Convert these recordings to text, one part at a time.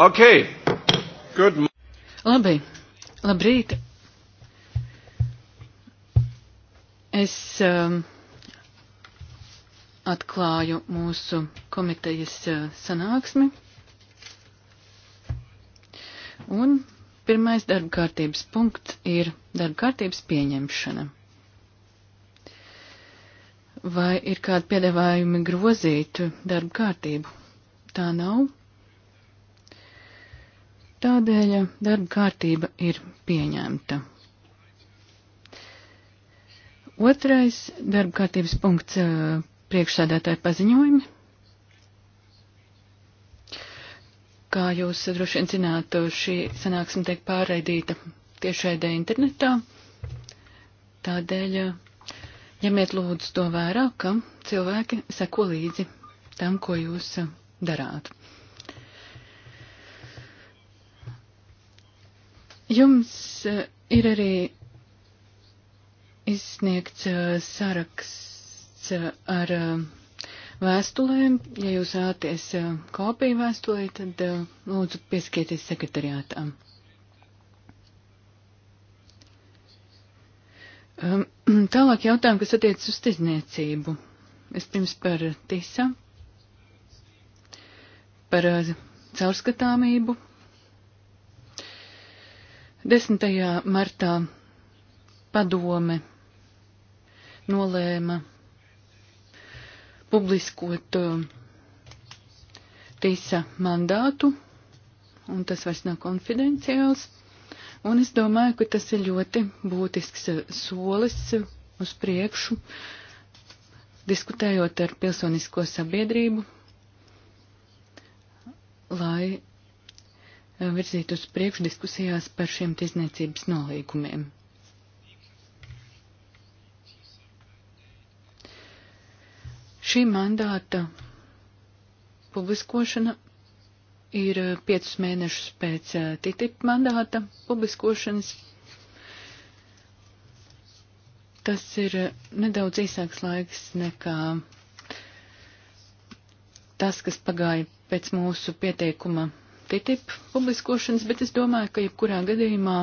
Okay. Good. Labi. Labrīt. Es um, atklāju mūsu komitejas uh, sanāksmi. Un pirmais darba kārtības punkts ir darba kārtības pieņemšana. Vai ir kādi piedāvājumi grozīt darba kārtību? Tā nav. Tādēļ eh, darba kārtība ir pieņemta. Otrais darba kārtības punkts eh, priekšsādātāja paziņojumi. Kā jūs droši vien zināt, šī sanāksme tiek pārraidīta tiešraidē internetā. Tādēļ eh, ņemiet lūdzu to vērā, ka cilvēki seko līdzi tam, ko jūs darāt. Jums eh, ir arī izsniegts eh, saraksts eh, ar vēstulēm. Ja jūs vēlaties kopiju vēstulē, tad lūdzu pieskieties sekretariātām. Ehm, tālāk jautājumi, kas attiec uz tizniecību. Es pirms par TISA, par caurskatāmību 10. martā padome nolēma publiskot uh, tīsa mandātu, un tas vairs nav konfidenciāls. Un es domāju, ka tas ir ļoti būtisks uh, solis uh, uz priekšu, diskutējot ar pilsonisko sabiedrību, lai virzīt uz priekšu diskusijās par šiem tiesniecības nolīgumiem. Šī mandāta publiskošana ir piecus mēnešus pēc eh, TTIP mandāta publiskošanas. Tas ir eh, nedaudz īsāks laiks nekā tas, kas pagāja pēc mūsu pieteikuma TTIP publiskošanas, bet es domāju, ka jebkurā gadījumā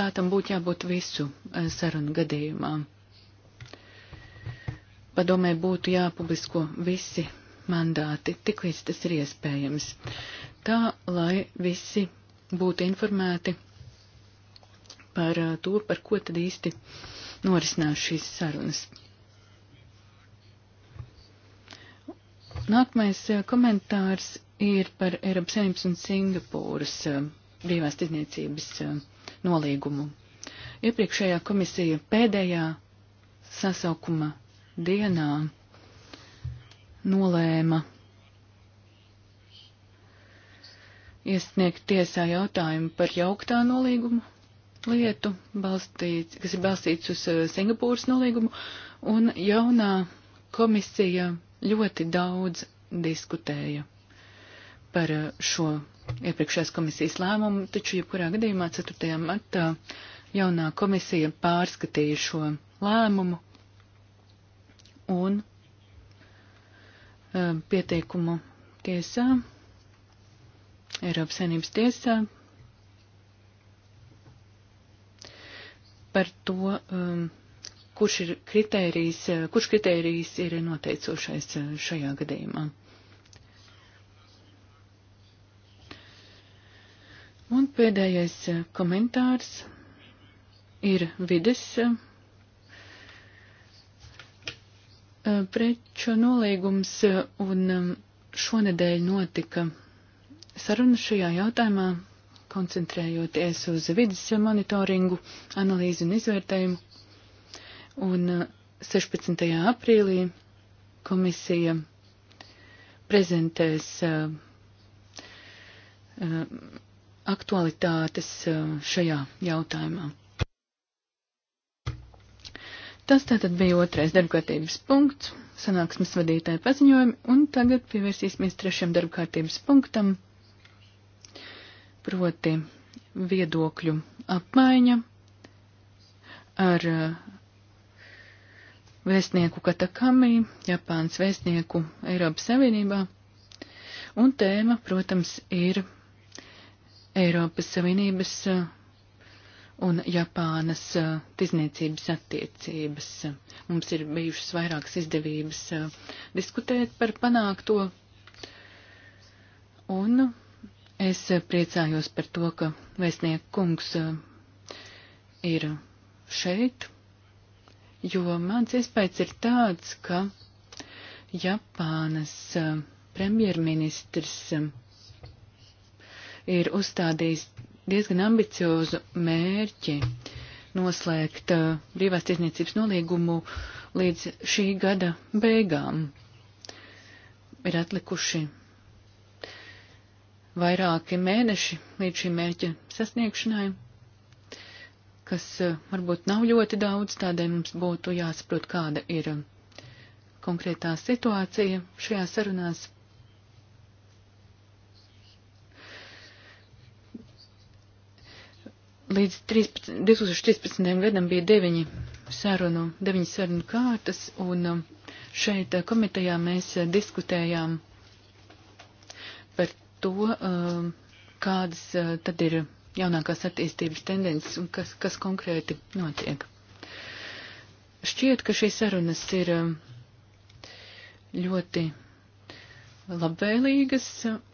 tā tam būtu jābūt visu eh, sarunu gadījumā. Padomē būtu jāpublisko visi mandāti, tiklīdz tas ir iespējams, tā lai visi būtu informēti par eh, to, par ko tad īsti norisinās šīs sarunas. Nākamais eh, komentārs ir par Eiropas Savienības un Singapūras eh, brīvās tirdzniecības eh, nolīgumu. Iepriekšējā komisija pēdējā sasaukuma dienā nolēma iesniegt tiesā jautājumu par jauktā nolīgumu lietu, balstīts, kas ir balstīts uz Singapūras nolīgumu, un jaunā komisija ļoti daudz diskutēja par uh, šo iepriekšējās komisijas lēmumu, taču jebkurā gadījumā 4. martā jaunā komisija pārskatīja šo lēmumu un uh, pieteikumu tiesā, Eiropas saimnības tiesā, par to, um, kurš ir kritērijs, eh, kurš kritērijs ir noteicošais eh, šajā gadījumā. Un pēdējais eh, komentārs ir vides preču nolīgums, un šonedēļ notika saruna šajā jautājumā, koncentrējoties uz vidas monitoringu, analīzi un izvērtējumu. Un 16. Uh, aprīlī komisija prezentēs uh, uh, aktualitātes šajā jautājumā. Tas tātad bija otrais darbkārtības punkts, sanāksmes vadītāja paziņojumi, un tagad pievērsīsimies trešajam darbkārtības punktam, proti viedokļu apmaiņa ar uh, vēstnieku Katakami, Japāns vēstnieku Eiropas Savienībā, un tēma, protams, ir Eiropas Savienības uh, un Japānas uh, tizniecības attiecības. Mums ir bijušas vairākas izdevības uh, diskutēt par panākto, un es priecājos par to, ka vēstnieku kungs ir šeit jo mans iespējas ir tāds, ka Japānas eh, premjerministrs eh, ir uzstādījis diezgan ambiciozu mērķi noslēgt eh, brīvās tiesniecības nolīgumu līdz šī gada beigām. Ir atlikuši vairāki mēneši līdz šī mērķa sasniegšanai kas e, varbūt nav ļoti daudz, tādēļ mums būtu jāsaprot, kāda ir e, konkrētā situācija šajā sarunās. Līdz 13, 2013. gadam bija deviņi sarunu, deviņi sarunu kārtas, un e, šeit komitejā mēs diskutējām par to, kādas tad ir jaunākās attīstības tendences un kas, kas konkrēti notiek. Šķiet, ka šīs sarunas ir um, ļoti labvēlīgas,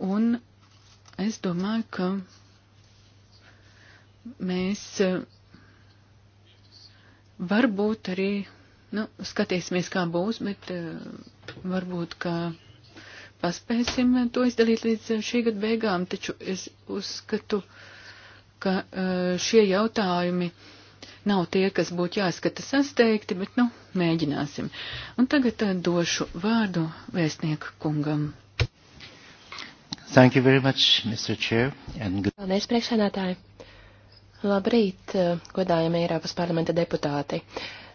un es domāju, ka mēs uh, varbūt arī, nu, skatīsimies, kā būs, bet uh, varbūt, ka paspēsim to izdarīt līdz šī gada beigām, taču es uzskatu, ka ka eh, šie jautājumi nav tie, kas būtu jāskata sasteigti, bet, nu, mēģināsim. Un tagad eh, došu vārdu vēstnieku kungam. Thank you very much, Mr. Chair. And good... Paldies, priekšsēdētāji. Labrīt, eh, godājami Eiropas parlamenta deputāti.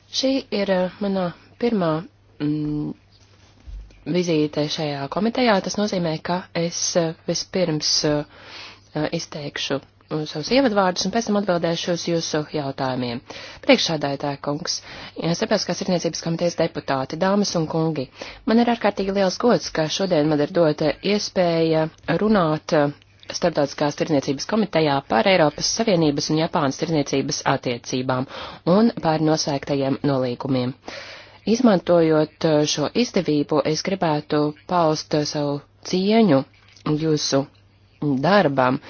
Šī ir mana pirmā mm, vizīte šajā komitejā. Tas nozīmē, ka es vispirms uh, izteikšu savus ievadvārdus un pēc tam atbildēšu uz jūsu jautājumiem. Priekšādājotāja kungs, starptautiskās irniecības komitejas deputāti, dāmas un kungi, man ir ārkārtīgi liels gods, ka šodien man ir dota iespēja runāt uh, Starptautiskās tirniecības komitejā par Eiropas Savienības un Japānas tirniecības attiecībām un par noslēgtajiem nolīgumiem. Izmantojot uh, šo izdevību, es gribētu paust uh, savu cieņu jūsu darbam,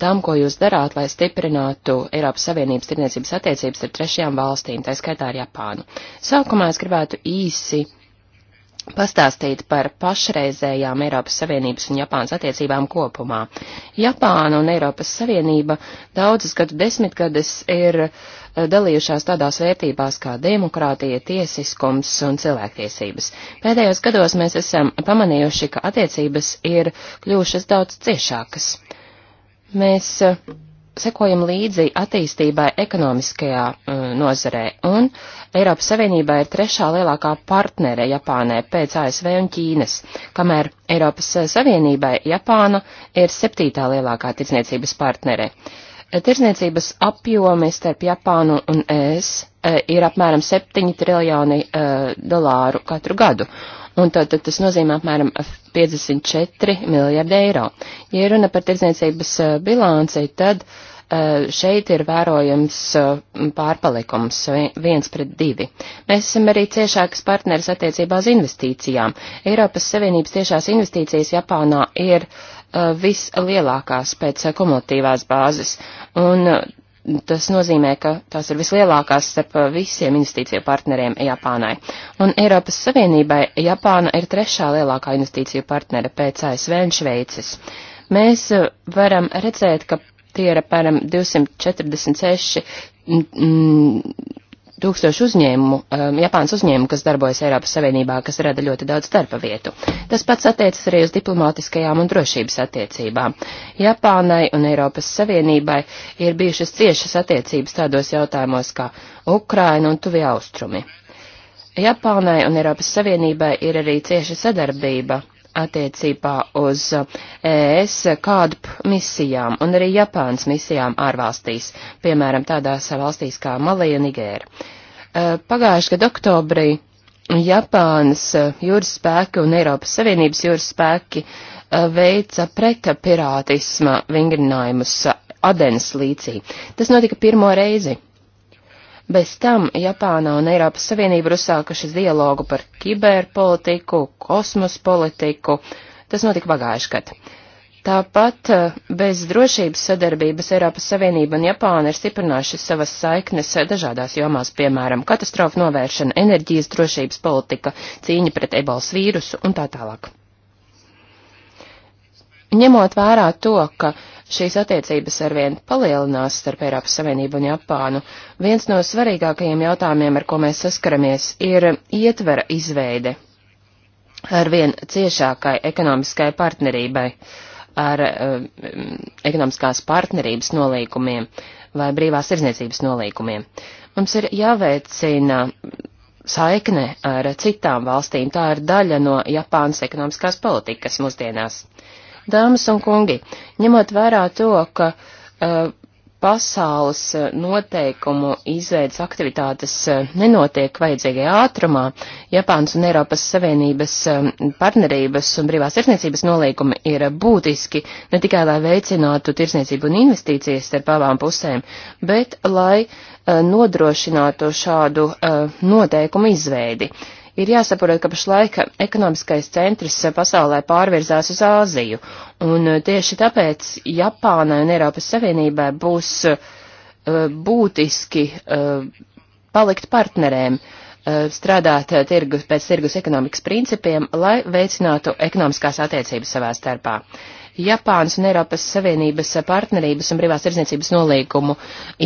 tam, ko jūs darāt, lai stiprinātu Eiropas Savienības tirniecības attiecības ar trešajām valstīm, tā skaitā ar Japānu. Sākumā es gribētu īsi pastāstīt par pašreizējām Eiropas Savienības un Japānas attiecībām kopumā. Japāna un Eiropas Savienība daudzas gadu desmitgades ir eh, dalījušās tādās vērtībās kā demokrātija, tiesiskums un cilvēktiesības. Pēdējos gados mēs esam pamanījuši, ka attiecības ir kļuvušas daudz ciešākas. Mēs eh, sekojam līdzi attīstībai ekonomiskajā uh, nozarē, un Eiropas Savienībā ir trešā lielākā partnere Japānai pēc ASV un Ķīnas, kamēr Eiropas eh, Savienībai Japāna ir septītā lielākā tirdzniecības partnere. Tirzniecības apjomi starp Japānu un ES ir apmēram 7 triljoni uh, dolāru katru gadu, Un tātad tas nozīmē apmēram 54 miljardi eiro. Ja runa par tirdzniecības eh, bilanci, tad eh, šeit ir vērojams eh, pārpalikums viens pret divi. Mēs esam arī ciešāks partneris attiecībā uz investīcijām. Eiropas Savienības tiešās investīcijas Japānā ir vislielākās pēc kumulatīvās bāzes. Un Tas nozīmē, ka tās ir vislielākās starp visiem investīciju partneriem Japānai. Un Eiropas Savienībai Japāna ir trešā lielākā investīciju partnere pēc ASV un Šveices. Mēs uh, varam redzēt, ka tie ir apmēram 246 mm, tūkstošu uzņēmumu, um, Japānas uzņēmumu, kas darbojas Eiropas Savienībā, kas rada ļoti daudz darba vietu. Tas pats attiecas arī uz diplomātiskajām un drošības attiecībām. Japānai un Eiropas Savienībai ir bijušas ciešas attiecības tādos jautājumos kā Ukraina un Tuvie Austrumi. Japānai un Eiropas Savienībai ir arī cieša sadarbība attiecībā uz eh, ES kādp misijām un arī Japānas misijām ārvalstīs, piemēram, tādās valstīs kā Malija Nigēra. Eh, Pagājušajā gadu oktobrī Japānas eh, jūras spēki un Eiropas Savienības jūras spēki veica preta pirātisma vingrinājumus Adenas līcī. Tas notika pirmo reizi. Bez tam Japāna un Eiropas Savienība ir uzsākušas dialogu par kiberpolitiku, kosmospolitiku. Tas notika pagājuši gadu. Tāpat eh, bez drošības sadarbības Eiropas Savienība un Japāna ir stiprinājuši savas saiknes dažādās jomās, piemēram, katastrofu novēršana, enerģijas drošības politika, cīņa pret ebols vīrusu un tā tālāk. Ņemot vērā to, ka šīs attiecības arvien palielinās starp Eiropas Savienību un Japānu, viens no svarīgākajiem jautājumiem, ar ko mēs saskaramies, ir ietvera izveide arvien ciešākai ekonomiskai partnerībai ar um, ekonomiskās partnerības nolīkumiem vai brīvās tirzniecības nolīkumiem. Mums ir jāveicina saikne ar citām valstīm. Tā ir daļa no Japānas ekonomiskās politikas mūsdienās. Dāmas un kungi, ņemot vērā to, ka uh, pasaules e, noteikumu izveidas aktivitātes uh, nenotiek vajadzīgajā ātrumā, Japāns un Eiropas Savienības uh, partnerības un brīvās tirsniecības nolīgumi ir būtiski ne tikai, lai veicinātu tirsniecību un investīcijas starp abām pusēm, bet lai nodrošinātu šādu noteikumu izveidi. Ir jāsaprot, ka pašlaik ekonomiskais centrs pasaulē pārvirzās uz Āziju, un e, tieši tāpēc Japānai un Eiropas Savienībai būs uh, būtiski uh, palikt partnerēm, uh, strādāt tirgus, pēc tirgus ekonomikas principiem, lai veicinātu ekonomiskās attiecības savā starpā. Uh, Japānas un Eiropas Savienības partnerības un brīvās tirdzniecības nolīgumu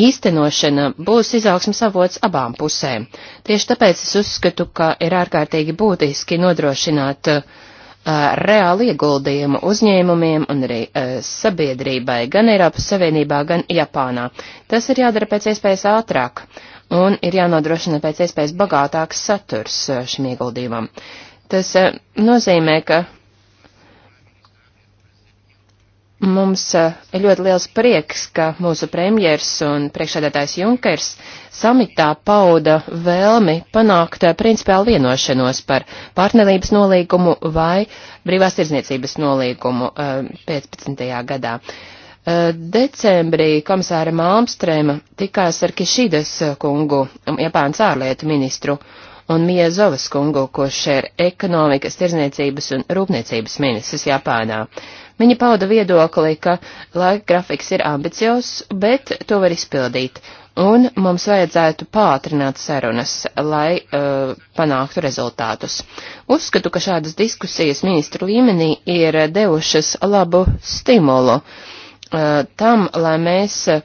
īstenošana būs izaugsmas avots abām pusēm. Tieši tāpēc es uzskatu, ka ir ārkārtīgi būtiski nodrošināt uh, reāli ieguldījumu uzņēmumiem un arī uh, sabiedrībai gan Eiropas Savienībā, gan Japānā. Tas ir jādara pēc iespējas ātrāk un ir jānodrošina pēc iespējas bagātāks saturs uh, šim ieguldījumam. Tas uh, nozīmē, ka Mums eh, ir ļoti liels prieks, ka mūsu premjers un priekšsēdētājs Junkers samitā pauda vēlmi panākt eh, principiāli vienošanos par partnerības nolīgumu vai brīvās tirzniecības nolīgumu 15. Eh, gadā. Decembrī komisāra Malmstrēma tikās ar Kišides kungu, um, Japānas ārlietu ministru, un Miezovas kungu, kurš ir ekonomikas, tirzniecības un rūpniecības ministrs Japānā. Viņa pauda viedokli, ka laika grafiks ir ambiciozs, bet to var izpildīt, un mums vajadzētu pātrināt sarunas, lai uh, panāktu rezultātus. Uzskatu, ka šādas diskusijas ministru līmenī ir devušas labu stimulu uh, tam, lai mēs uh,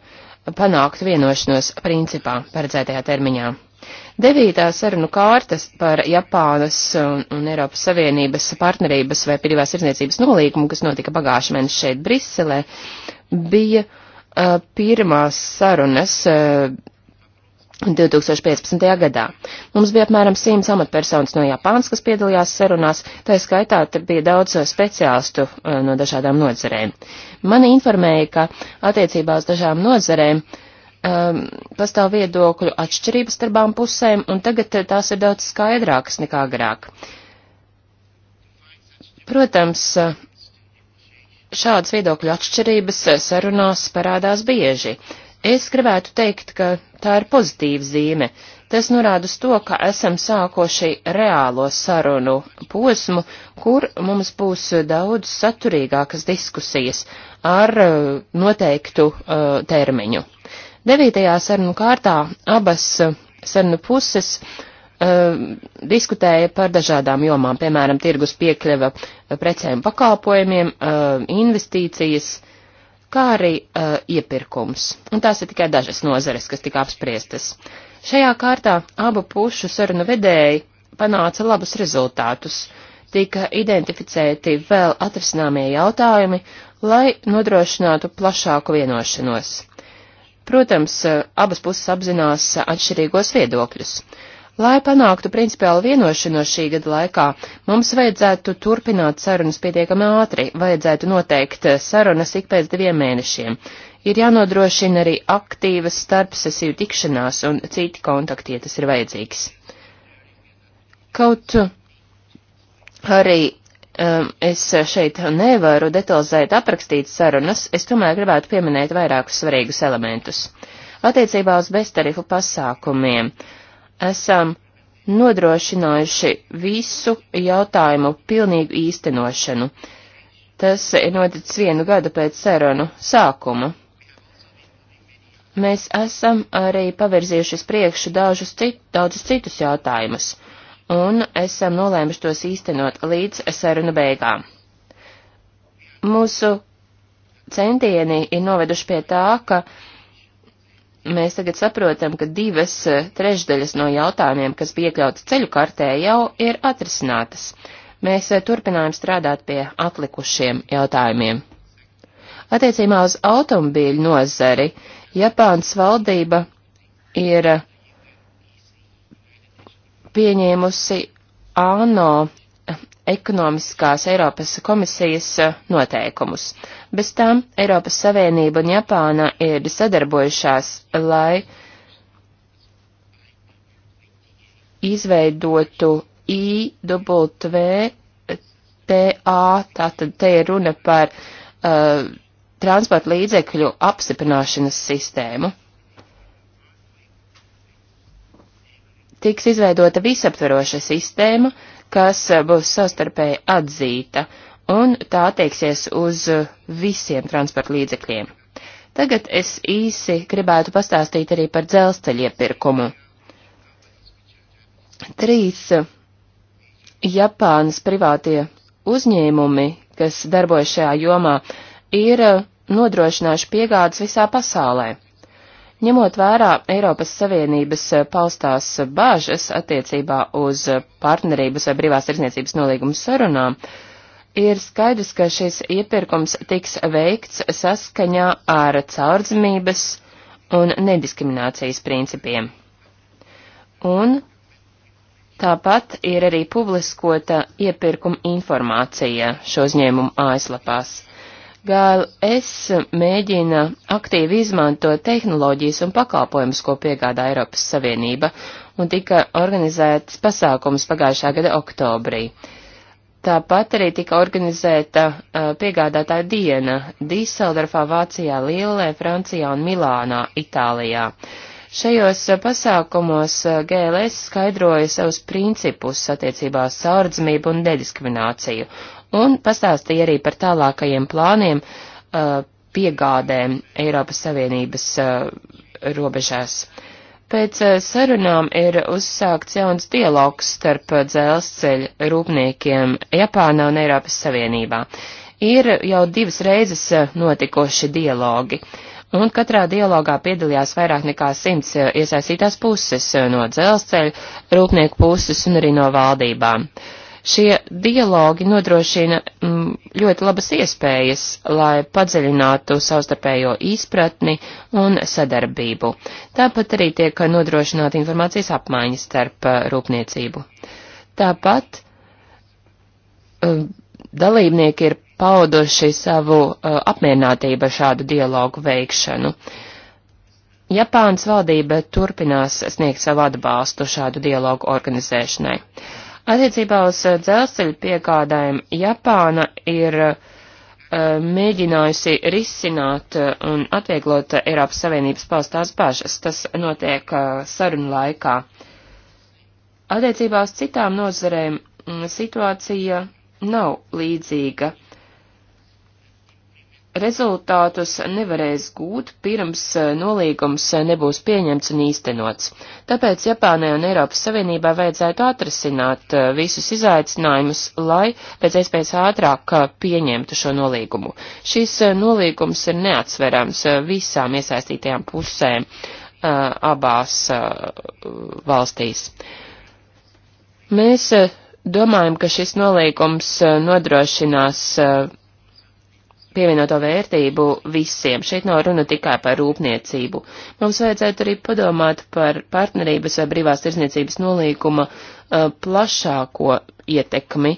panāktu vienošanos principā paredzētajā termiņā. Devītā sarunu kārtas par Japānas un, un Eiropas Savienības partnerības vai privās izniecības nolīgumu, kas notika pagājušajā mēnesī šeit Briselē, bija uh, pirmās sarunas. Uh, 2015. gadā. Mums bija apmēram 100 amatpersonas no Japānas, kas piedalījās sarunās, tā skaitā bija daudz speciālistu no dažādām nodzerēm. Mani informēja, ka attiecībā uz dažām nodzerēm uh, um, pastāv viedokļu atšķirības starp abām pusēm, un tagad tās ir daudz skaidrākas nekā agrāk. Protams, šādas viedokļu atšķirības sarunās parādās bieži. Es gribētu teikt, ka tā ir pozitīva zīme. Tas norāda uz to, ka esam sākoši reālo sarunu posmu, kur mums būs daudz saturīgākas diskusijas ar uh, noteiktu uh, termiņu. Devītajā sarunu kārtā abas eh, sarunu puses uh, diskutēja par dažādām jomām, piemēram, tirgus piekļuva eh, precēm pakalpojumiem, uh, investīcijas, kā arī uh, iepirkums. Un tās ir tikai dažas nozares, kas tika apspriestas. Šajā kārtā abu pušu sarunu vedēji panāca labus rezultātus. Tika identificēti vēl atrisināmie jautājumi, lai nodrošinātu plašāku vienošanos. Protams, eh, abas puses apzinās atšķirīgos viedokļus. Lai panāktu principiālu vienošanos šī gada laikā, mums vajadzētu turpināt sarunas pietiekami ātri, vajadzētu noteikt eh, sarunas ik pēc diviem mēnešiem. Ir jānodrošina arī aktīvas starpsesīvu tikšanās un citi kontakti, ja tas ir vajadzīgs. Kaut arī Um, es šeit nevaru detalizēt aprakstīt sarunas, es tomēr gribētu pieminēt vairākus svarīgus elementus. Attiecībā uz beztarifu pasākumiem esam nodrošinājuši visu jautājumu pilnīgu īstenošanu. Tas ir noticis vienu gadu pēc sarunu sākuma. Mēs esam arī pavirzījuši priekšu daudzus, cit, daudzus citus jautājumus un esam nolēmuši tos īstenot līdz sarunu beigām. Mūsu centieni ir noveduši pie tā, ka mēs tagad saprotam, ka divas trešdaļas no jautājumiem, kas bija iekļauts ceļu kartē, jau ir atrisinātas. Mēs turpinājām strādāt pie atlikušiem jautājumiem. Attiecībā uz automobīļu nozari Japānas valdība ir pieņēmusi ANO ekonomiskās Eiropas komisijas eh, noteikumus. Bez tam Eiropas Savienība un Japāna ir sadarbojušās, lai izveidotu IWTA, tātad te ir runa par uh, transporta līdzekļu apstiprināšanas sistēmu. tiks izveidota visaptveroša sistēma, kas eh, būs savstarpēji atzīta, un tā attieksies uz eh, visiem transporta līdzekļiem. Tagad es īsi gribētu pastāstīt arī par dzelzceļa iepirkumu. Trīs eh, Japānas privātie uzņēmumi, kas darbojas šajā jomā, ir nodrošinājuši piegādes visā pasaulē. Ņemot vērā Eiropas Savienības eh, paustās bāžas attiecībā uz partnerības vai brīvās tirsniecības nolīgumu sarunām, ir skaidrs, ka šis iepirkums tiks veikts saskaņā ar caurdzamības un nediskriminācijas principiem. Un tāpat ir arī publiskota iepirkuma informācija šo uzņēmumu aizlapās. GLS mēģina aktīvi izmantot tehnoloģijas un pakalpojumus, ko piegādā Eiropas Savienība, un tika organizētas pasākums pagājušā gada oktobrī. Tāpat arī tika organizēta uh, piegādātāja diena Dīseldorfā, Vācijā, Lielē, Francijā un Milānā, Itālijā. Šajos uh, pasākumos uh, GLS skaidroja savus principus attiecībā uz saurdzamību un nediskrimināciju un pastāstīja arī par tālākajiem plāniem uh, piegādēm Eiropas Savienības uh, robežās. Pēc uh, sarunām ir uzsākts jauns dialogs starp uh, dzelzceļa rūpniekiem Japānā un Eiropas Savienībā. Ir jau divas reizes uh, notikoši dialogi, un katrā dialogā piedalījās vairāk nekā simts uh, iesaistītās puses no dzelzceļa rūpnieku puses un arī no valdībām. Uh, Šie dialogi nodrošina mm, ļoti labas iespējas, lai padziļinātu savstarpējo izpratni un sadarbību. Tāpat arī tiek nodrošināta informācijas apmaiņa starp eh, rūpniecību. Tāpat eh, dalībnieki ir pauduši savu eh, apmierinātību ar šādu dialogu veikšanu. Japānas valdība turpinās sniegt savu atbalstu šādu dialogu organizēšanai. Attiecībā uz eh, dzelzceļu piegādājumu Japāna ir uh, mēģinājusi risināt eh, un atvieglot Eiropas Savienības paustās bažas. Tas notiek uh, sarunu laikā. Attiecībā uz citām nozarēm mm, situācija nav līdzīga rezultātus nevarēs gūt, pirms eh, nolīgums eh, nebūs pieņemts un īstenots. Tāpēc Japānai un Eiropas Savienībai vajadzētu atrasināt eh, visus izaicinājumus, lai pēc iespējas ātrāk pieņemtu šo nolīgumu. Šis nolīgums ir neatsverams visām iesaistītajām pusēm abās valstīs. Mēs domājam, ka šis nolīgums nodrošinās pievienoto vērtību visiem. Šeit nav runa tikai par rūpniecību. Mums vajadzētu arī padomāt par partnerības vai brīvās tirzniecības nolīguma uh, plašāko ietekmi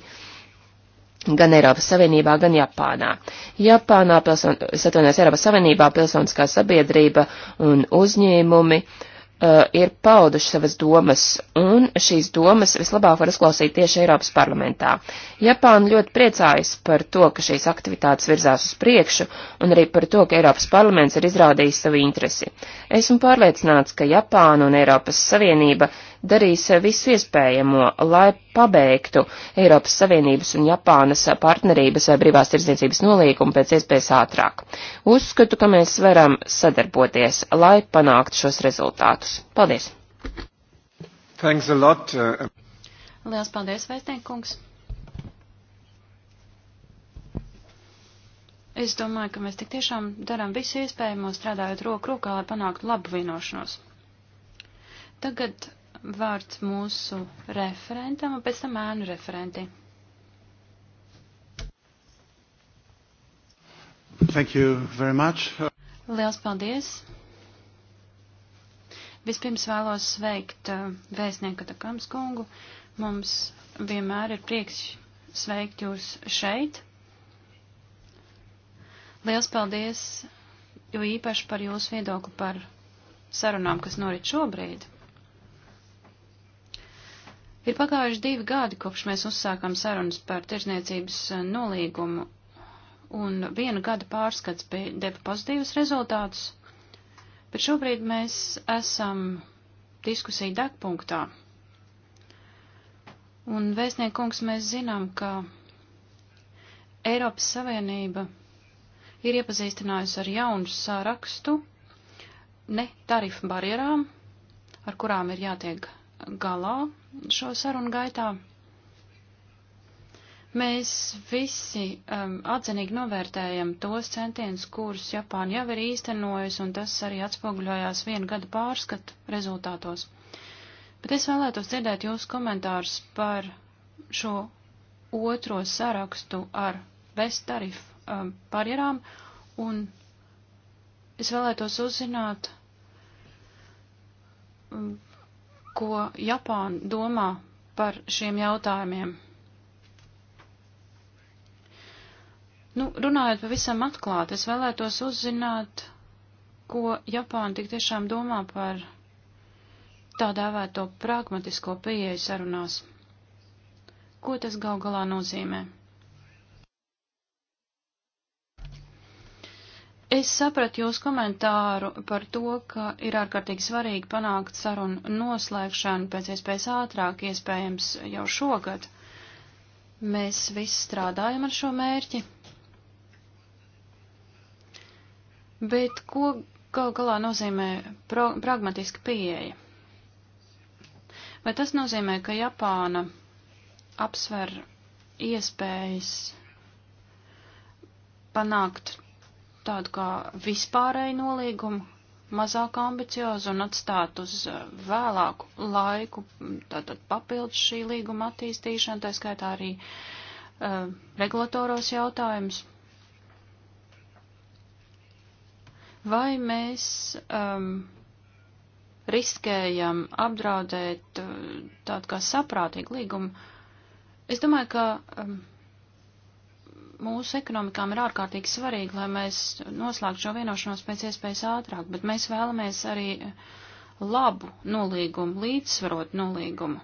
gan Eiropas Savienībā, gan Japānā. Japānā, pilson, es atvainojos, Eiropas Savienībā pilsoniskā sabiedrība un uzņēmumi uh, Eh, ir pauduši savas domas, un šīs domas vislabāk var uzklausīt tieši Eiropas parlamentā. Japāna ļoti priecājas par to, ka šīs aktivitātes virzās uz priekšu, un arī par to, ka Eiropas parlaments ir izrādījis savu interesi. Esmu pārliecināts, ka Japāna un Eiropas Savienība darīs visu iespējamo, lai pabeigtu Eiropas Savienības un Japānas partnerības vai brīvās tirdzniecības nolīgumu pēc iespējas ātrāk. Uzskatu, ka mēs varam sadarboties, lai panāktu šos rezultātus. Paldies! Thanks a lot. Uh, Liels paldies, Vēstniekungs! Es domāju, ka mēs tik tiešām darām visu iespējamo strādājot roku rokā, lai panāktu labu vienošanos. Tagad vārds mūsu referentam un pēc tam ēnu referenti. Thank you very much. Liels paldies. Vispirms vēlos sveikt uh, vēstnieku Takams kungu. Mums vienmēr ir prieks sveikt jūs šeit. Liels paldies, jo īpaši par jūsu viedokli par sarunām, kas norit šobrīd. Ir pagājuši divi gadi, kopš mēs uzsākam sarunas par tirzniecības eh, nolīgumu, un viena gada pārskats bija deva pozitīvus rezultātus, bet šobrīd mēs esam diskusiju degpunktā. Un, vēstniekungs, mēs zinām, ka Eiropas Savienība ir iepazīstinājusi ar jaunu sārakstu ne tarifu barjerām, ar kurām ir jātiek galā šo sarunu gaitā. Mēs visi um, atzinīgi novērtējam tos centienus, kurus Japāna jau ir īstenojusi, un tas arī atspoguļojās vienu gadu pārskatu rezultātos. Bet es vēlētos dzirdēt jūsu komentārus par šo otro sarakstu ar beztarifu um, barjerām, un es vēlētos uzzināt, um, ko Japāna domā par šiem jautājumiem. Nu, runājot pavisam atklāti, es vēlētos uzzināt, ko Japāna tik tiešām domā par tā dēvēto pragmatisko pieeju sarunās. Ko tas gal galā nozīmē? Es sapratu jūs komentāru par to, ka ir ārkārtīgi svarīgi panākt sarunu noslēgšanu pēc iespējas ātrāk, iespējams jau šogad. Mēs visi strādājam ar šo mērķi. Bet ko gal galā nozīmē pragmatiska pieeja? Vai tas nozīmē, ka Japāna apsver iespējas panākt tādu kā vispārēju nolīgumu, mazāk ambiciozu un atstāt uz eh, vēlāku laiku, tātad papildus šī līguma attīstīšana, tā skaitā arī uh, regulatoros jautājumus. Vai mēs um, riskējam apdraudēt uh, tādu kā saprātīgu līgumu? Es domāju, ka um, mūsu ekonomikām ir ārkārtīgi svarīgi, lai mēs noslēgtu šo vienošanos pēc iespējas ātrāk, bet mēs vēlamies arī labu nolīgumu, līdzsvarot nolīgumu.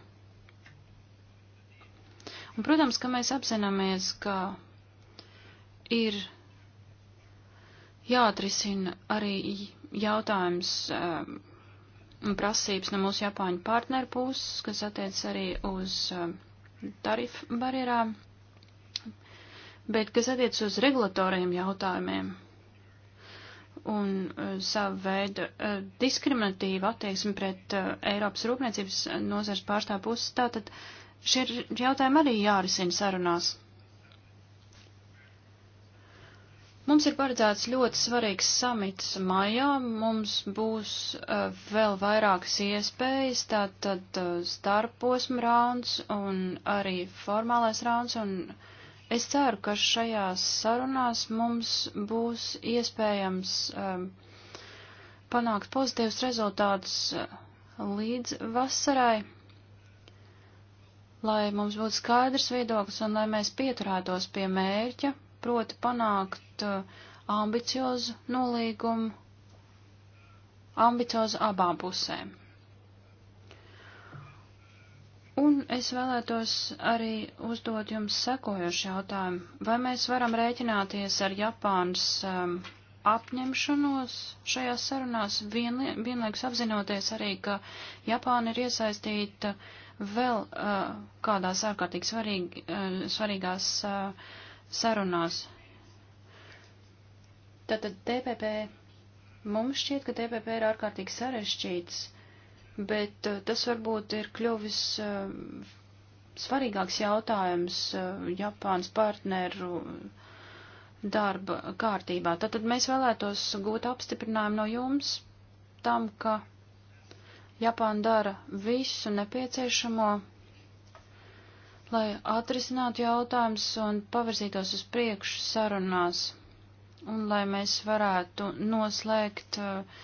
Un, protams, ka mēs apzināmies, ka ir jāatrisina arī jautājums um, prasības no mūsu Japāņu partneru puses, kas attiec arī uz um, tarifu barjerām. Bet kas attiec uz regulatoriem jautājumiem un uh, savu veidu uh, diskriminatīvu attieksmi pret uh, Eiropas rūpniecības nozars pārstāv puses, tātad šie jautājumi arī jārisina sarunās. Mums ir paredzēts ļoti svarīgs samits maijā, mums būs uh, vēl vairākas iespējas, tātad uh, starposma rauns un arī formālais rauns, un Es ceru, ka šajās sarunās mums būs iespējams um, panākt pozitīvs rezultāts uh, līdz vasarai, lai mums būtu skaidrs viedoklis un lai mēs pieturētos pie mērķa, proti panākt uh, ambiciozu nolīgumu, ambiciozu abām pusēm. Un es vēlētos arī uzdot jums sekojošu jautājumu. Vai mēs varam rēķināties ar Japānas um, apņemšanos šajās sarunās, vienlie, vienlaikus apzinoties arī, ka Japāna ir iesaistīta vēl uh, kādās ārkārtīgi svarīgi, uh, svarīgās uh, sarunās? Tātad TPP. Mums šķiet, ka TPP ir ārkārtīgi sarežģīts. Uh, bet eh, tas varbūt ir kļuvis eh, svarīgāks jautājums eh, Japānas partneru darba kārtībā. Tātad mēs vēlētos gūt apstiprinājumu no jums tam, ka Japāna dara visu nepieciešamo, lai atrisinātu jautājumus un pavirzītos uz priekšu sarunās, un lai mēs varētu noslēgt uh,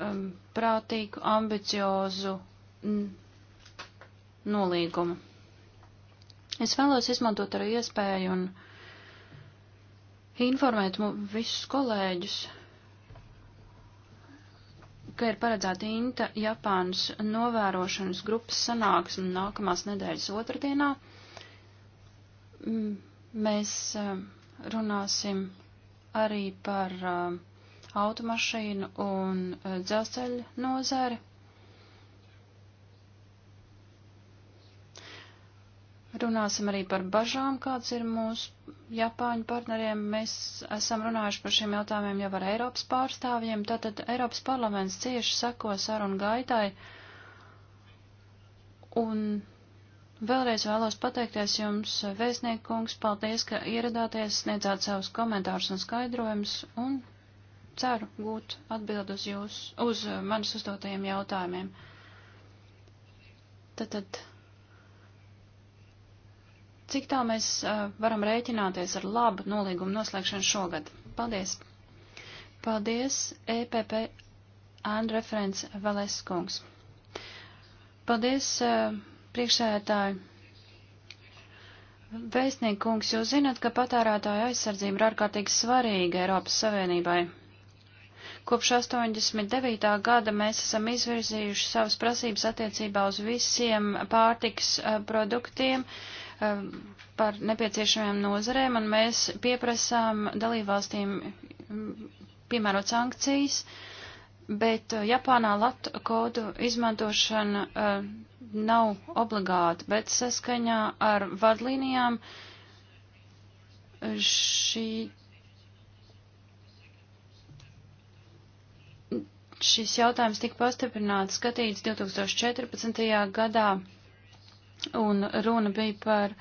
um, prātīgu, ambiciozu mm, nolīgumu. Es vēlos izmantot arī iespēju un informēt visus kolēģus, ka ir paredzēta Inta Japānas novērošanas grupas sanāksme nākamās nedēļas otrdienā. Mm, mēs um, runāsim arī par uh, automašīnu un eh, dzelzceļa nozari. Runāsim arī par bažām, kāds ir mūsu Japāņu partneriem. Mēs esam runājuši par šiem jautājumiem jau ar Eiropas pārstāvjiem. Tātad Eiropas parlaments cieši seko sarunu gaitai. Un Vēlreiz vēlos pateikties jums, vēstniekungs, paldies, ka ieradāties, sniedzāt savus komentārus un skaidrojumus, un ceru gūt atbild uz jūs, uz uh, manis uzdotajiem jautājumiem. Tātad, cik tā mēs uh, varam rēķināties ar labu nolīgumu noslēgšanu šogad? Paldies! Paldies, EPP and reference Valeskungs. Paldies, uh, priekšsēdētāji! Vēstniekungs, jūs zināt, ka patērētāja aizsardzība ir ārkārtīgi svarīga Eiropas Savienībai. Kopš 89. gada mēs esam izvirzījuši savas prasības attiecībā uz visiem pārtiks eh, produktiem eh, par nepieciešamiem nozarēm, un mēs pieprasām dalībvalstīm mm, piemērot sankcijas, bet eh, Japānā latu kodu izmantošana uh, nav obligāta, bet saskaņā ar vadlīnijām šī Šis jautājums tika pastiprināts, skatīts 2014. gadā, un runa bija par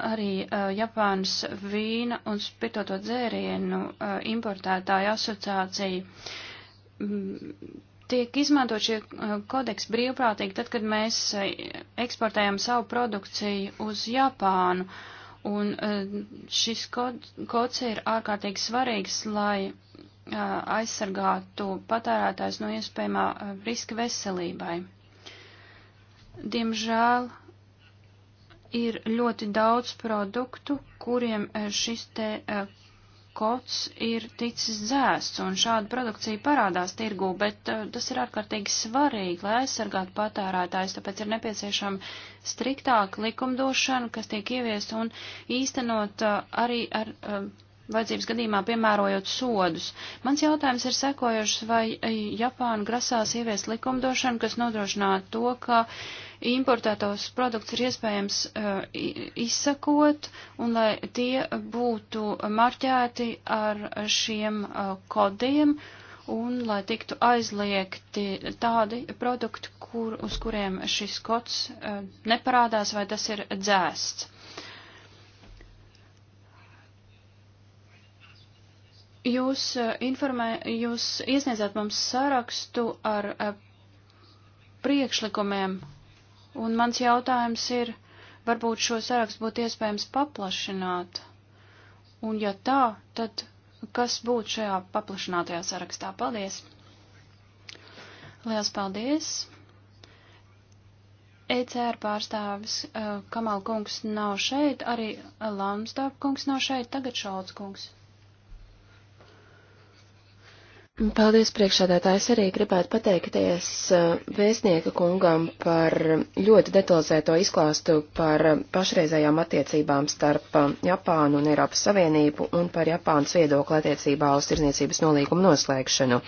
arī uh, Japānas vīna un spirtoto dzērienu uh, importētāju asociāciju. Mm, tiek izmantot šie kodeksi brīvprātīgi, tad, kad mēs eksportējam savu produkciju uz Japānu. Un šis kods ir ārkārtīgi svarīgs, lai aizsargātu patērētājs no iespējamā riska veselībai. Diemžēl ir ļoti daudz produktu, kuriem šis te kods ir ticis dzēsts, un šāda produkcija parādās tirgū, bet tas ir ārkārtīgi svarīgi, lai aizsargātu patērētājs, tāpēc ir nepieciešama striktāka likumdošana, kas tiek ieviest un īstenot arī ar. ar vajadzības gadījumā piemērojot sodus. Mans jautājums ir sekojošs, vai eh, Japāna grasās ieviest likumdošanu, kas nodrošinātu to, ka importētos produkts ir iespējams uh, izsakot un lai tie būtu marķēti ar šiem uh, kodiem un lai tiktu aizliegti tādi produkti, kur, uz kuriem šis kods uh, neparādās vai tas ir dzēsts. Jūs, uh, informē, jūs iesniedzāt mums sarakstu ar uh, priekšlikumiem, un mans jautājums ir, varbūt šo sarakstu būtu iespējams paplašināt, un ja tā, tad kas būtu šajā paplašinātajā sarakstā? Paldies! Liels paldies! ECR pārstāvis uh, Kamal kungs nav šeit, arī Lamsdorp kungs nav šeit, tagad Šauds kungs. Paldies priekšādātājs arī gribētu pateikties eh, vēstnieka kungam par ļoti detalizēto izklāstu par pašreizējām attiecībām starp eh, Japānu un Eiropas Savienību un par Japānas viedokli attiecībā uz tirzniecības nolīgumu noslēgšanu.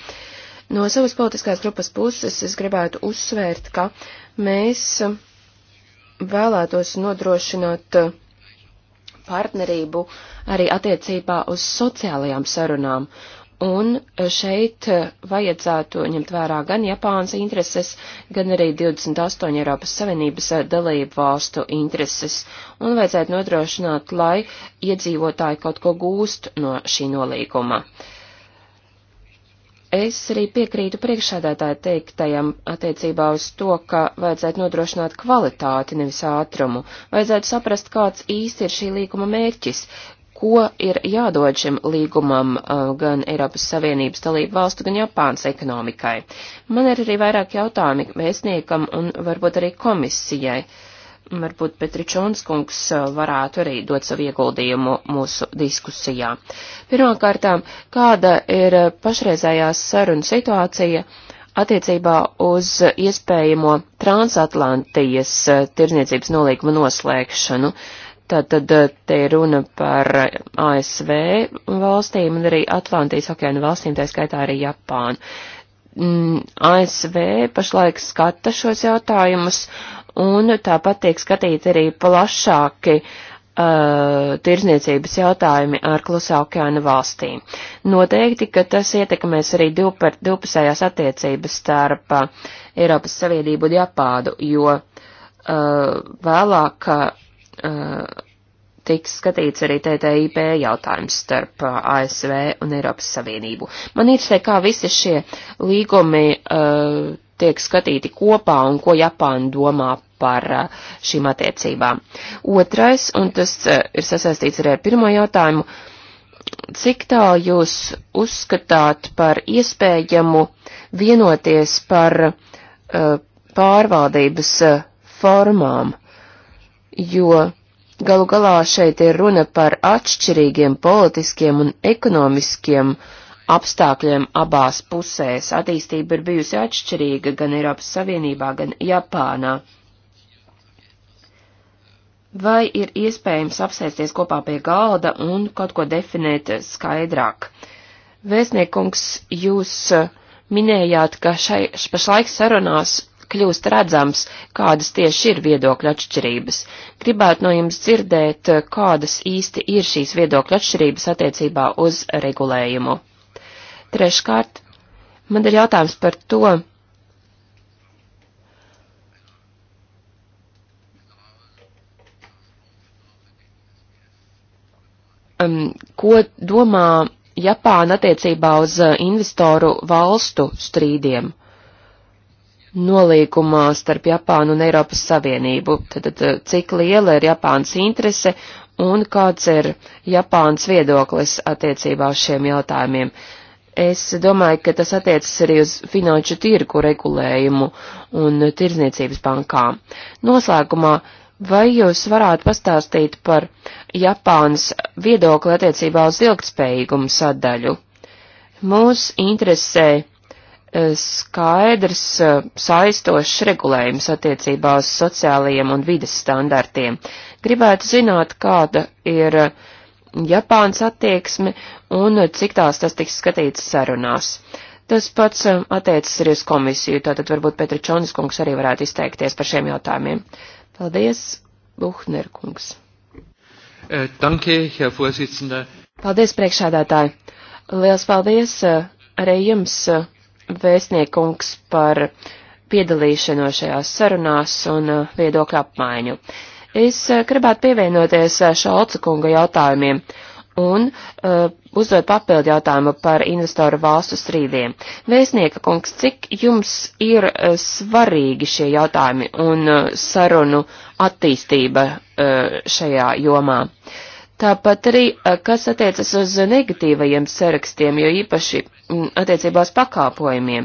No savas politiskās grupas puses es gribētu uzsvērt, ka mēs vēlētos nodrošināt eh, partnerību arī attiecībā uz sociālajām sarunām Un e, šeit e, vajadzētu ņemt vērā gan Japānas intereses, gan arī 28 Eiropas Savienības e, dalību valstu intereses. Un vajadzētu nodrošināt, lai iedzīvotāji kaut ko gūst no šī nolīguma. Es arī piekrītu priekšādātāju teiktajam attiecībā uz to, ka vajadzētu nodrošināt kvalitāti, nevis ātrumu. Vajadzētu saprast, kāds īsti ir šī līguma mērķis, ko ir jādod šim līgumam uh, gan Eiropas Savienības dalību valstu, gan Japānas ekonomikai. Man ir arī vairāk jautājumi vēstniekam un varbūt arī komisijai. Varbūt Petričons kungs uh, varētu arī dot savu ieguldījumu mūsu diskusijā. Pirmkārtām, kāda ir pašreizējās saruna situācija attiecībā uz iespējamo transatlantijas uh, tirzniecības nolīguma noslēgšanu? Uh, Tātad eh, te ir runa par ASV valstīm un arī Atlantijas okeāna valstīm, tā skaitā arī Japānu. Mm, ASV pašlaik skata šos jautājumus un tāpat tiek skatīti arī plašāki uh, tirzniecības jautājumi ar klusā okeāna valstīm. Noteikti, ka tas ietekmēs arī divpar, divpusējās attiecības starp uh, Eiropas Savienību un Japādu, jo uh, vēlāk uh, uh, tiks skatīts arī TTIP jautājums starp eh, ASV un Eiropas Savienību. Man interesē, kā visi šie līgumi uh, tiek skatīti kopā un ko Japāna domā par uh, šīm attiecībām. Otrais, un tas uh, ir sasaistīts arī ar pirmo jautājumu, cik tālu jūs uzskatāt par iespējamu vienoties par uh, pārvaldības uh, formām? jo galu galā šeit ir runa par atšķirīgiem politiskiem un ekonomiskiem apstākļiem abās pusēs. Attīstība ir bijusi atšķirīga gan Eiropas Savienībā, gan Japānā. Vai ir iespējams apsēsties kopā pie galda un kaut ko definēt skaidrāk? Vēstniekungs, jūs minējāt, ka šai pašlaik sarunās kļūst redzams, kādas tieši ir viedokļa atšķirības. Gribētu no jums dzirdēt, eh, kādas īsti ir šīs viedokļa atšķirības attiecībā uz regulējumu. Treškārt, man ir jautājums par to, um, ko domā Japāna attiecībā uz uh, investoru valstu strīdiem nolīgumā starp Japānu un Eiropas Savienību. Tad, tad eh, cik liela ir Japānas interese un kāds ir Japānas viedoklis attiecībā uz šiem jautājumiem. Es domāju, ka tas attiecas arī uz finanšu tirku regulējumu un tirzniecības bankām. Noslēgumā, vai jūs varētu pastāstīt par Japānas viedokli attiecībā uz ilgtspējīgumu sadaļu? Mūs interesē skaidrs e, saistošs regulējums attiecībā uz sociālajiem un vides standartiem. Gribētu zināt, kāda ir e, Japāns attieksme un e, cik tās tas tiks skatīts sarunās. Tas pats attiecas arī uz komisiju, tātad varbūt Petra Čonis kungs arī varētu izteikties par šiem jautājumiem. Paldies, Buhner kungs. E, danke, Herr Vorsitzender. Paldies, priekšādātāji. Liels paldies arī jums vēstniekungs par piedalīšanos šajās sarunās un uh, viedokļu apmaiņu. Es uh, gribētu pievienoties uh, Šalca kunga jautājumiem un uh, uzdot papildu jautājumu par investoru valstu strīdiem. Vēstnieka kungs, cik jums ir uh, svarīgi šie jautājumi un uh, sarunu attīstība uh, šajā jomā? Uh, Tāpat arī, kas attiecas uz negatīvajiem sarakstiem, jo īpaši attiecībās pakāpojumiem,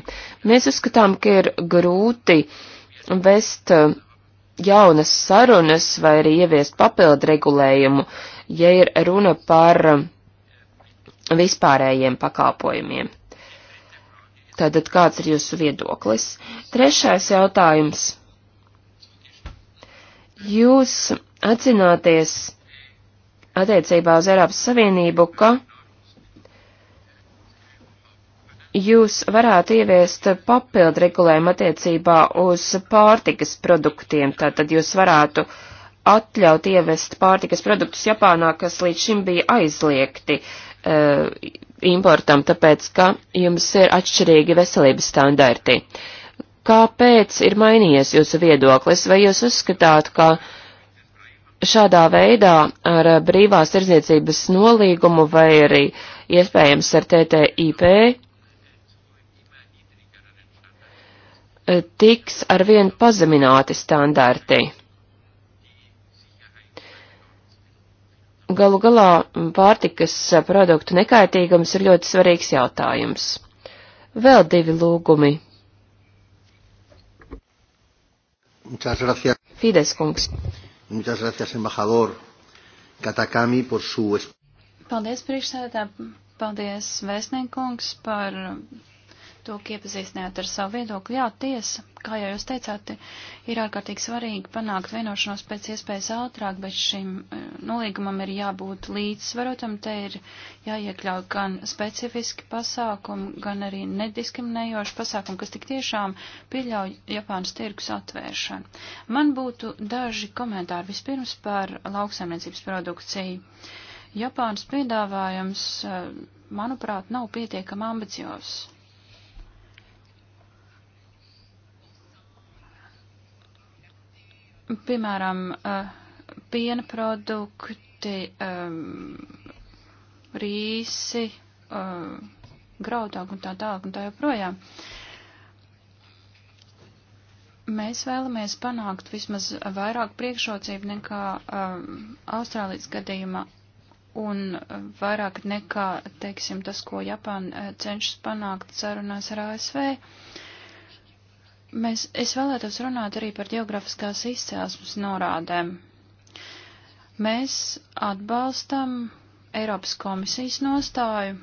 mēs uzskatām, ka ir grūti vest jaunas sarunas vai arī ieviest papildu regulējumu, ja ir runa par vispārējiem pakāpojumiem. Tātad kāds ir jūsu viedoklis? Trešais jautājums. Jūs atzināties, attiecībā uz Eiropas Savienību, ka jūs varētu ieviest papildu regulējumu attiecībā uz pārtikas produktiem. Tātad jūs varētu atļaut ievest pārtikas produktus Japānā, kas līdz šim bija aizliegti uh, importam, tāpēc ka jums ir atšķirīgi veselības standarti. Kāpēc ir mainījies jūsu viedoklis? Vai jūs uzskatāt, ka uh, šādā veidā ar brīvās tirdzniecības nolīgumu vai arī iespējams ar TTIP tiks arvien pazemināti standarti. Galu galā pārtikas produktu nekaitīgums ir ļoti svarīgs jautājums. Vēl divi lūgumi. Fides kungs. Muchas gracias, embajador Katakami, por su. Paldies, priekšsēdētāji. Paldies, vēstniekungs, par to, ka iepazīstināt ar savu viedokli. Jā, tiesa, kā jau jūs teicāt, ir ārkārtīgi svarīgi panākt vienošanos pēc iespējas ātrāk, bet šim eh, nolīgumam ir jābūt līdzsvarotam. Te ir jāiekļauj gan specifiski pasākumi, gan arī nediskriminējoši pasākumi, kas tik tiešām pieļauj Japānas tirgus atvēršanu. Man būtu daži komentāri vispirms par lauksaimniecības produkciju. Japānas piedāvājums, eh, manuprāt, nav pietiekami ambiciozs. Piemēram, piena produkti, rīsi, graudāk un tā tālāk un tā joprojām. Mēs vēlamies panākt vismaz vairāk priekšrocību nekā Austrālijas gadījumā un vairāk nekā, teiksim, tas, ko Japāna cenšas panākt sarunās ar ASV. Uh, Mēs, es vēlētos runāt arī par geografiskās izcelsmes norādēm. Mēs atbalstam Eiropas komisijas nostāju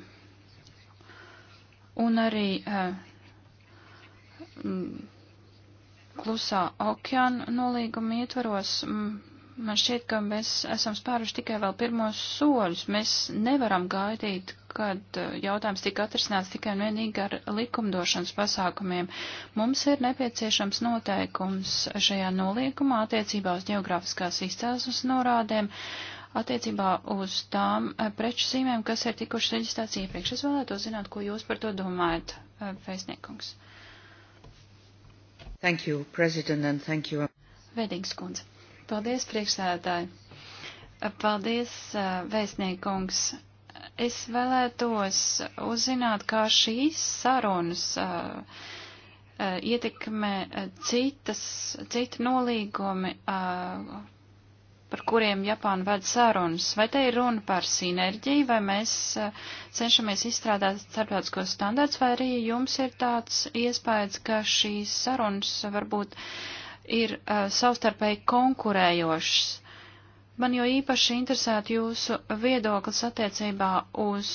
un arī eh, klusā okeāna nolīguma ietvaros. Man šķiet, ka mēs esam spēruši tikai vēl pirmos soļus. Mēs nevaram gaidīt, kad eh, jautājums tika atrisināts tikai un vienīgi ar likumdošanas pasākumiem. Mums ir nepieciešams noteikums šajā noliekumā attiecībā uz geogrāfiskās izcelsmes norādēm, attiecībā uz tām eh, preču zīmēm, kas ir tikušas reģistrēts iepriekš. Es vēlētos zināt, ko jūs par to domājat, Fēsniekungs. Eh, thank you, President, and thank you. Vedīgs kundze. Paldies, priekšsēdētāji. Paldies, vēstniekungs. Es vēlētos uzzināt, kā šīs sarunas uh, uh, ietekmē uh, citas, citu nolīgumi, uh, par kuriem Japāna ved sarunas. Vai te ir runa par sinerģiju, vai mēs uh, cenšamies izstrādāt starptautiskos standārts, vai arī jums ir tāds iespējas, ka šīs sarunas varbūt ir uh, savstarpēji konkurējošas? Man jau īpaši interesētu jūsu viedoklis attiecībā uz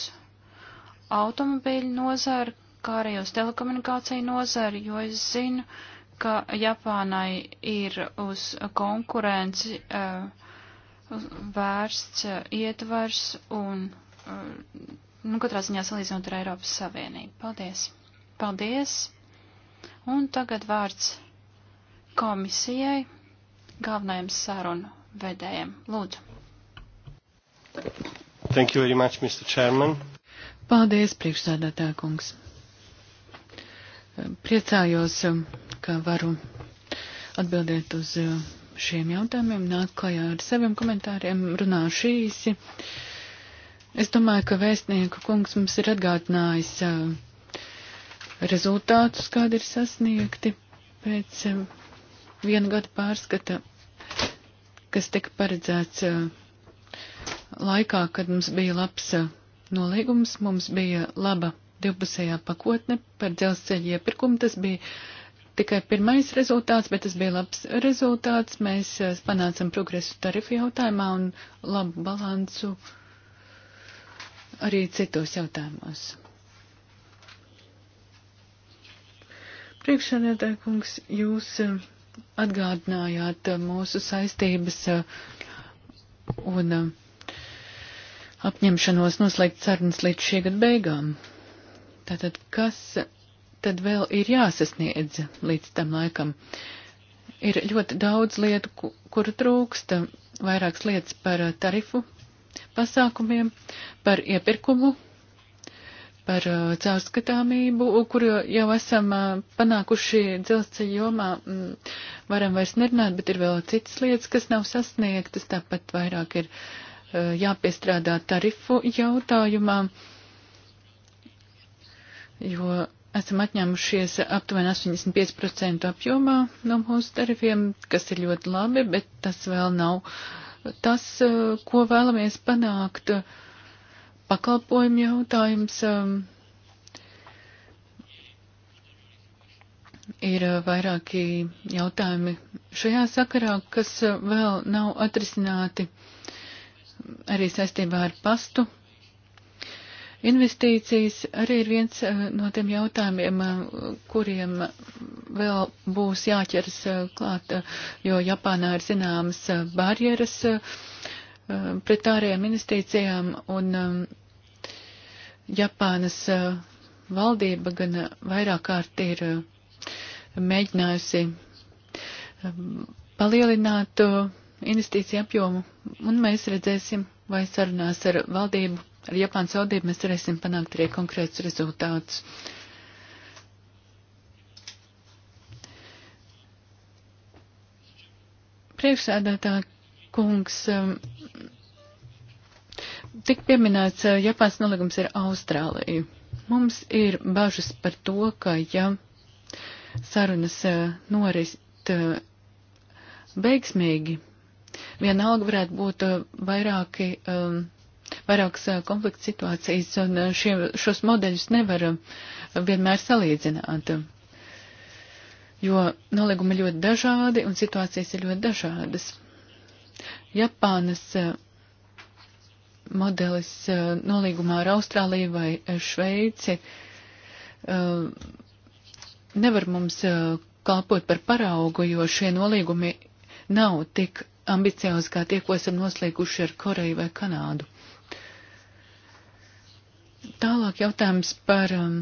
automobīļu nozaru, kā arī uz telekomunikāciju nozaru, jo es zinu, ka Japānai ir uz konkurenci uh, vērsts uh, ietvars un, uh, nu, katrā ziņā salīdzinot ar Eiropas Savienību. Paldies! Paldies! Un tagad vārds komisijai, galvenajam sarunu vedējiem. Lūdzu. Thank you very much, Mr. Chairman. Paldies, priekšsādātā kungs. Priecājos, ka varu atbildēt uz šiem jautājumiem, nāk klajā ar saviem komentāriem, runāšu īsi. Es domāju, ka vēstnieku kungs mums ir atgādinājis rezultātus, kādi ir sasniegti pēc viena gada pārskata kas tika paredzēts laikā, kad mums bija labs nolīgums, mums bija laba divpusējā pakotne par dzelzceļa iepirkumu. Tas bija tikai pirmais rezultāts, bet tas bija labs rezultāts. Mēs panācam progresu tarifu jautājumā un labu balansu arī citos jautājumos. Priekšsēdētāj kungs, jūs atgādinājāt uh, mūsu saistības uh, un uh, apņemšanos noslēgt sarunas līdz šī gada beigām. Tātad, kas tad vēl ir jāsasniedz līdz tam laikam? Ir ļoti daudz lietu, ku, kuru trūksta, vairākas lietas par tarifu pasākumiem, par iepirkumu, par caurskatāmību, kuru jau esam panākuši dzelzceļa jomā mm, varam vairs nerunāt, bet ir vēl citas lietas, kas nav sasniegtas, tāpat vairāk ir uh, jāpiestrādā tarifu jautājumā, jo esam atņēmušies aptuveni 85% apjomā no mūsu tarifiem, kas ir ļoti labi, bet tas vēl nav tas, eh, ko vēlamies panākt. Pakalpojumu jautājums eh, ir eh, vairāki jautājumi šajā sakarā, kas eh, vēl nav atrisināti arī saistībā ar pastu. Investīcijas arī ir viens eh, no tiem jautājumiem, kuriem vēl būs jāķeras klāt, jo Japānā ir zināmas barjeras pret ārējām investīcijām un Japānas valdība gan vairāk kārt ir mēģinājusi um, palielināt uh, investīciju apjomu, un mēs redzēsim, vai sarunās ar valdību, ar Japānas valdību mēs varēsim panākt arī konkrētus rezultātus. Priekšsēdētā kungs, um, tik pieminēts uh, Japāns nolīgums ar Austrāliju. Mums ir bažas par to, ka ja sarunas eh, norist eh, veiksmīgi. Vienalga varētu būt eh, vairāki, vairākas konflikts situācijas, un šie, šos modeļus nevar vienmēr salīdzināt, jo nolīgumi ļoti dažādi un situācijas ir ļoti dažādas. Japānas modelis nolīgumā ar Austrāliju vai Šveici nevar mums eh, kalpot par paraugu, jo šie nolīgumi nav tik ambiciozi kā tie, ko esam noslēguši ar Koreju vai Kanādu. Tālāk jautājums par, um,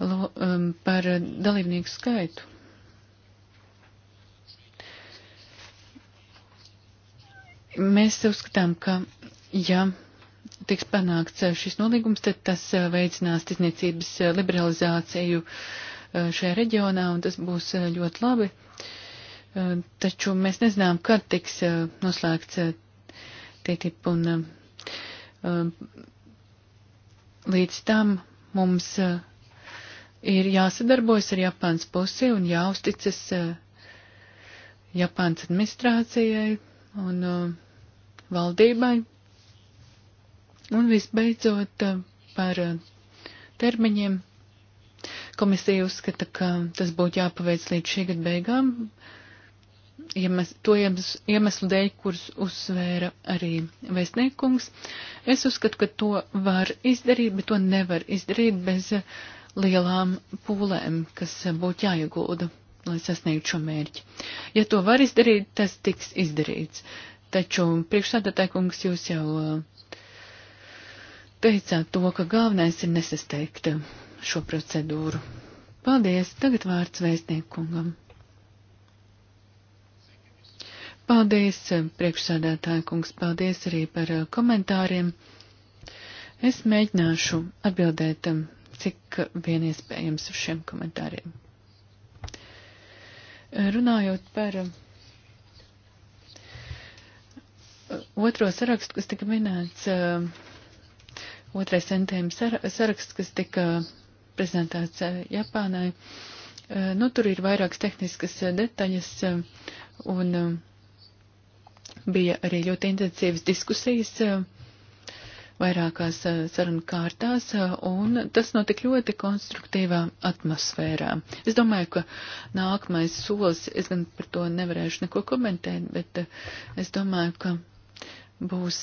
lo, um, par dalībnieku skaitu. Mēs uzskatām, ka ja tiks panākts eh, šis nolīgums, tad tas eh, veicinās tirniecības eh, liberalizāciju šajā reģionā, un tas būs ļoti labi. Taču mēs nezinām, kad tiks noslēgts TTIP, un līdz tam mums ir jāsadarbojas ar Japānas pusi un jāuzticas Japānas administrācijai un valdībai Un visbeidzot eh, par eh, termiņiem. Komisija uzskata, ka tas būtu jāpaveic līdz šī gada beigām, iemes, to iemes, iemeslu dēļ, kurus uzsvēra arī vēstniekums. Es uzskatu, ka to var izdarīt, bet to nevar izdarīt bez eh, lielām pūlēm, kas būtu jāiegulda, lai sasniegtu šo mērķi. Ja to var izdarīt, tas tiks izdarīts. Taču priekšsādātāj kungs jūs jau uh, teicāt to, ka galvenais ir nesasteigt šo procedūru. Paldies! Tagad vārds vēstniekungam. Paldies, priekšsādātāja kungs, paldies arī par komentāriem. Es mēģināšu atbildēt, cik vien iespējams uz šiem komentāriem. Runājot par otro sarakstu, kas tika minēts, Otrais centējums sar saraksts, kas tika prezentēts eh, Japānai, eh, nu tur ir vairākas tehniskas eh, detaļas un bija arī ļoti intensīvas diskusijas vairākās sarunu kārtās, un tas notika ļoti konstruktīvā atmosfērā. Es domāju, ka nākamais solis, es gan par to nevarēšu neko komentēt, bet es domāju, ka būs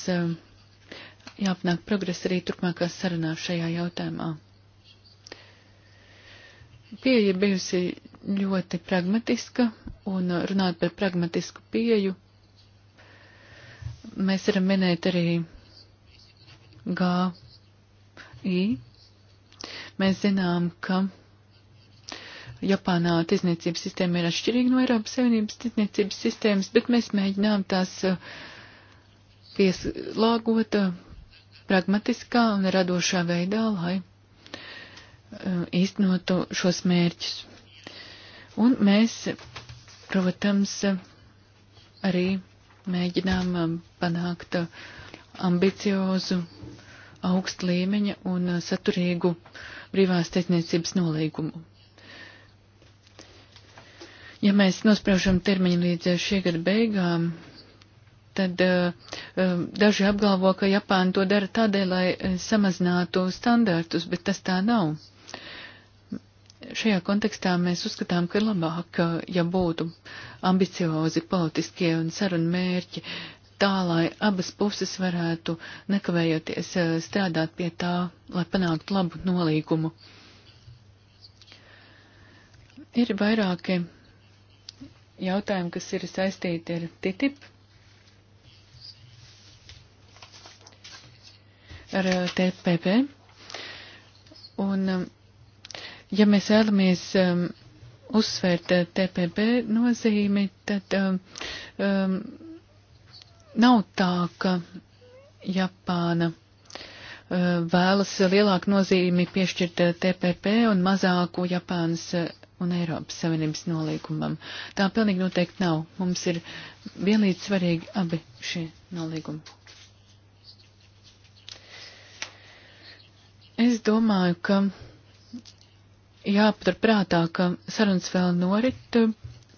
jāpanāk progress arī turpmākās sarunās šajā jautājumā. Pieeja bijusi ļoti pragmatiska, un runāt par pragmatisku pieju, mēs varam minēt arī GI. Mēs zinām, ka Japānā tirzniecības sistēma ir atšķirīga no Eiropas Savienības tirzniecības sistēmas, bet mēs mēģinām tās uh, pieslāgot, pragmatiskā un radošā veidā, lai e, īstenotu šos mērķus. Un mēs, protams, arī mēģinām e, panākt ambiciozu, augst līmeņa un e, saturīgu brīvās tiesniecības nolīgumu. Ja mēs nospraužam termiņu līdz šī gada beigām, tad eh, eh, daži apgalvo, ka Japāna to dara tādēļ, lai eh, samazinātu standārtus, bet tas tā nav. Šajā kontekstā mēs uzskatām, ka ir labāk, ja būtu ambiciozi politiskie un sarunu mērķi, tā, lai abas puses varētu nekavējoties strādāt pie tā, lai panāktu labu nolīgumu. Ir vairāki jautājumi, kas ir saistīti ar TTIP ar eh, TPP. Un, eh, ja mēs vēlamies um, uzsvērt TPP nozīmi, tad um, nav tā, ka Japāna vēlas lielāku nozīmi piešķirt TPP un mazāku Japānas un Eiropas Savienības nolīgumam. Tā pilnīgi noteikti nav. Mums ir vienlīdz svarīgi abi šie nolīgumi. Es domāju, ka jāpaturprātā, ka sarunas vēl norit.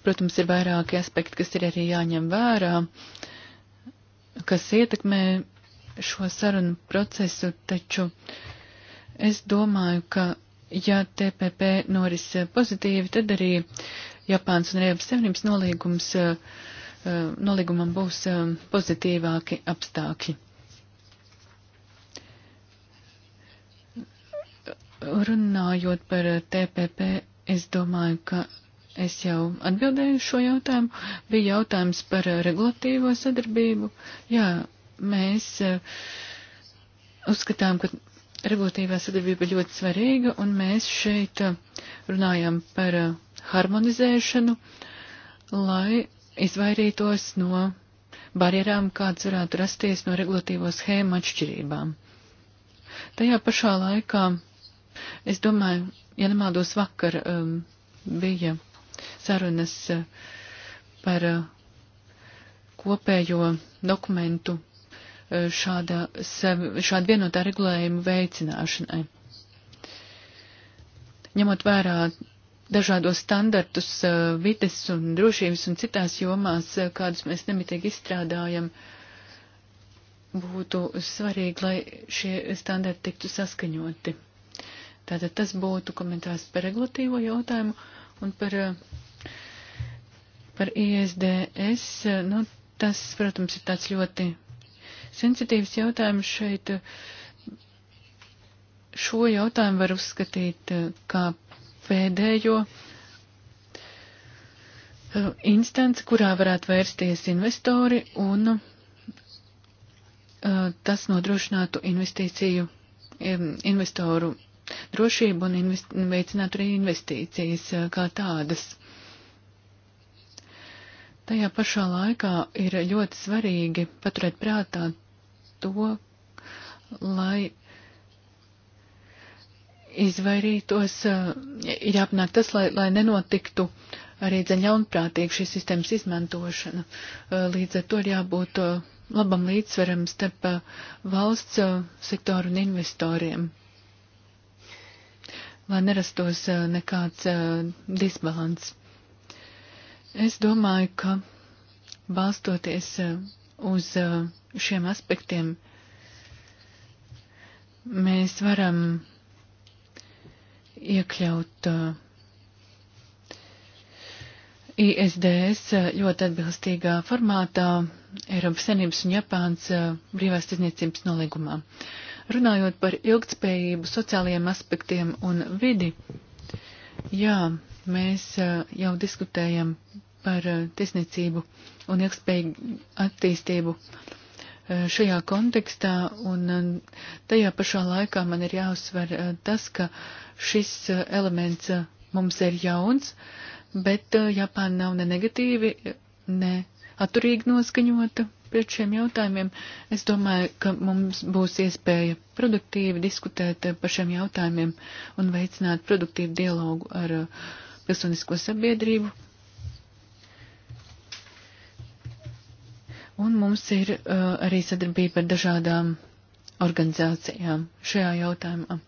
Protams, ir vairāki aspekti, kas ir arī jāņem vērā, kas ietekmē šo sarunu procesu, taču es domāju, ka ja TPP noris pozitīvi, tad arī Japāns un Eiropas Savienības nolīgums, eh, nolīgumam būs eh, pozitīvāki apstākļi. Runājot par TPP, es domāju, ka es jau atbildēju šo jautājumu. Bija jautājums par regulatīvo sadarbību. Jā, mēs eh, uzskatām, ka regulatīvā sadarbība ļoti svarīga, un mēs šeit eh, runājam par eh, harmonizēšanu, lai izvairītos no barjerām, kāds varētu rasties no regulatīvo schēmu atšķirībām. Tajā pašā laikā Es domāju, ja nemaldos vakar, um, bija sarunas uh, par uh, kopējo dokumentu uh, šāda, šāda vienotā regulējuma veicināšanai. Ņemot vērā dažādos standartus uh, vides un drošības un citās jomās, uh, kādus mēs nemitīgi izstrādājam, būtu svarīgi, lai šie standarti tiktu saskaņoti. Tātad tas būtu komentārs par regulatīvo jautājumu un par, par ISDS. Nu, tas, protams, ir tāds ļoti sensitīvs jautājums šeit. Šo jautājumu var uzskatīt eh, kā pēdējo eh, instanci, kurā varētu vērsties investori un eh, tas nodrošinātu investīciju investoru drošību un invest, veicinātu arī investīcijas eh, kā tādas. Tajā pašā laikā ir ļoti svarīgi paturēt prātā to, lai izvairītos, eh, ir jāpanāk tas, lai, lai nenotiktu arī dzaļaunprātīgi šīs sistēmas izmantošana. Eh, līdz ar to ir jābūt labam līdzsveram starp valsts sektoru un investoriem lai nerastos nekāds disbalans. Es domāju, ka balstoties uz šiem aspektiem, mēs varam iekļaut ISDS ļoti atbilstīgā formātā Eiropas Savienības un Japāns brīvās tirdzniecības nolīgumā. Uh, Runājot par ilgtspējību, sociālajiem aspektiem un vidi, jā, mēs jau diskutējam par tiesniecību un ilgspējīgu attīstību šajā kontekstā, un tajā pašā laikā man ir jāuzsver tas, ka šis elements mums ir jauns, bet Japāna nav ne negatīvi, ne atturīgi noskaņota pret šiem jautājumiem. Es domāju, ka mums būs iespēja produktīvi diskutēt eh, par šiem jautājumiem un veicināt produktīvu dialogu ar eh, pilsonisko sabiedrību. Un mums ir uh, arī sadarbība ar dažādām organizācijām šajā jautājumā.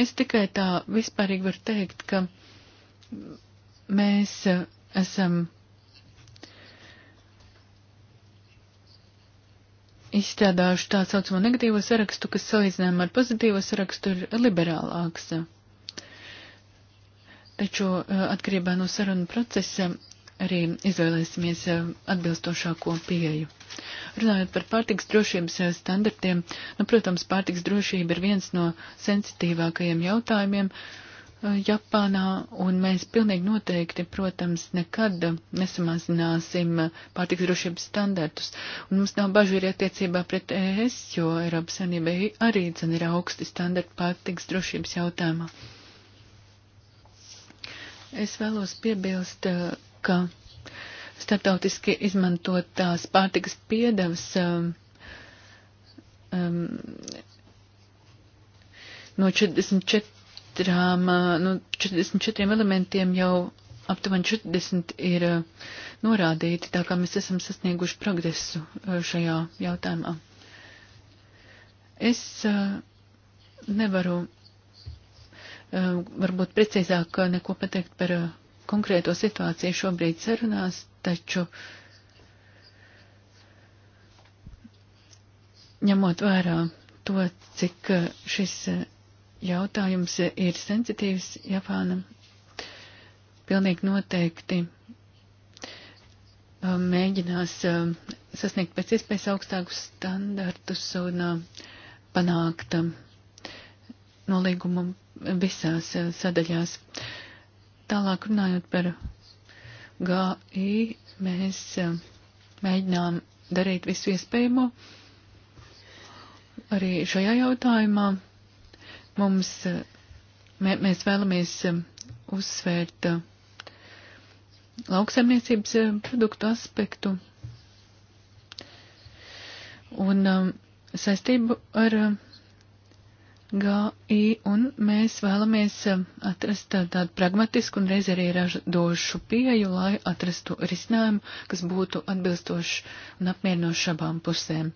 Es tikai tā vispārīgi varu teikt, ka mēs esam izstrādājuši tā saucamo negatīvo sarakstu, kas salīdzinājumā ar pozitīvo sarakstu ir liberālāks. Taču eh, atkarībā no sarunu procesa arī izvēlēsimies eh, atbilstošāko pieeju. Runājot par pārtiks drošības eh, standartiem, nu, protams, pārtiks drošība ir viens no sensitīvākajiem jautājumiem, uh, Japānā, un mēs pilnīgi noteikti, protams, nekad nesamazināsim pārtiks drošības standartus. Un mums nav bažu arī attiecībā pret ES, jo Eiropas Savienībai arī dzen ir augsti standarti pārtiks drošības jautājumā. Es vēlos piebilst, ka starptautiski izmantotās pārtikas piedevas um, um, no 44 četrām, nu, 44 elementiem jau aptuveni 40 ir norādīti, tā kā mēs esam sasnieguši progresu šajā jautājumā. Es nevaru varbūt precīzāk neko pateikt par konkrēto situāciju šobrīd sarunās, taču ņemot vērā to, cik šis jautājums ir sensitīvs Japānam. Pilnīgi noteikti um, mēģinās um, sasniegt pēc iespējas augstākus standartus un um, panākt nolīgumu visās uh, sadaļās. Tālāk runājot par GI, mēs mēģinām darīt visu iespējamo arī šajā jautājumā Mums, eh, mē, mēs vēlamies eh, uzsvērt eh, lauksaimniecības produktu aspektu un saistību ar GI, un mēs vēlamies atrast tādu pragmatisku un reiz arī raždošu pieju, lai atrastu risinājumu, kas būtu atbilstošs un apmierinošs abām pusēm.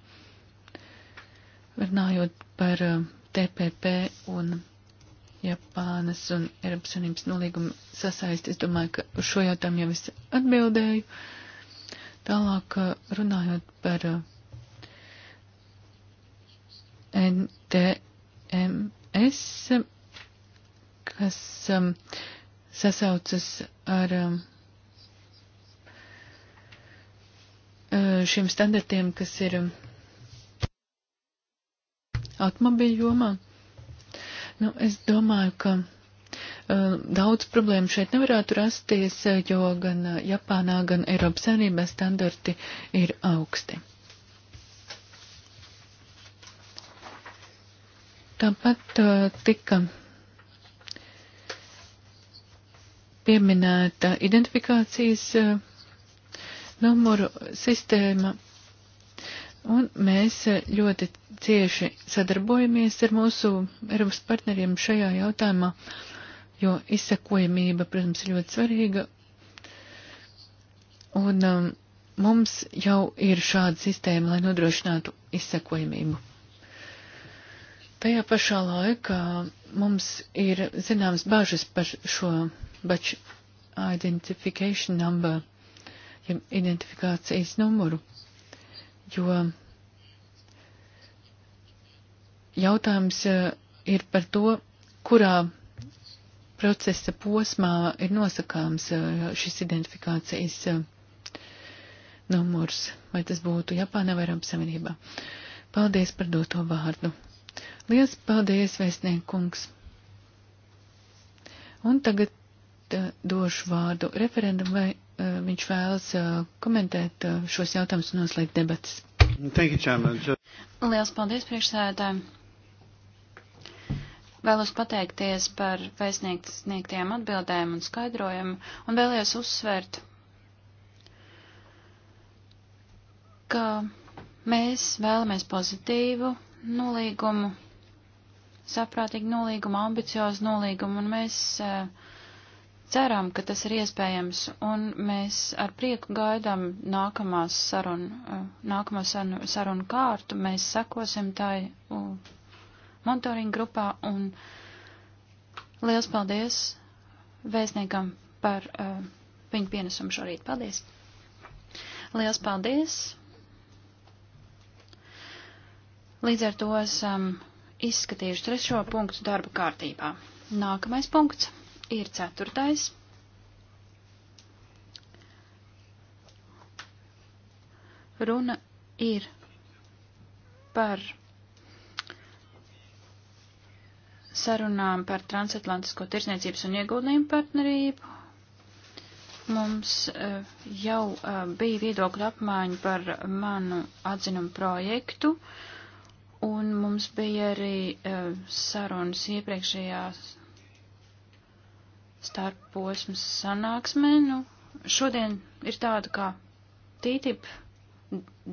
Runājot par TPP un Japānas un Eiropas Savienības nolīguma sasaisti. Es domāju, ka uz šo jautājumu jau es atbildēju. Tālāk uh, runājot par uh, NTMS, kas um, sasaucas ar um, uh, šiem standartiem, kas ir um, automobīļu jomā. Nu, es domāju, ka uh, daudz problēmu šeit nevarētu rasties, uh, jo gan uh, Japānā, gan Eiropas Savienībā standarti ir augsti. Tāpat uh, tika pieminēta identifikācijas uh, numuru sistēma Un mēs eh, ļoti cieši sadarbojamies ar mūsu Eiropas partneriem šajā jautājumā, jo izsekojamība, protams, ir ļoti svarīga. Un um, mums jau ir šāda sistēma, lai nodrošinātu izsekojamību. Tajā pašā laikā mums ir zināmas bažas par šo batch identification number, jeb identifikācijas numuru jo jautājums eh, ir par to, kurā procesa posmā ir nosakāms eh, šis identifikācijas eh, numurs, vai tas būtu Japānā vai Eiropas Savienībā. Paldies par doto vārdu. Lielas paldies, vēstniekungs. Un tagad došu vārdu referendumu vai Eh, viņš vēlas eh, komentēt eh, šos jautājumus un noslēgt debatas. Lielas paldies priekšsēdētājiem! Vēlos pateikties par vēstniegtajām atbildēm un skaidrojumu un vēlējos uzsvērt, ka mēs vēlamies pozitīvu nolīgumu, saprātīgu nolīgumu, ambiciozu nolīgumu un mēs uh, ceram, ka tas ir iespējams, un mēs ar prieku gaidām nākamās sarunu, uh, nākamā sarunu, sarunu kārtu. Mēs sekosim tai uh, monitoringa grupā, un liels paldies vēstniekam par uh, viņu pienesumu šorīt. Paldies! Liels paldies! Līdz ar to esam um, izskatījuši trešo punktu darba kārtībā. Nākamais punkts ir ceturtais. Runa ir par sarunām par transatlantisko tirsniecības un ieguldījumu partnerību. Mums eh, jau eh, bija viedokļa apmaiņa par manu atzinumu projektu, un mums bija arī eh, sarunas iepriekšējās starp posmas sanāksmē. Nu, šodien ir tāda kā tītip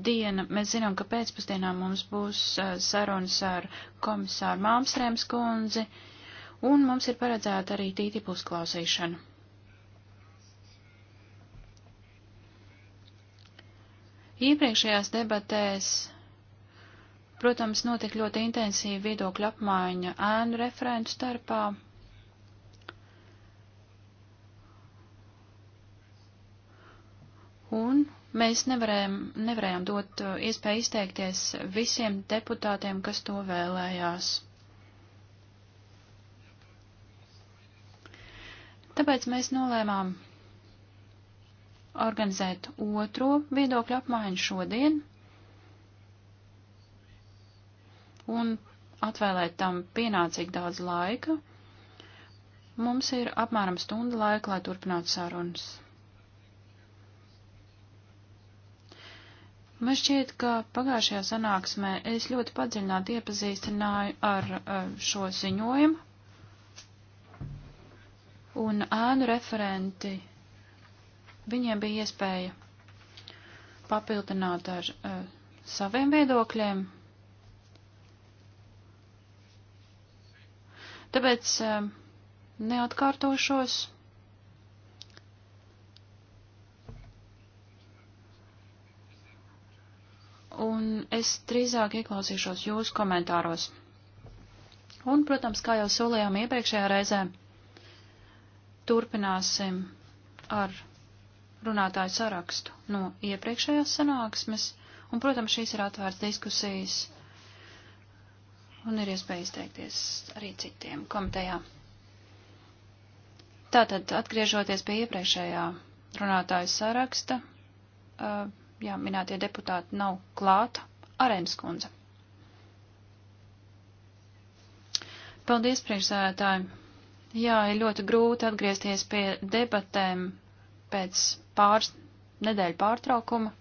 diena. Mēs zinām, ka pēcpusdienā mums būs uh, sarunas ar komisāru Māmsrēms kundzi, un mums ir paredzēta arī tītip uzklausīšana. Iepriekšējās debatēs, protams, notika ļoti intensīva viedokļa apmaiņa ēnu referentu starpā, Un mēs nevarējām, nevarējām dot uh, iespēju izteikties visiem deputātiem, kas to vēlējās. Tāpēc mēs nolēmām organizēt otro viedokļu apmaiņu šodien un atvēlēt tam pienācīgi daudz laika. Mums ir apmēram stunda laika, lai turpinātu sarunas. Man šķiet, ka pagājušajā sanāksmē es ļoti padziļināti iepazīstināju ar eh, šo ziņojumu, un ēnu referenti, viņiem bija iespēja papildināt ar uh, saviem viedokļiem. Tāpēc uh, neatkārtošos. un es drīzāk ieklausīšos jūsu komentāros. Un, protams, kā jau solījām iepriekšējā reizē, turpināsim ar runātāju sarakstu no iepriekšējās sanāksmes, un, protams, šīs ir atvērts diskusijas, un ir iespēja izteikties arī citiem komitejā. Tātad, atgriežoties pie iepriekšējā runātāju saraksta, uh, jā, minētie deputāti nav klāta. Arēnas kundze. Paldies, priekšsēdētāji. Jā, ir ļoti grūti atgriezties pie debatēm pēc pāris nedēļu pārtraukuma.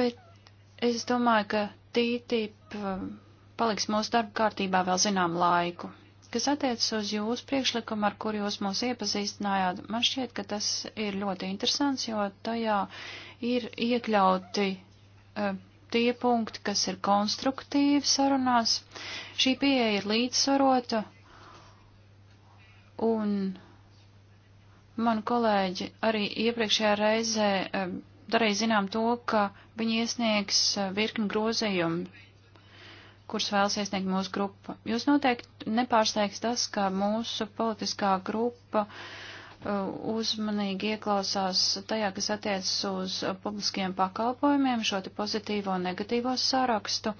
Bet es domāju, ka TTIP um, paliks mūsu darba kārtībā vēl zinām laiku. Kas attiecas uz jūsu priekšlikumu, ar kur jūs mūs iepazīstinājāt, man šķiet, ka tas ir ļoti interesants, jo tajā ir iekļauti uh, tie punkti, kas ir konstruktīvi sarunās. Šī pieeja ir līdzsvarota, un man kolēģi arī iepriekšējā reizē e, darīja zinām to, ka viņi iesniegs e, virkni grozījumu kurus vēlas iesniegt mūsu grupa. Jūs noteikti nepārsteigts tas, ka mūsu politiskā grupa uh, uzmanīgi ieklausās tajā, kas attiecas uz publiskiem pakalpojumiem, šo te pozitīvo un negatīvo sārakstu,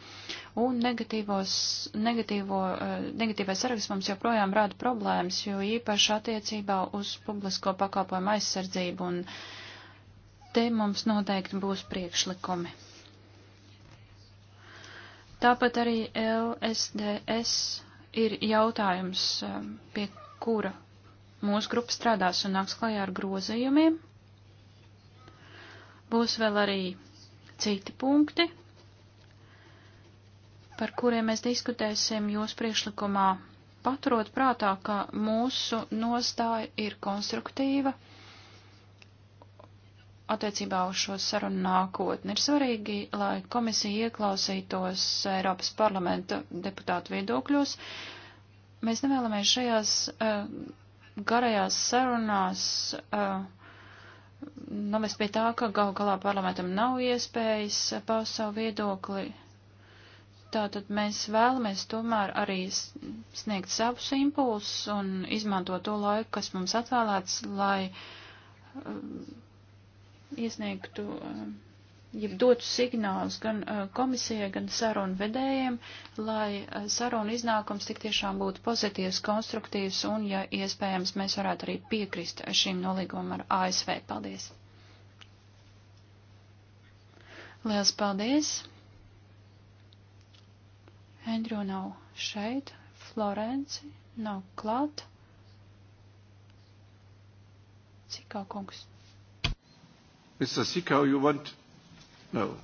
un negatīvos, negatīvo, uh, negatīvais saraksts mums joprojām rada problēmas, jo īpaši attiecībā uz publisko pakalpojumu aizsardzību, un te mums noteikti būs priekšlikumi. Tāpat arī LSDS ir jautājums, um, pie kura mūsu grupa strādās un nāks klajā ar grozījumiem. Būs vēl arī citi punkti, par kuriem mēs diskutēsim jūsu priekšlikumā, paturot prātā, ka mūsu nostāja ir konstruktīva attiecībā uz šo sarunu nākotni. Ir svarīgi, lai komisija ieklausītos Eiropas parlamenta deputātu viedokļos. Mēs nevēlamies šajās uh, garajās sarunās uh, novest pie tā, ka gal galā parlamentam nav iespējas paust savu viedokli. Tātad mēs vēlamies tomēr arī sniegt savus impulsus un izmantot to laiku, kas mums atvēlēts, lai uh, iesniegtu, eh, ja dotu signālus gan eh, komisijai, gan sarunu vedējiem, lai eh, sarunu iznākums tik tiešām būtu pozitīvs, konstruktīvs un, ja iespējams, mēs varētu arī piekrist šīm nolīgumam ar ASV. Paldies! Liels paldies! Andrew nav šeit, Florenci nav klāt. Cikā kungs. Mr. Sikau, you want? No.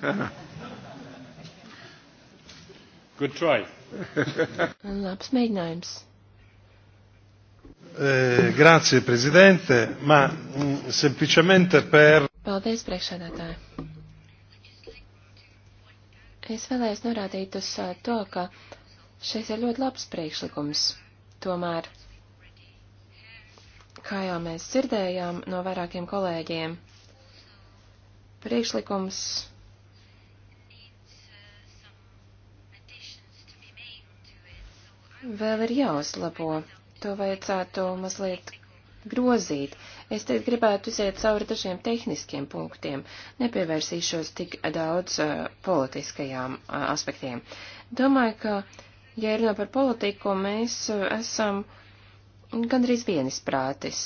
Good try. Labs mēģinājums. Eh, grazie, Presidente, ma mm, semplicemente per. Paldies, priekšsēdētāji. Es vēlējos norādīt uz eh, to, ka šis ir ļoti labs priekšlikums. Tomēr Kā jau mēs dzirdējām no vairākiem kolēģiem, priekšlikums vēl ir jāuzlabo. To vajadzētu mazliet grozīt. Es te gribētu iziet cauri dažiem tehniskiem punktiem, nepievērsīšos tik daudz uh, politiskajām uh, aspektiem. Domāju, ka, ja ir no par politiku, mēs uh, esam uh, gandrīz vienisprātis.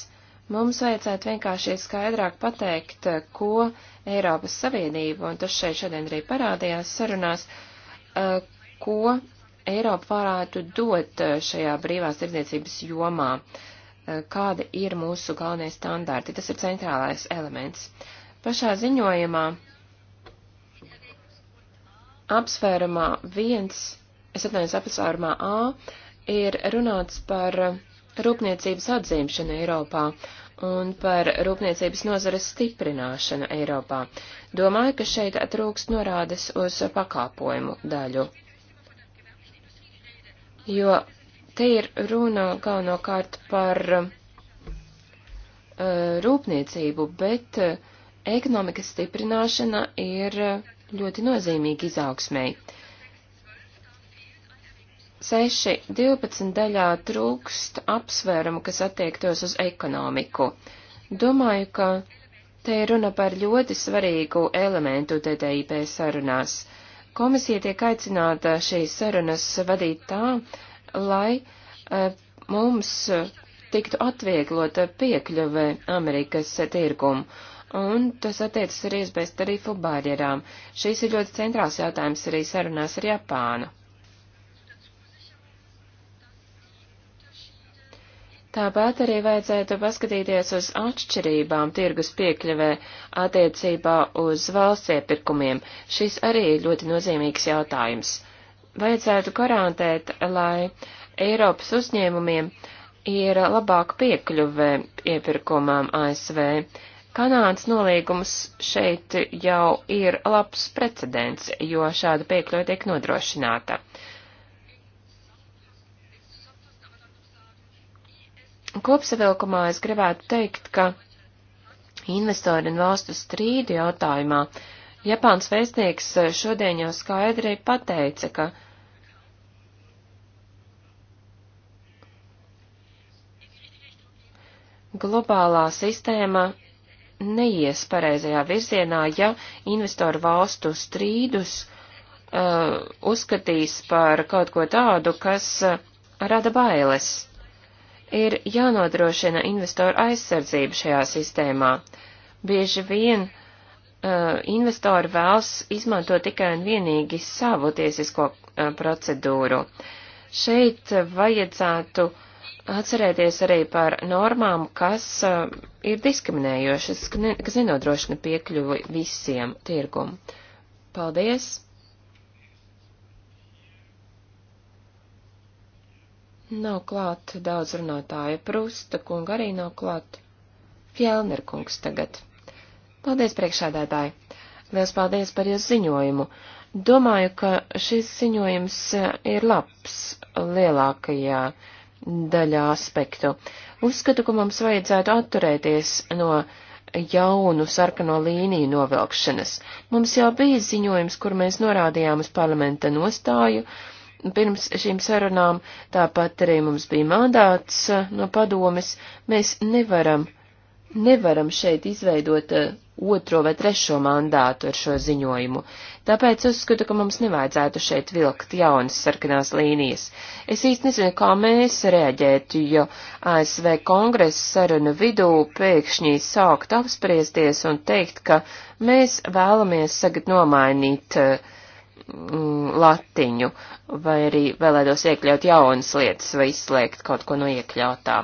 Mums vajadzētu vienkārši skaidrāk pateikt, ko Eiropas Savienība, un tas šeit šodien arī parādījās sarunās, eh, ko Eiropa varētu dot eh, šajā brīvās tirdzniecības jomā, eh, kādi ir mūsu galvenie standarti. Tas ir centrālais elements. Pašā ziņojumā apsvērumā 1, es atvainojos apsvērumā A, ir runāts par rūpniecības atzīmšanu Eiropā un par rūpniecības nozares stiprināšanu Eiropā. Domāju, ka šeit trūkst norādes uz pakāpojumu daļu. Jo te ir runa galvenokārt par uh, rūpniecību, bet eh, ekonomikas stiprināšana ir eh, ļoti nozīmīga izaugsmēji. 6.12. daļā trūkst apsvērumu, kas attiektos uz ekonomiku. Domāju, ka te ir runa par ļoti svarīgu elementu TTIP sarunās. Komisija tiek aicināta šīs sarunas vadīt tā, lai uh, mums tiktu atvieglota piekļuve Amerikas tirgumu. Un tas attiecas arī uz beztarīfu barjerām. Šīs ir ļoti centrāls jautājums arī sarunās ar Japānu. Tāpat arī vajadzētu paskatīties uz atšķirībām tirgus piekļuvē attiecībā uz valsts iepirkumiem. Šis arī ir ļoti nozīmīgs jautājums. Vajadzētu garantēt, lai Eiropas uzņēmumiem ir labāk piekļuvē iepirkumām ASV. Kanādas nolīgums šeit jau ir labs precedents, jo šāda piekļuve tiek nodrošināta. Kopsavilkumā es gribētu teikt, ka investoru un valstu strīdu jautājumā Japāns vēstnieks šodien jau skaidri pateica, ka globālā sistēma neies pareizajā virzienā, ja investoru valstu strīdus uh, uzskatīs par kaut ko tādu, kas uh, rada bailes ir jānodrošina investoru aizsardzība šajā sistēmā. Bieži vien uh, investori vēlas izmantot tikai un vienīgi savu tiesisko uh, procedūru. Šeit vajadzētu atcerēties arī par normām, kas uh, ir diskriminējošas, kas nenodrošina piekļuvi visiem tirgumu. Paldies! Nav klāt daudz runātāju. Prusta kunga arī nav klāt. Fjellner kungs tagad. Paldies, priekšādētāji! Liels paldies par jūsu ziņojumu! Domāju, ka šis ziņojums eh, ir labs lielākajā daļā aspektu. Uzskatu, ka mums vajadzētu atturēties no jaunu sarkano līniju novilkšanas. Mums jau bija ziņojums, kur mēs norādījām uz parlamenta nostāju, uh, Pirms šīm sarunām tāpat arī mums bija mandāts eh, no padomes. Mēs nevaram, nevaram šeit izveidot eh, otro vai trešo mandātu ar šo ziņojumu. Tāpēc uzskatu, ka mums nevajadzētu šeit vilkt jaunas sarkanās līnijas. Es īsti nezinu, kā mēs reaģētu, jo ASV kongresa sarunu vidū pēkšņi sākt apspriesties un teikt, ka mēs vēlamies tagad nomainīt uh, Mm, latiņu, vai arī vēlētos iekļaut jaunas lietas vai izslēgt kaut ko no iekļautā.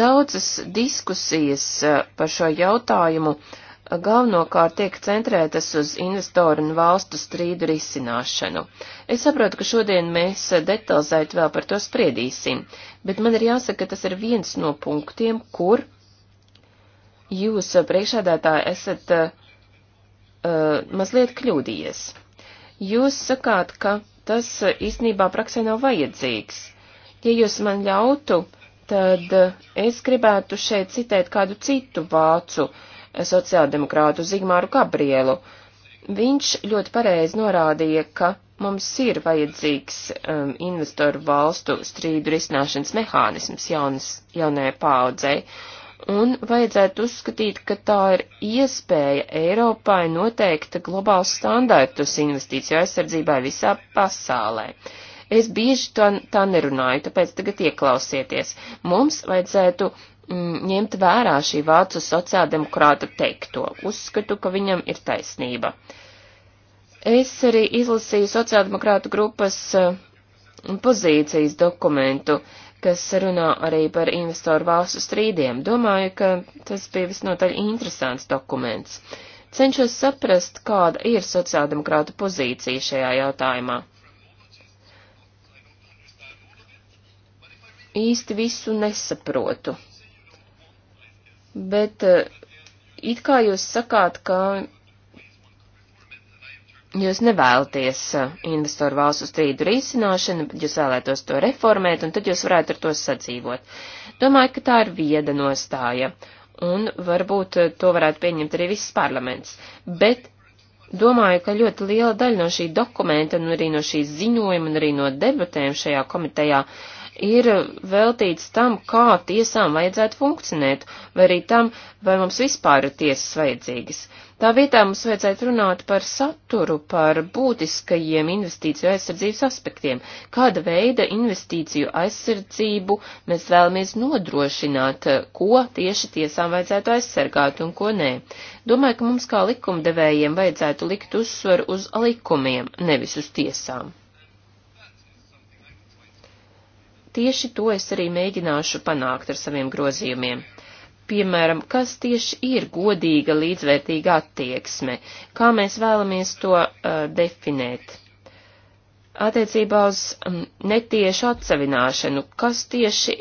Daudzas diskusijas eh, par šo jautājumu eh, galvenokārt tiek centrētas uz investoru un valstu strīdu risināšanu. Es saprotu, ka šodien mēs eh, detalizēti vēl par to spriedīsim, bet man ir jāsaka, ka tas ir viens no punktiem, kur jūs priekšādātāji esat uh, mazliet kļūdījies. Jūs sakāt, ka tas īstenībā praksē nav vajadzīgs. Ja jūs man ļautu, tad es gribētu šeit citēt kādu citu vācu eh, sociāldemokrātu Zigmāru Gabrielu. Viņš ļoti pareizi norādīja, ka mums ir vajadzīgs um, investoru valstu strīdu risināšanas mehānisms jaunas, jaunajai paudzei. Uh, un vajadzētu uzskatīt, ka tā ir iespēja Eiropai noteikta globāls standartus investīciju aizsardzībai visā pasaulē. Es bieži to, tā nerunāju, tāpēc tagad ieklausieties. Mums vajadzētu mm, ņemt vērā šī vācu sociāldemokrāta teikto. Uzskatu, ka viņam ir taisnība. Es arī izlasīju sociāldemokrātu grupas eh, pozīcijas dokumentu. Uh, kas runā arī par investoru valstu strīdiem. Domāju, ka tas bija visnotaļ interesants dokuments. Cenšos saprast, kāda ir sociāldemokrāta pozīcija šajā jautājumā. Īsti visu nesaprotu. Bet eh, it kā jūs sakāt, ka jūs nevēlaties uh, investoru valstu strīdu risināšanu, bet jūs vēlētos to reformēt, un tad jūs varētu ar to sadzīvot. Domāju, ka tā ir vieda nostāja, un varbūt uh, to varētu pieņemt arī viss parlaments. Bet domāju, ka ļoti liela daļa no šī dokumenta, un arī no šī ziņojuma, un arī no debatēm šajā komitejā ir uh, veltīts tam, kā tiesām vajadzētu funkcionēt, vai arī tam, vai mums vispār ir tiesas vajadzīgas. Uh, Tā vietā mums vajadzētu runāt par saturu, par būtiskajiem investīciju aizsardzības aspektiem. Kāda veida investīciju aizsardzību mēs vēlamies nodrošināt, ko tieši tiesām vajadzētu aizsargāt un ko nē. Domāju, ka mums kā likumdevējiem vajadzētu likt uzsvaru uz likumiem, nevis uz tiesām. Tieši to es arī mēģināšu panākt ar saviem grozījumiem piemēram, kas tieši ir godīga līdzvērtīga attieksme, kā mēs vēlamies to uh, definēt. Attiecībā uz um, netiešu atsevināšanu, kas tieši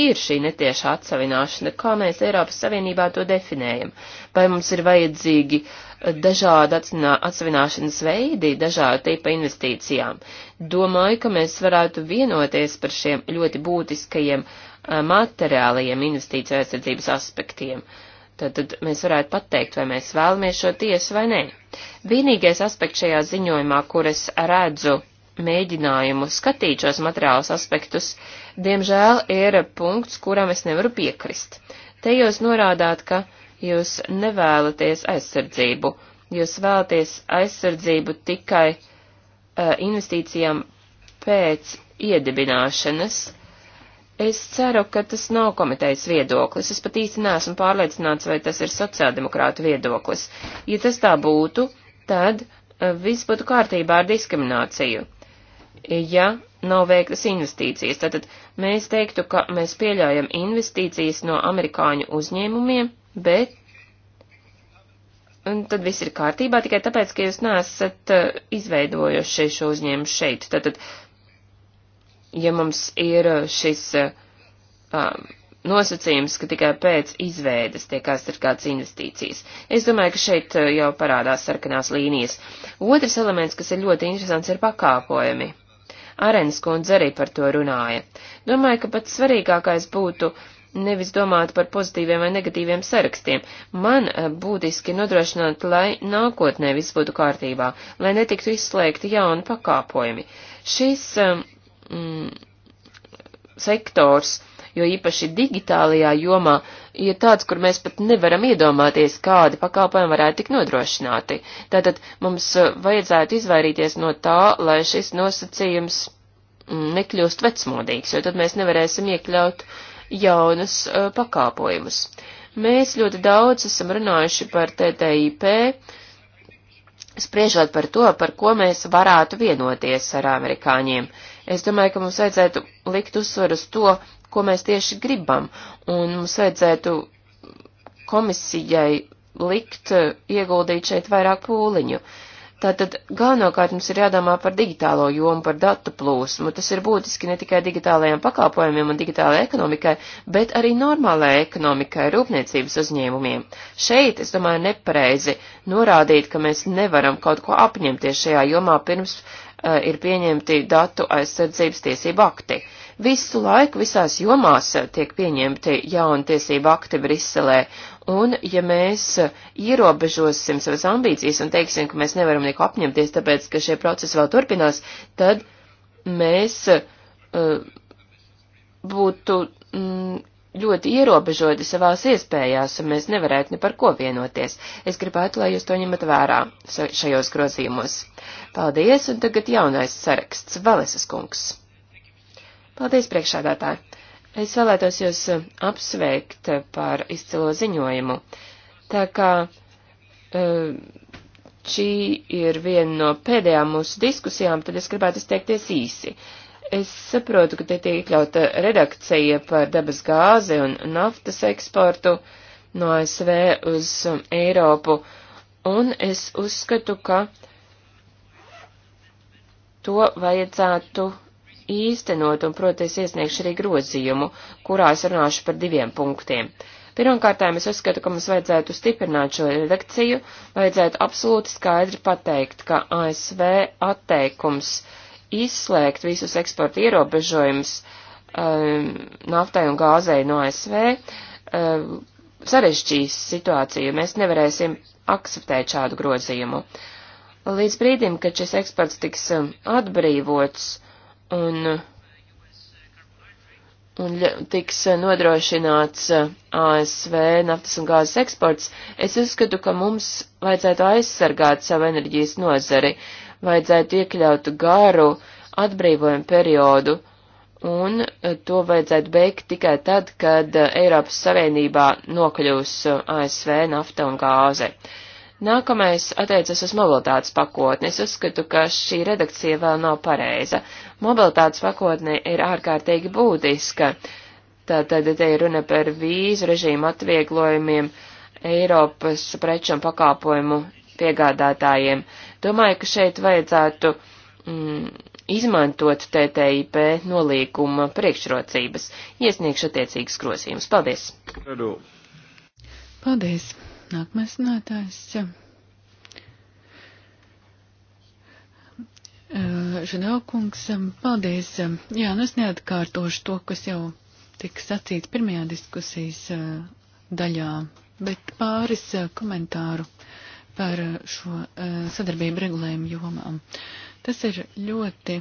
ir šī netieša atsevināšana, kā mēs Eiropas Savienībā to definējam, vai mums ir vajadzīgi uh, dažādi atsevināšanas veidi, dažādi tipa investīcijām. Domāju, ka mēs varētu vienoties par šiem ļoti būtiskajiem uh, materiālajiem investīciju aizsardzības aspektiem. Tad, tad mēs varētu pateikt, vai mēs vēlamies šo tiesu vai nē. Vienīgais aspekts šajā ziņojumā, kur es redzu mēģinājumu skatīt šos materiālus aspektus, diemžēl ir punkts, kuram es nevaru piekrist. Te jūs norādāt, ka jūs nevēlaties aizsardzību, jūs vēlaties aizsardzību tikai uh, investīcijām pēc iedibināšanas, Es ceru, ka tas nav komitejas viedoklis. Es pat īsti neesmu pārliecināts, vai tas ir sociāldemokrāta viedoklis. Ja tas tā būtu, tad e, viss būtu kārtībā ar diskrimināciju. Ja nav veiktas investīcijas, tad mēs teiktu, ka mēs pieļaujam investīcijas no amerikāņu uzņēmumiem, bet un tad viss ir kārtībā tikai tāpēc, ka jūs neesat e, izveidojuši šo uzņēmumu šeit. Tātad ja mums ir uh, šis uh, um, nosacījums, ka tikai pēc izvēdes tiek aizsargāts investīcijas. Es domāju, ka šeit uh, jau parādās sarkanās līnijas. Otrs elements, kas ir ļoti interesants, ir pakāpojumi. Arens kundze arī par to runāja. Domāju, ka pats svarīgākais būtu nevis domāt par pozitīviem vai negatīviem sarakstiem. Man būtiski nodrošināt, lai nākotnē viss būtu kārtībā, lai netiktu izslēgti jauni pakāpojumi. Šis um, mm, sektors, jo īpaši digitālajā jomā ir tāds, kur mēs pat nevaram iedomāties, kādi pakalpojumi varētu tik nodrošināti. Tātad mums eh, vajadzētu izvairīties no tā, lai šis nosacījums mm, nekļūst vecmodīgs, jo tad mēs nevarēsim iekļaut jaunus uh, eh, pakāpojumus. Mēs ļoti daudz esam runājuši par TTIP, uh, spriežot par to, par ko mēs varētu vienoties ar amerikāņiem. Es domāju, ka mums vajadzētu likt uzsver uz to, ko mēs tieši gribam, un mums vajadzētu komisijai likt ieguldīt šeit vairāk pūliņu. Uh, Tātad galvenokārt mums ir jādomā par digitālo jomu, par datu plūsmu. Tas ir būtiski ne tikai digitālajiem pakalpojumiem un digitālajai ekonomikai, bet arī normālajai ekonomikai, rūpniecības uzņēmumiem. Šeit, es domāju, nepareizi norādīt, ka mēs nevaram kaut ko apņemties šajā jomā pirms uh, ir pieņemti datu aizsardzības tiesību akti. Visu laiku visās jomās eh, tiek pieņemti jauni tiesību akti Briselē, Un, ja mēs ierobežosim savas ambīcijas un teiksim, ka mēs nevaram neko apņemties, tāpēc, ka šie procesi vēl turpinās, tad mēs uh, būtu mm, ļoti ierobežoti savās iespējās, un mēs nevarētu ne par ko vienoties. Es gribētu, lai jūs to ņemat vērā šajos grozījumos. Paldies, un tagad jaunais saraksts - Valesas kungs. Paldies, priekšādātāji! Es vēlētos jūs eh, apsveikt eh, par izcilo ziņojumu. Tā kā eh, šī ir viena no pēdējām mūsu diskusijām, tad es gribētu izteikties īsi. Es saprotu, ka te tiek iekļauta redakcija par dabas gāzi un naftas eksportu no ASV uz Eiropu, un es uzskatu, ka to vajadzētu īstenot, un, protams, iesniegšu arī grozījumu, kurās runāšu par diviem punktiem. Pirmkārtām es uzskatu, ka mums vajadzētu stiprināt šo redakciju, vajadzētu absolūti skaidri pateikt, ka ASV atteikums izslēgt visus eksporta ierobežojumus um, naftai un gāzei no ASV um, sarežģīs situāciju. Mēs nevarēsim akceptēt šādu grozījumu. Līdz brīdim, kad šis eksports tiks um, atbrīvots, un, un tiks nodrošināts uh, ASV naftas un gāzes eksports, es uzskatu, ka mums vajadzētu aizsargāt savu enerģijas nozari, vajadzētu iekļaut garu atbrīvojumu periodu, un uh, to vajadzētu beigt tikai tad, kad uh, Eiropas Savienībā nokļūs ASV nafta un gāze. Uh, Nākamais attiecas uz mobilitātes pakotni. Es uzskatu, ka šī redakcija vēl nav pareiza. Mobilitātes pakotne ir ārkārtīgi būtiska. Tātad te ir runa par vīzu režīmu atvieglojumiem Eiropas preču un pakāpojumu piegādātājiem. Domāju, ka šeit vajadzētu mm, izmantot TTIP nolīkuma priekšrocības. Iesniegšu attiecīgas grozījumus. Paldies! Paldies! Nākamais runātājs. Žanaukungs, paldies. Jā, nu es neatkārtošu to, kas jau tika sacīts pirmajā diskusijas daļā, bet pāris komentāru par šo sadarbību regulējumu jomām. Tas ir ļoti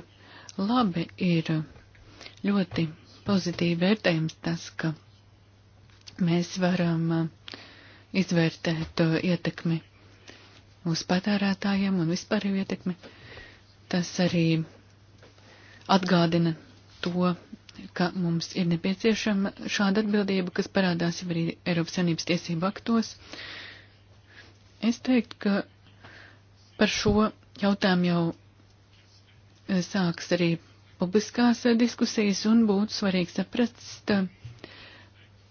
labi, ir ļoti pozitīvi vērtējums tas, ka mēs varam izvērtēt uh, ietekmi uz patērētājiem un vispārēju ietekmi. Tas arī atgādina to, ka mums ir nepieciešama šāda atbildība, kas parādās jau arī Eiropas Savienības tiesību aktos. Es teiktu, ka par šo jautājumu jau eh, sāks arī publiskās eh, diskusijas un būtu svarīgi saprast,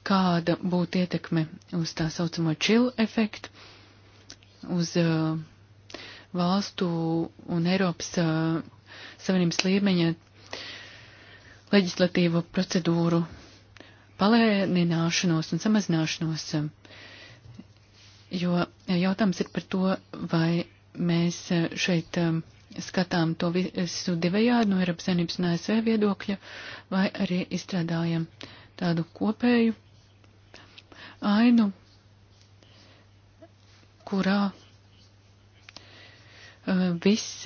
kāda būtu ietekme uz tā saucamo chill efektu, uz uh, valstu un Eiropas uh, Savienības līmeņa leģislatīvo procedūru palēnināšanos un samazināšanos, jo jautājums ir par to, vai mēs uh, šeit um, skatām to visu divējādi no Eiropas Savienības un ASV viedokļa, vai arī izstrādājam tādu kopēju ainu, kurā viss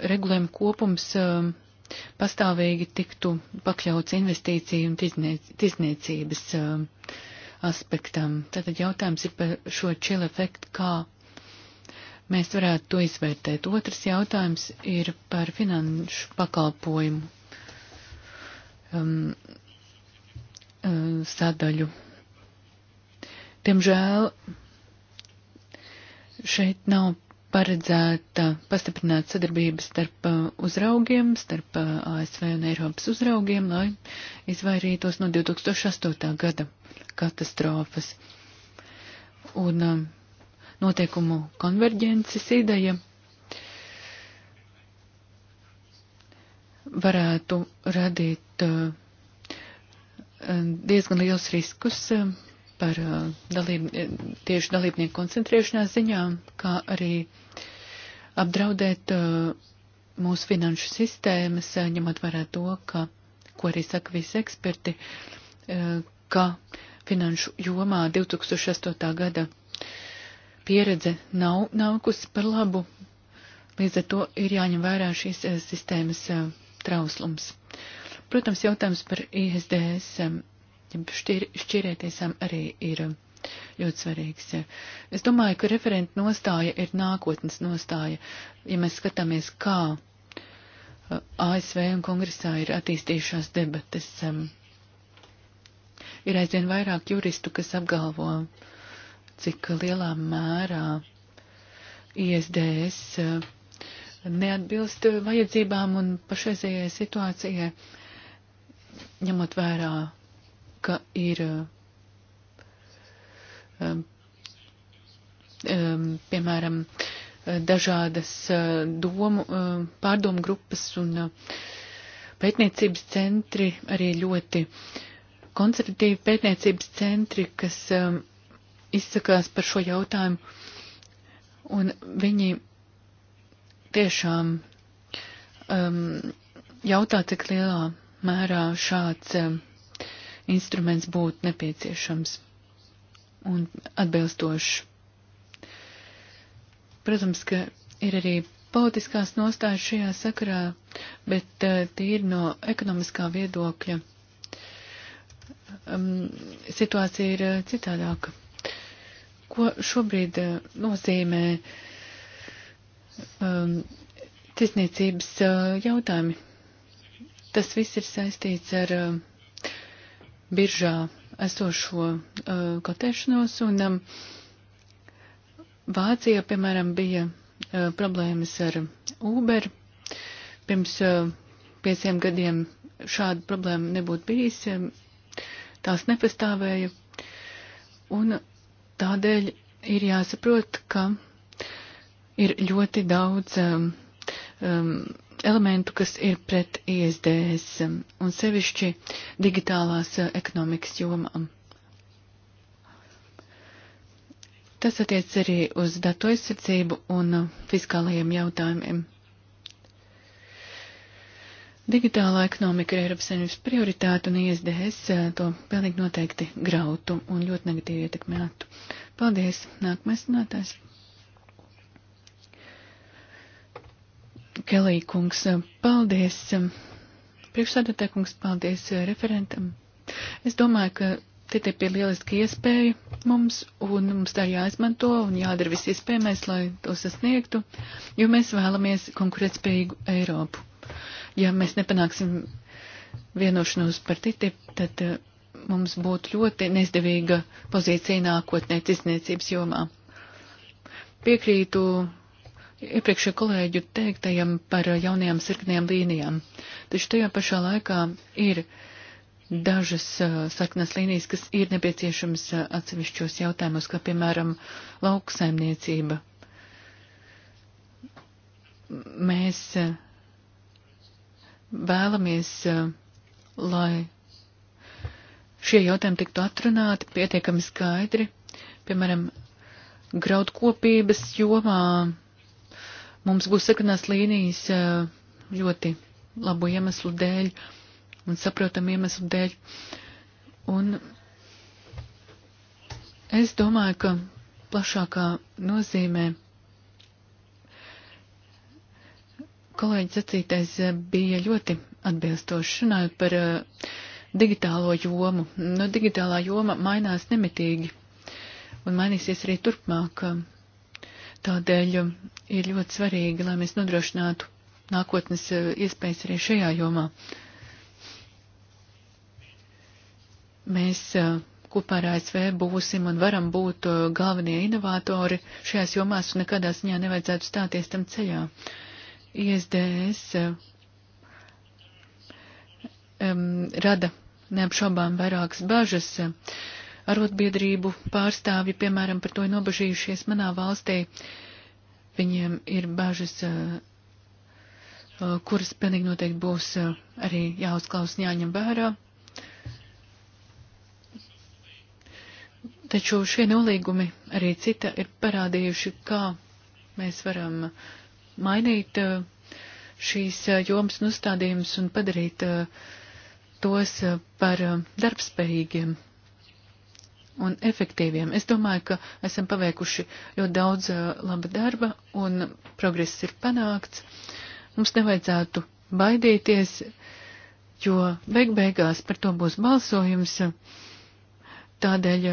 regulējuma kopums pastāvīgi tiktu pakļauts investīciju un tizniecības aspektam. Tātad jautājums ir par šo chill efektu, kā mēs varētu to izvērtēt. Otrs jautājums ir par finanšu pakalpojumu um, sadaļu Diemžēl šeit nav paredzēta pastiprināt sadarbības starp uh, uzraugiem, starp uh, ASV un Eiropas uzraugiem, lai izvairītos no 2008. gada katastrofas. Un um, notiekumu konverģences ideja varētu radīt uh, diezgan liels riskus um, par uh, dalību, eh, tieši dalībnieku koncentrēšanās ziņā, kā arī apdraudēt uh, mūsu finanšu sistēmas, uh, ņemot vērā to, ka, ko arī saka visi eksperti, ka finanšu jomā 2008. gada pieredze nav nākusi par labu. Līdz ar to ir jāņem vērā šīs sistēmas trauslums. Protams, jautājums par ISDS šķir, šķirētiesām arī ir ļoti svarīgs. Es domāju, ka referenta nostāja ir nākotnes nostāja. Ja mēs skatāmies, kā uh, ASV un kongresā ir attīstījušās debates, um, ir aizvien vairāk juristu, kas apgalvo, cik lielā mērā ISDS uh, neatbilst vajadzībām un pašreizējai situācijai, ņemot vērā ka ir, um, um, piemēram, dažādas uh, domu, uh, pārdomu grupas un uh, pētniecības centri, arī ļoti konservatīvi pētniecības centri, kas um, izsakās par šo jautājumu. Un viņi tiešām um, jautā, cik lielā mērā šāds um, instruments būtu nepieciešams un atbilstošs. Protams, ka ir arī politiskās nostājas šajā sakarā, bet eh, tīri no ekonomiskā viedokļa um, situācija ir eh, citādāka. Ko šobrīd eh, nozīmē um, tisniecības uh, jautājumi? Tas viss ir saistīts ar uh, biržā esošo uh, kotēšanos, un um, Vācijā, piemēram, bija uh, problēmas ar Uber. Pirms uh, pieciem gadiem šāda problēma nebūtu bijis, um, tās nepastāvēja, un tādēļ ir jāsaprot, ka ir ļoti daudz um, um, elementu, kas ir pret ISDS un sevišķi digitālās eh, ekonomikas jomām. Tas attiec arī uz datu aizsardzību un eh, fiskālajiem jautājumiem. Digitālā ekonomika ir Eiropas Savienības prioritāte un ISDS eh, to pilnīgi noteikti grautu un ļoti negatīvi ietekmētu. Paldies! Nākamais runātājs! Kelī kungs, paldies. Priekšsādātē kungs, paldies eh, referentam. Es domāju, ka TTIP ir lieliski iespēja mums, un mums tā jāizmanto un jādara viss iespējamais, lai to sasniegtu, jo mēs vēlamies konkurētspējīgu Eiropu. Ja mēs nepanāksim vienošanos par TTIP, tad eh, mums būtu ļoti neizdevīga pozīcija nākotnē tirdzniecības jomā. Piekrītu iepriekšējo kolēģu teiktajam par jaunajām sarkanajām līnijām. Taču tajā pašā laikā ir dažas uh, sarkanās līnijas, kas ir nepieciešamas uh, atsevišķos jautājumos, kā piemēram lauksaimniecība. Mēs uh, vēlamies, lai šie jautājumi tiktu atrunāti pietiekami skaidri, piemēram, graudkopības jomā Mums būs sarkanās līnijas ļoti labu iemeslu dēļ un saprotamu iemeslu dēļ. Un es domāju, ka plašākā nozīmē kolēģis sacītais bija ļoti atbilstoši runājot par digitālo jomu. Nu, digitālā joma mainās nemitīgi un mainīsies arī turpmāk. Tādēļ um, ir ļoti svarīgi, lai mēs nodrošinātu nākotnes uh, iespējas arī šajā jomā. Mēs uh, kopā ar ASV būsim un varam būt uh, galvenie inovatori šajās jomās un nekādā ziņā nevajadzētu stāties tam ceļā. ISDS um, rada neapšaubām vairākas bažas. Uh, arotbiedrību pārstāvji, piemēram, par to ir nobažījušies manā valstī. Viņiem ir bažas, eh, eh, kuras pilnīgi noteikti būs eh, arī jāuzklaus jāņem vērā. Taču šie nolīgumi arī cita ir parādījuši, kā mēs varam mainīt šīs jomas un uzstādījumus un padarīt tos par darbspējīgiem un efektīviem. Es domāju, ka esam paveikuši ļoti daudz laba darba un progress ir panākts. Mums nevajadzētu baidīties, jo beig beigās par to būs balsojums. Tādēļ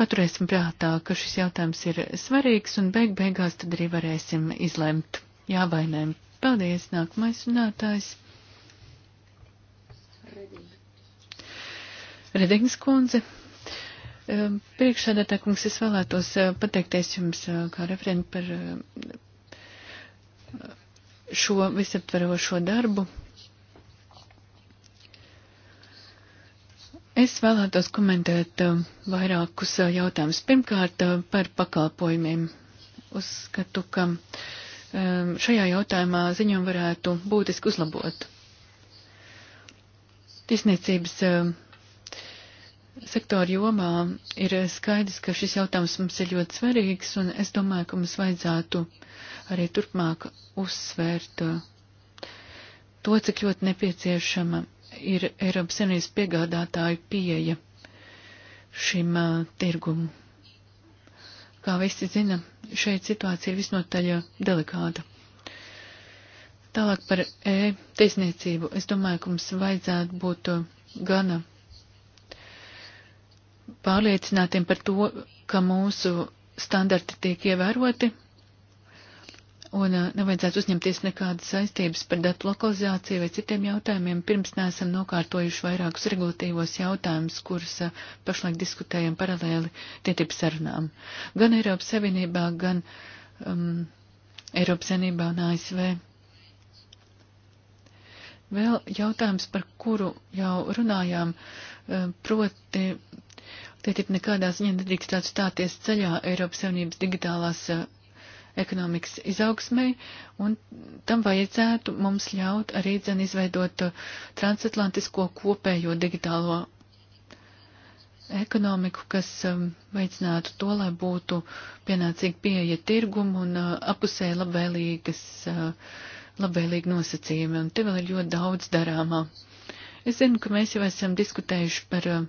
paturēsim prātā, ka šis jautājums ir svarīgs un beig beigās tad arī varēsim izlemt jā vai nē. Paldies, nākamais runātājs. Redings kundze. Priekšsēdētā kungs, es vēlētos eh, pateikties jums eh, kā referenti par eh, šo visaptverošo darbu. Es vēlētos komentēt vairākus jautājumus. Pirmkārt, par pakalpojumiem. Uzskatu, ka šajā jautājumā ziņojumu varētu būtiski uzlabot. Tiesniecības sektoru jomā ir skaidrs, ka šis jautājums mums ir ļoti svarīgs, un es domāju, ka mums vajadzētu arī turpmāk uzsvērt to, cik ļoti nepieciešama ir Eiropas Savienības piegādātāju pieeja šim uh, tirgumu. Kā visi zina, šeit situācija ir visnotaļ delikāta. Tālāk par e-tiesniecību. Es domāju, ka mums vajadzētu būt gana pārliecinātiem par to, ka mūsu standarti tiek ievēroti un nevajadzētu uzņemties nekādas saistības par datu lokalizāciju vai citiem jautājumiem, pirms neesam nokārtojuši vairākus regulatīvos jautājumus, kurus pašlaik diskutējam paralēli tietību sarunām. Gan Eiropas Savienībā, gan um, Eiropas Savienībā un ASV. Vēl jautājums, par kuru jau runājām, proti Tie tip nekādā ziņā nedrīkstētu stāties ceļā Eiropas Savienības digitālās eh, ekonomikas izaugsmai, un tam vajadzētu mums ļaut arī dzen izveidot eh, transatlantisko kopējo digitālo ekonomiku, kas eh, veicinātu to, lai būtu pienācīgi pieeja tirgumu un apusē labvēlīgas, labvēlīgi nosacījumi, un te vēl ir ļoti daudz darāmā. Es zinu, ka mēs jau esam diskutējuši par uh,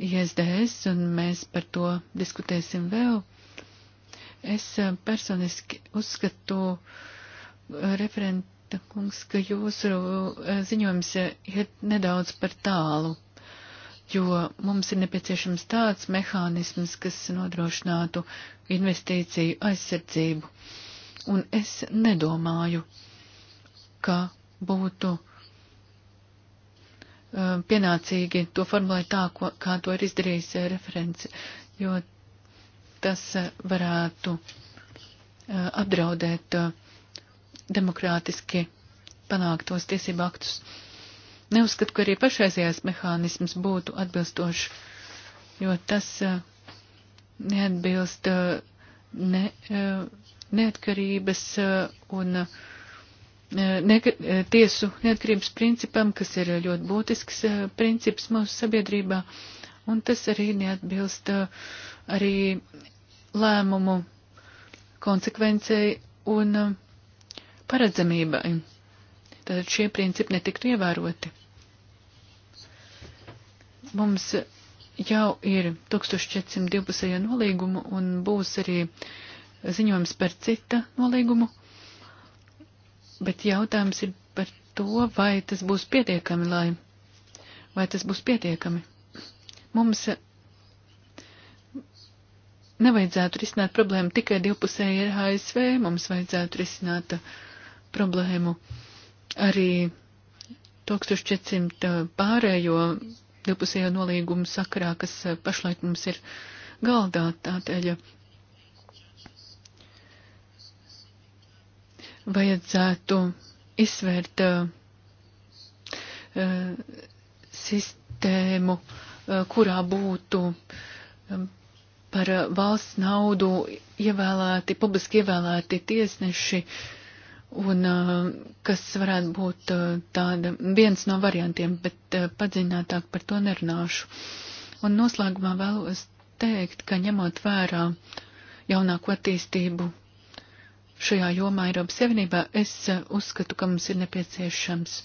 ISDS, un mēs par to diskutēsim vēl. Es eh, personiski uzskatu, eh, referenta kungs, ka jūsu eh, ziņojums ir nedaudz par tālu, jo mums ir nepieciešams tāds mehānisms, kas nodrošinātu investīciju aizsardzību. Un es nedomāju, ka būtu Um, pienācīgi to formulēt tā, ko, kā to ir izdarījis uh, referents, jo tas uh, varētu uh, apdraudēt demokrātiski panāktos tiesību aktus. Neuzskatu, ka arī pašreizējais mehānisms būtu atbilstošs, jo tas neatbilst ne, neatkarības un uh, Eh, ne, eh, tiesu neatkarības principam, kas ir ļoti būtisks eh, princips mūsu sabiedrībā, un tas arī neatbilst arī lēmumu konsekvencei un paredzamībai. Tātad šie principi netiktu ievēroti. Mums jau ir 1412. nolīgumu un būs arī ziņojums par cita nolīgumu Bet jautājums ir par to, vai tas būs pietiekami, lai, vai tas būs pietiekami. Mums nevajadzētu risināt problēmu tikai divpusēji ar ASV, mums vajadzētu risināt problēmu arī 1400 pārējo divpusējo nolīgumu sakarā, kas pašlaik mums ir galdā. Tātēļ vajadzētu izsvērt uh, sistēmu, uh, kurā būtu um, par valsts naudu ievēlēti, publiski ievēlēti tiesneši, un uh, kas varētu būt tāda viens no variantiem, bet padziļinātāk par to nerunāšu. Un noslēgumā vēlos teikt, ka ņemot vērā jaunāko attīstību šajā jomā Eiropas Savienībā, es eh, uzskatu, ka mums ir nepieciešams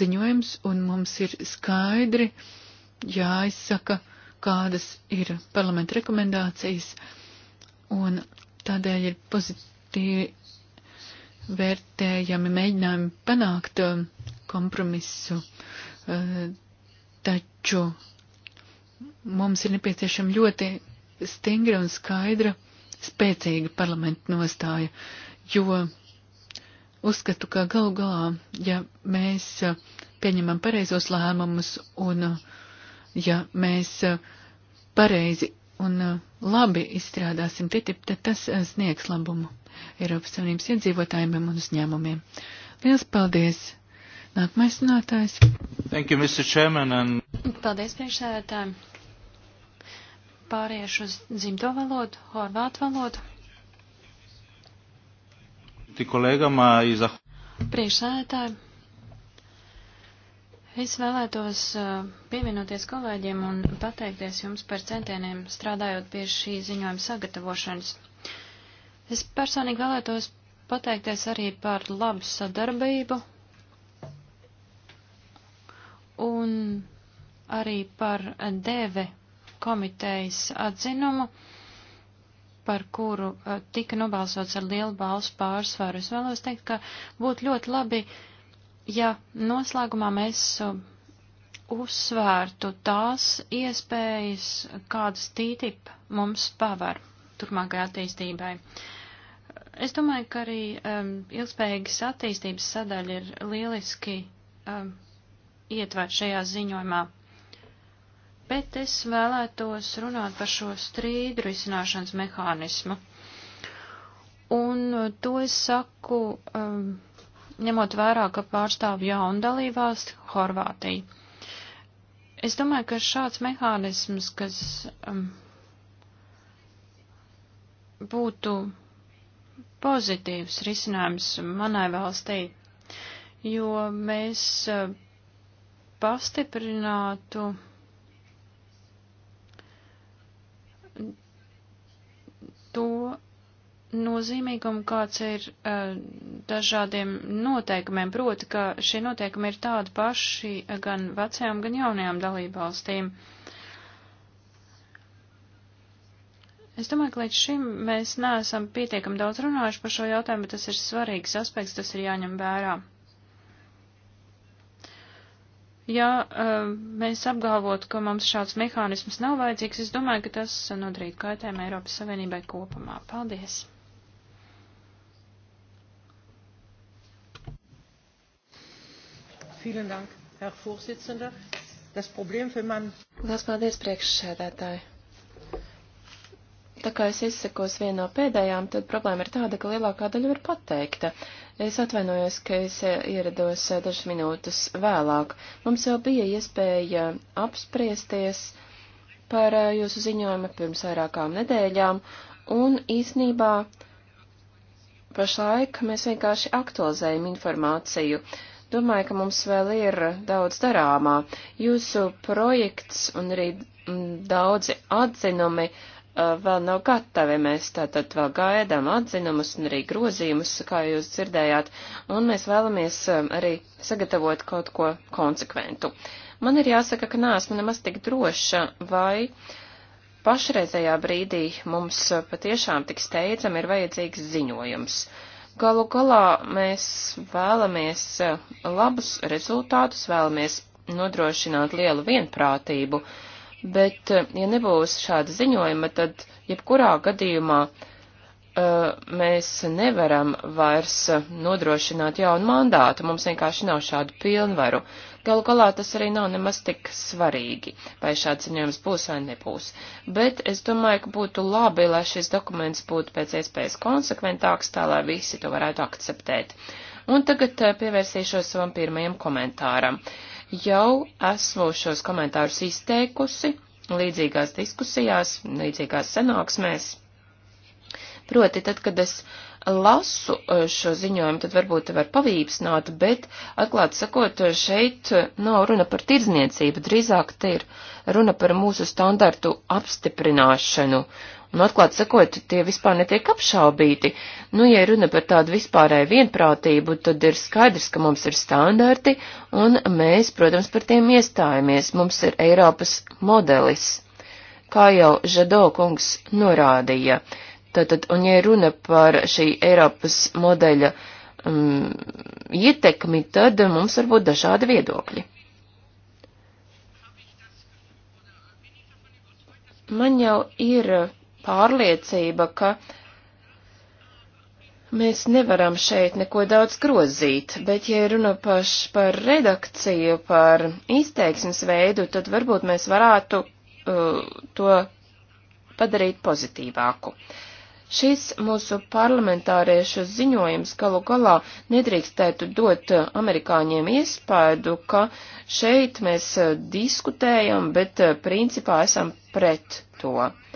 ziņojums un mums ir skaidri jāizsaka, kādas ir parlamenta rekomendācijas, un tādēļ ir pozitīvi vērtējami mēģinājumi panākt eh, kompromisu, eh, taču mums ir nepieciešama ļoti stingra un skaidra spēcīga parlamenta nostāja jo uzskatu, ka galu galā, ja mēs pieņemam pareizos lēmumus un ja mēs pareizi un labi izstrādāsim TTIP, tad tas sniegs labumu Eiropas Savienības iedzīvotājiem un uzņēmumiem. Liels paldies! Nākamais runātājs. Thank you, Mr. Chairman. And... Paldies, priekšsēdētāji. Pāriešu uz dzimto valodu, horvātu valodu. Priekšsēdētāji, es vēlētos uh, pievienoties kolēģiem un pateikties jums par centieniem strādājot pie šī ziņojuma sagatavošanas. Es personīgi vēlētos pateikties arī par labu sadarbību un arī par DV komitejas atzinumu par kuru eh, tika nobalsots ar lielu balsu pārsvaru. Es vēlos teikt, ka būtu ļoti labi, ja noslēgumā mēs eh, uzsvērtu tās iespējas, kādas TTIP mums paver turpmākajai attīstībai. Es domāju, ka arī um, ilgspējīgas attīstības sadaļa ir lieliski um, ietverta šajā ziņojumā bet es vēlētos runāt par šo strīdu risināšanas mehānismu. Un to es saku, um, ņemot vērā, ka pārstāv jaunu dalībvalsti Horvātiju. Es domāju, ka šāds mehānisms, kas um, būtu pozitīvs risinājums manai valstī, jo mēs uh, pastiprinātu to nozīmīgumu, kāds ir uh, dažādiem noteikumiem, proti, ka šie noteikumi ir tādi paši gan vecajām, gan jaunajām dalībvalstīm. Es domāju, ka līdz šim mēs neesam pietiekam daudz runājuši par šo jautājumu, bet tas ir svarīgs aspekts, tas ir jāņem vērā. Ja uh, mēs apgalvotu, ka mums šāds mehānisms nav vajadzīgs, es domāju, ka tas nodarītu kaitējumu Eiropas Savienībai kopumā. Paldies! Vielen Dank, Herr Vorsitzender. Das Problem für man... Lielas paldies, priekšsēdētāji. Tā kā es izsekos vienu no pēdējām, tad problēma ir tāda, ka lielākā daļa ir pateikta. Uh, Es atvainojos, ka es eh, ierados eh, dažas minūtes vēlāk. Mums jau bija iespēja apspriesties par eh, jūsu ziņojumu pirms vairākām nedēļām, un īsnībā pašlaik mēs vienkārši aktualizējam informāciju. Domāju, ka mums vēl ir daudz darāmā. Jūsu projekts un arī mm, daudzi atzinumi uh, vēl nav gatavi. Mēs tātad vēl gaidām atzinumus un arī grozījumus, kā jūs dzirdējāt, un mēs vēlamies arī sagatavot kaut ko konsekventu. Man ir jāsaka, ka nāsmu nemaz tik droša, vai pašreizējā brīdī mums patiešām tik steidzam ir vajadzīgs ziņojums. Galu galā mēs vēlamies labus rezultātus, vēlamies nodrošināt lielu vienprātību. Uh, bet eh, ja nebūs šāda ziņojuma, tad jebkurā gadījumā eh, mēs nevaram vairs eh, nodrošināt jaunu mandātu, mums vienkārši nav šādu pilnvaru. Galu galā tas arī nav nemaz tik svarīgi, vai šāds ziņojums būs vai nebūs. Bet es domāju, ka būtu labi, lai šis dokuments būtu pēc iespējas konsekventāks, tā lai visi to varētu akceptēt. Un tagad pievērsīšos savam pirmajam komentāram. Uh, Jau esmu šos komentārus izteikusi līdzīgās diskusijās, līdzīgās sanāksmēs. Proti, tad, kad es lasu e, šo ziņojumu, tad varbūt var pavīpsnāt, bet, atklāt sakot, e, šeit e, nav runa par tirdzniecību, drīzāk te ir runa par mūsu standartu apstiprināšanu Un nu, atklāt sakot, tie vispār netiek apšaubīti. Nu, ja runa par tādu vispārēju vienprātību, tad ir skaidrs, ka mums ir standarti, un mēs, protams, par tiem iestājamies. Mums ir Eiropas modelis, kā jau Žado kungs norādīja. Tātad, un ja runa par šī Eiropas modeļa um, ietekmi, tad mums var būt dažādi viedokļi. man jau ir pārliecība, ka mēs nevaram šeit neko daudz grozīt, bet ja runa paš par redakciju, par izteiksmes veidu, tad varbūt mēs varētu uh, to padarīt pozitīvāku. Šis mūsu parlamentāriešu ziņojums galu galā nedrīkstētu dot amerikāņiem iespēju, ka šeit mēs uh, diskutējam, bet uh, principā esam pret to. Uh,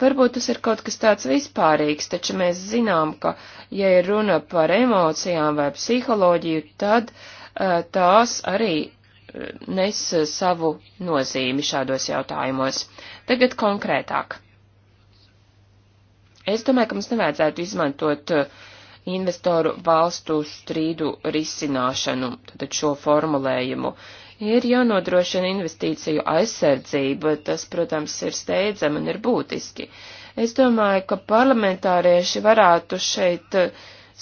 Varbūt tas ir kaut kas tāds vispārīgs, taču mēs zinām, ka, ja ir runa par emocijām vai psiholoģiju, tad uh, tās arī eh, nes savu nozīmi šādos jautājumos. Tagad konkrētāk. Es domāju, ka mums nevajadzētu izmantot eh, investoru valstu strīdu risināšanu, tad šo formulējumu. Uh, Ir jānodrošina investīciju aizsardzība, tas, protams, ir steidzami un ir būtiski. Es domāju, ka parlamentārieši varētu šeit eh,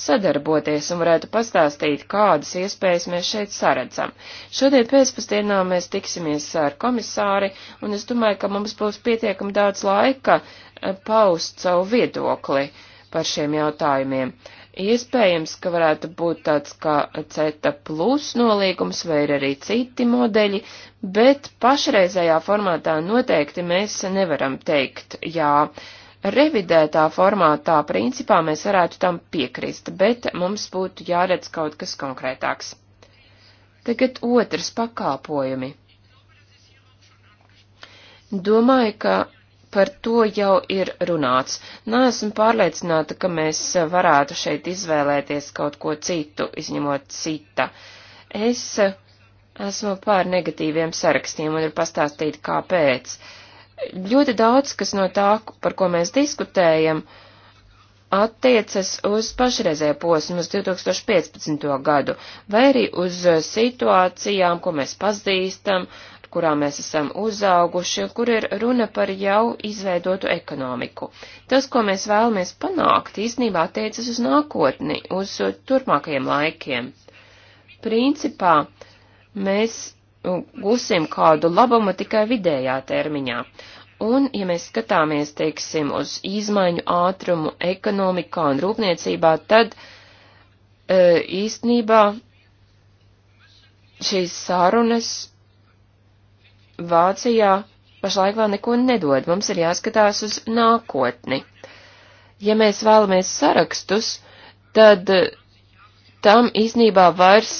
sadarboties un varētu pastāstīt, kādas iespējas mēs šeit saredzam. Šodien pēcpusdienā mēs tiksimies ar komisāri, un es domāju, ka mums būs pietiekami daudz laika eh, paust savu viedokli par šiem jautājumiem. Iespējams, ka varētu būt tāds kā CETA plus nolīgums vai ir arī citi modeļi, bet pašreizējā formātā noteikti mēs nevaram teikt jā. Revidētā formātā principā mēs varētu tam piekrist, bet mums būtu jāredz kaut kas konkrētāks. Tagad otrs pakāpojumi. Domāju, ka par to jau ir runāts. Nē, pārliecināta, ka mēs varētu šeit izvēlēties kaut ko citu, izņemot cita. Es esmu pār negatīviem sarakstiem un ir pastāstīt, kāpēc. Ļoti daudz, kas no tā, par ko mēs diskutējam, attiecas uz pašreizē posmu, uz 2015. gadu, vai arī uz situācijām, ko mēs pazīstam, kurā mēs esam uzauguši, kur ir runa par jau izveidotu ekonomiku. Tas, ko mēs vēlamies panākt, īstenībā attiecas uz nākotni, uz turpmākajiem laikiem. Principā mēs gūsim kādu labumu tikai vidējā termiņā. Un, ja mēs skatāmies, teiksim, uz izmaiņu ātrumu ekonomikā un rūpniecībā, tad e, īstenībā šīs sarunas Vācijā pašlaik vēl neko nedod, mums ir jāskatās uz nākotni. Ja mēs vēlamies sarakstus, tad eh, tam īsnībā vairs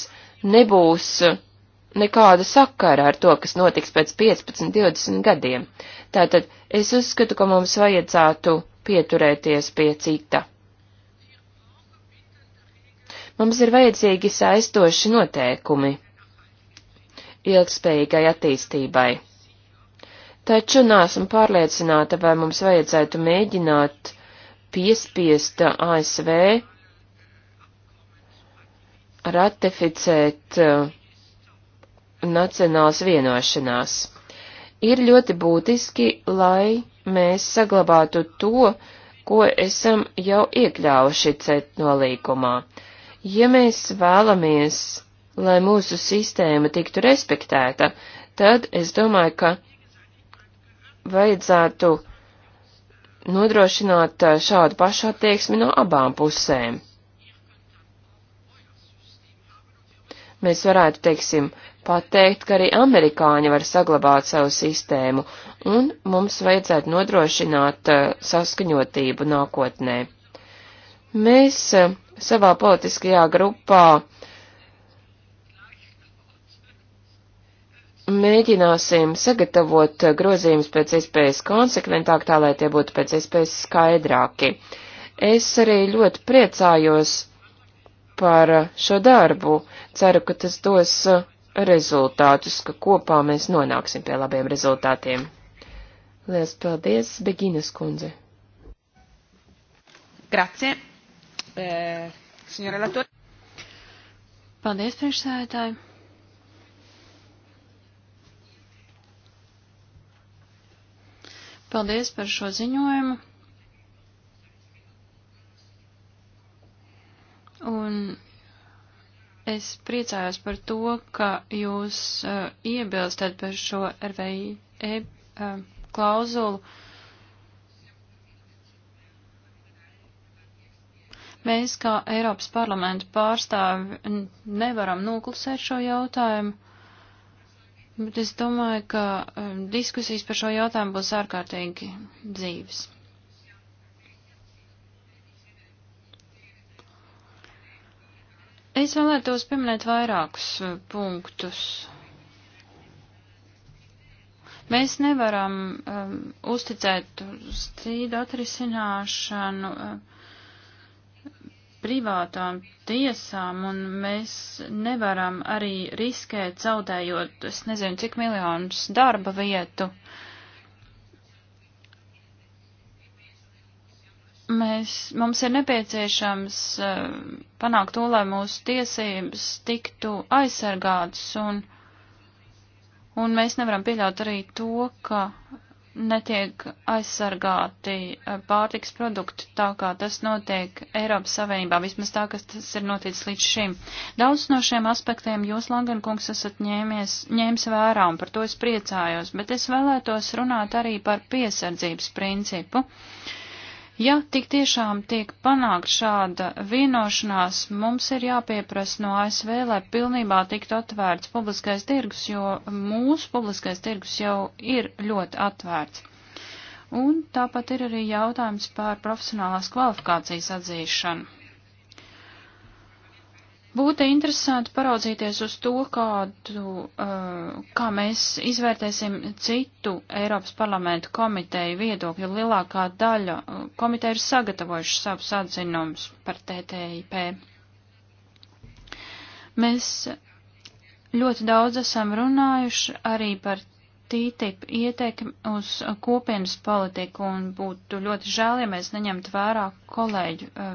nebūs eh, nekāda sakara ar to, kas notiks pēc 15, 20 gadiem. Tātad es uzskatu, ka mums vajadzētu pieturēties pie cita. Mums ir vajadzīgi saistoši noteikumi ilgspējīgai attīstībai. Taču nesam pārliecināta, vai mums vajadzētu mēģināt piespiest ASV ratificēt uh, nacionālas vienošanās. Ir ļoti būtiski, lai mēs saglabātu to, ko esam jau iekļāvuši CET nolīkumā. Ja mēs vēlamies lai mūsu sistēma tiktu respektēta, tad es domāju, ka vajadzētu nodrošināt uh, šādu pašu attieksmi no abām pusēm. Mēs varētu, teiksim, pateikt, ka arī amerikāņi var saglabāt savu sistēmu, un mums vajadzētu nodrošināt uh, saskaņotību nākotnē. Mēs uh, savā politiskajā grupā mēģināsim sagatavot grozījumus pēc iespējas konsekventāk, tā lai tie būtu pēc iespējas skaidrāki. Es arī ļoti priecājos par šo darbu. Ceru, ka tas dos rezultātus, ka kopā mēs nonāksim pie labiem rezultātiem. Lielas paldies, Beginas kundze. Grazie. E, Paldies, priekšsēdētāji. Paldies par šo ziņojumu. Un es priecājos par to, ka jūs uh, iebilstat par šo RVI e, uh, klauzulu. Mēs, kā Eiropas parlamenta pārstāvi, nevaram noklusēt šo jautājumu. Bet es domāju, ka um, diskusijas par šo jautājumu būs ārkārtīgi dzīves. Es vēlētos pieminēt vairākus uh, punktus. Mēs nevaram um, uzticēt strīdu atrisināšanu uh, privātām tiesām, un mēs nevaram arī riskēt zaudējot, es nezinu, cik miljonus darba vietu. Mēs, mums ir nepieciešams uh, panākt to, lai mūsu tiesības tiktu aizsargātas, un, un mēs nevaram pieļaut arī to, ka netiek aizsargāti eh, pārtiks produkti tā, kā tas notiek Eiropas Savienībā, vismaz tā, kas tas ir noticis līdz šim. Daudz no šiem aspektiem jūs, Langan kungs, esat ņēmies, ņēmis vērā, un par to es priecājos, bet es vēlētos runāt arī par piesardzības principu. Uh, Ja tik tiešām tiek panākt šāda vienošanās, mums ir jāpieprasa no ASV, lai pilnībā tiktu atvērts publiskais tirgus, jo mūsu publiskais tirgus jau ir ļoti atvērts. Un tāpat ir arī jautājums par profesionālās kvalifikācijas atzīšanu. Būtu interesanti paraudzīties uz to, kādu, uh, kā mēs izvērtēsim citu Eiropas parlamentu komiteju viedokļu. Lielākā daļa uh, komiteja ir sagatavojuši savus atzinumus par TTIP. Mēs ļoti daudz esam runājuši arī par TTIP ietekmi uz kopienas politiku un būtu ļoti žēl, ja mēs neņemtu vērā kolēģu uh,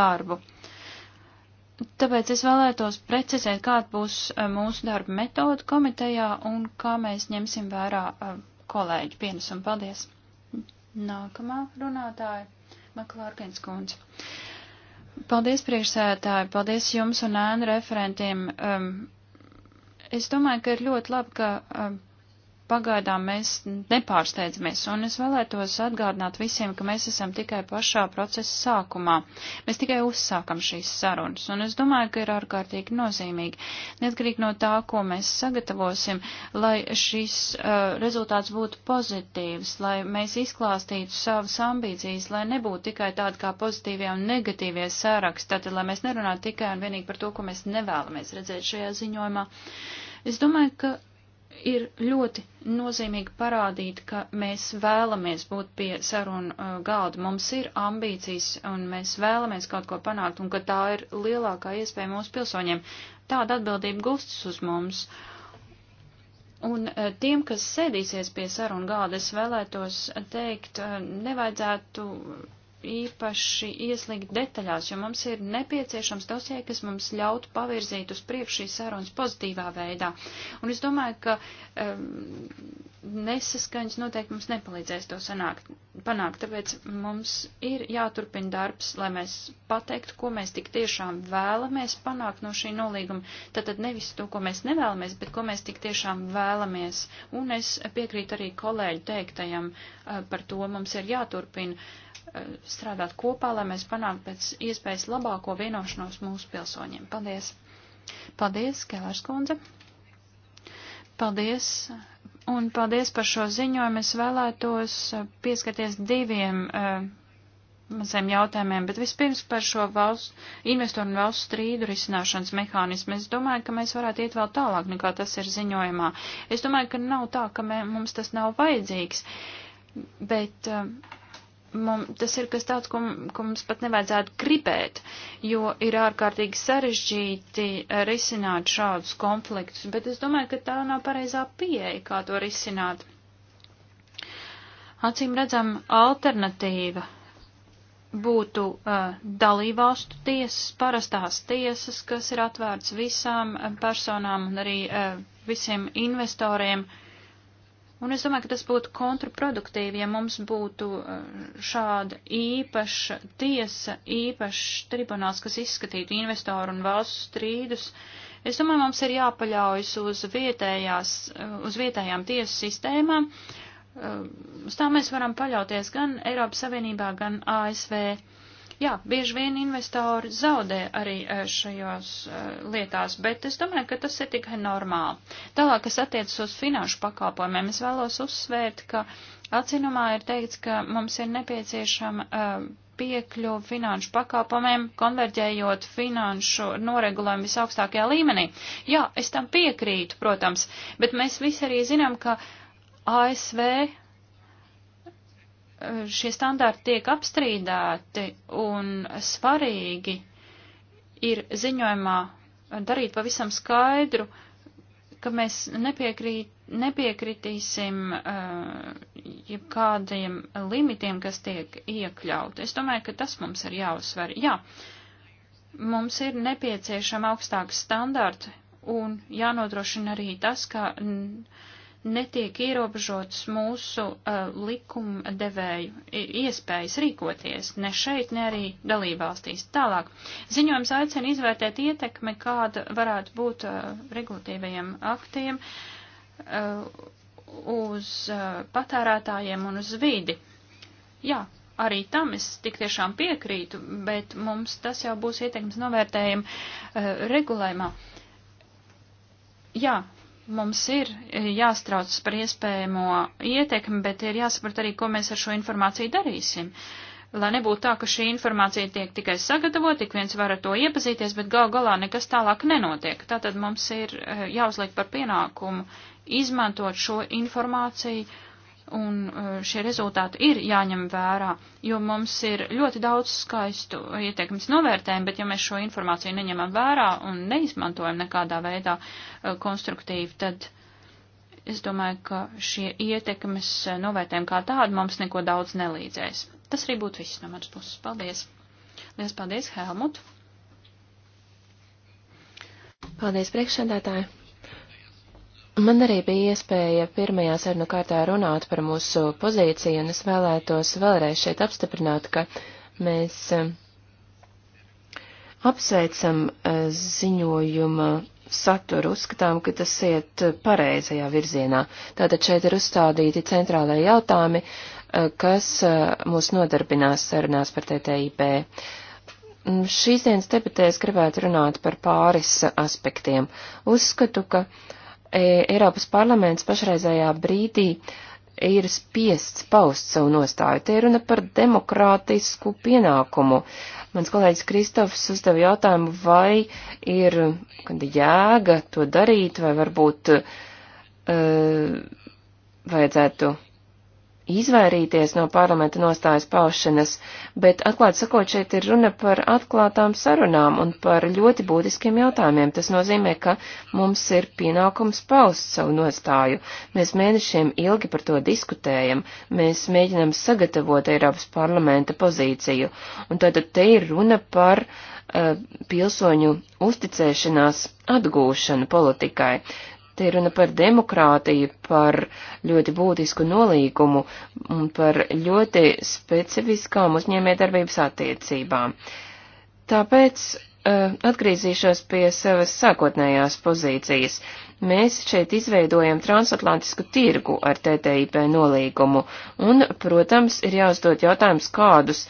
darbu. Tāpēc es vēlētos precizēt, kāda būs eh, mūsu darba metoda komitejā un kā mēs ņemsim vērā eh, kolēģu pienesumu. Paldies! Nākamā runātāja - Maklārkins kundze. Paldies, priekšsētāji! Paldies jums un ēnu referentiem! Um, es domāju, ka ir ļoti labi, ka um, pagaidām mēs nepārsteidzamies, un es vēlētos atgādināt visiem, ka mēs esam tikai pašā procesa sākumā. Mēs tikai uzsākam šīs sarunas, un es domāju, ka ir ārkārtīgi nozīmīgi, neatkarīgi no tā, ko mēs sagatavosim, lai šis uh, rezultāts būtu pozitīvs, lai mēs izklāstītu savas ambīcijas, lai nebūtu tikai tādi kā pozitīvie un negatīvie sāraksti, tātad, lai mēs nerunātu tikai un vienīgi par to, ko mēs nevēlamies redzēt šajā ziņojumā. Es domāju, ka ir ļoti nozīmīgi parādīt, ka mēs vēlamies būt pie sarunu uh, galda. Mums ir ambīcijas un mēs vēlamies kaut ko panākt un ka tā ir lielākā iespēja mūsu pilsoņiem. Tāda atbildība gustas uz mums. Un uh, tiem, kas sēdīsies pie sarunu galda, es vēlētos teikt, uh, nevajadzētu īpaši ieslīgt detaļās, jo mums ir nepieciešams dosie, kas mums ļautu pavirzīt uz priekšu šīs sarunas pozitīvā veidā. Un es domāju, ka um, nesaskaņas noteikti mums nepalīdzēs to sanākt, panākt, tāpēc mums ir jāturpina darbs, lai mēs pateiktu, ko mēs tik tiešām vēlamies panākt no šī nolīguma. Tātad nevis to, ko mēs nevēlamies, bet ko mēs tik tiešām vēlamies. Un es piekrītu arī kolēģu teiktajam eh, par to, mums ir jāturpina strādāt kopā, lai mēs panāktu pēc iespējas labāko vienošanos mūsu pilsoņiem. Paldies! Paldies, Kēlērs kundze! Paldies! Un paldies par šo ziņojumu. Es vēlētos eh, pieskarties diviem uh, maziem jautājumiem, bet vispirms par šo valsts, investoru un valsts strīdu risināšanas mehānismu. Es domāju, ka mēs varētu iet vēl tālāk, nekā tas ir ziņojumā. Es domāju, ka nav tā, ka mē, mums tas nav vajadzīgs, bet. Uh, mums, tas ir kas tāds, ko, ko mums pat nevajadzētu gribēt, jo ir ārkārtīgi sarežģīti eh, risināt šādus konfliktus, bet es domāju, ka tā nav pareizā pieeja, kā to risināt. Acīm redzam, alternatīva būtu uh, dalībvalstu tiesas, parastās tiesas, kas ir atvērts visām eh, personām un arī uh, visiem investoriem. Uh, Un es domāju, ka tas būtu kontraproduktīvi, ja mums būtu eh, šāda īpaša tiesa, īpašs tribunāls, kas izskatītu investoru un valsts strīdus. Es domāju, mums ir jāpaļaujas uz, vietējās, eh, uz vietējām tiesu sistēmām. Eh, uz tām mēs varam paļauties gan Eiropas Savienībā, gan ASV. Jā, bieži vien investori zaudē arī eh, šajos eh, lietās, bet es domāju, ka tas ir tikai normāli. Tālāk, kas attiecas uz finanšu pakalpojumiem, es vēlos uzsvērt, ka atzinumā ir teikts, ka mums ir nepieciešama eh, piekļuvu finanšu pakalpojumiem, konverģējot finanšu noregulējumu visaugstākajā līmenī. Jā, es tam piekrītu, protams, bet mēs visi arī zinām, ka ASV šie standarti tiek apstrīdēti un svarīgi ir ziņojumā darīt pavisam skaidru, ka mēs nepiekrīt, nepiekritīsim uh, jebkādiem limitiem, kas tiek iekļauti. Es domāju, ka tas mums ir jāuzsver. Jā, mums ir nepieciešama augstāka standarta un jānodrošina arī tas, ka. Mm, netiek ierobežotas mūsu uh, likumdevēju iespējas rīkoties, ne šeit, ne arī dalībvalstīs. Tālāk, ziņojums aicina izvērtēt ietekmi, kāda varētu būt uh, regulatīvajiem aktiem uh, uz uh, patērētājiem un uz vidi. Jā, arī tam es tik tiešām piekrītu, bet mums tas jau būs ietekmes novērtējumi uh, regulējumā. Jā, Mums ir eh, jāstrauc par iespējamo ietekmi, bet ir jāsaprot arī, ko mēs ar šo informāciju darīsim. Lai nebūtu tā, ka šī informācija tiek tikai sagatavot, tik viens var ar to iepazīties, bet gal galā nekas tālāk nenotiek. Tātad mums ir eh, jāuzliek par pienākumu izmantot šo informāciju un uh, šie rezultāti ir jāņem vērā, jo mums ir ļoti daudz skaistu ieteikums novērtējumu, bet ja mēs šo informāciju neņemam vērā un neizmantojam nekādā veidā uh, konstruktīvi, tad es domāju, ka šie ietekmes uh, novērtējumi kā tādi mums neko daudz nelīdzēs. Tas arī būtu viss no manas puses. Paldies! Liels paldies, Helmut! Paldies, priekšsēdētāji! Man arī bija iespēja pirmajā sarunu kārtā runāt par mūsu pozīciju, un es vēlētos vēlreiz šeit apstiprināt, ka mēs eh, apsveicam eh, ziņojuma saturu, uzskatām, ka tas iet pareizajā virzienā. Tātad šeit ir uzstādīti centrālai jautājumi, eh, kas mūs nodarbinās sarunās par TTIP. Mm, šīs dienas debatēs gribētu runāt par pāris aspektiem. Uzskatu, ka uh, E, Eiropas parlaments pašreizējā brīdī ir spiests paust savu nostāju. Te ir runa par demokrātisku pienākumu. Mans kolēģis Kristofs uzdeva jautājumu, vai ir kāda jēga to darīt, vai varbūt uh, vajadzētu izvairīties no parlamenta nostājas paušanas, bet atklāt sakot, šeit ir runa par atklātām sarunām un par ļoti būtiskiem jautājumiem. Tas nozīmē, ka mums ir pienākums paust savu nostāju. Mēs mēnešiem ilgi par to diskutējam, mēs mēģinam sagatavot Eiropas parlamenta pozīciju, un tātad te ir runa par uh, pilsoņu uzticēšanās atgūšanu politikai. Te ir runa par demokrātiju, par ļoti būtisku nolīgumu un par ļoti specifiskām uzņēmējdarbības attiecībām. Tāpēc uh, atgriezīšos pie savas sākotnējās pozīcijas. Mēs šeit izveidojam transatlantisku tirgu ar TTIP nolīgumu, un, protams, ir jāuzdod jautājums, kādus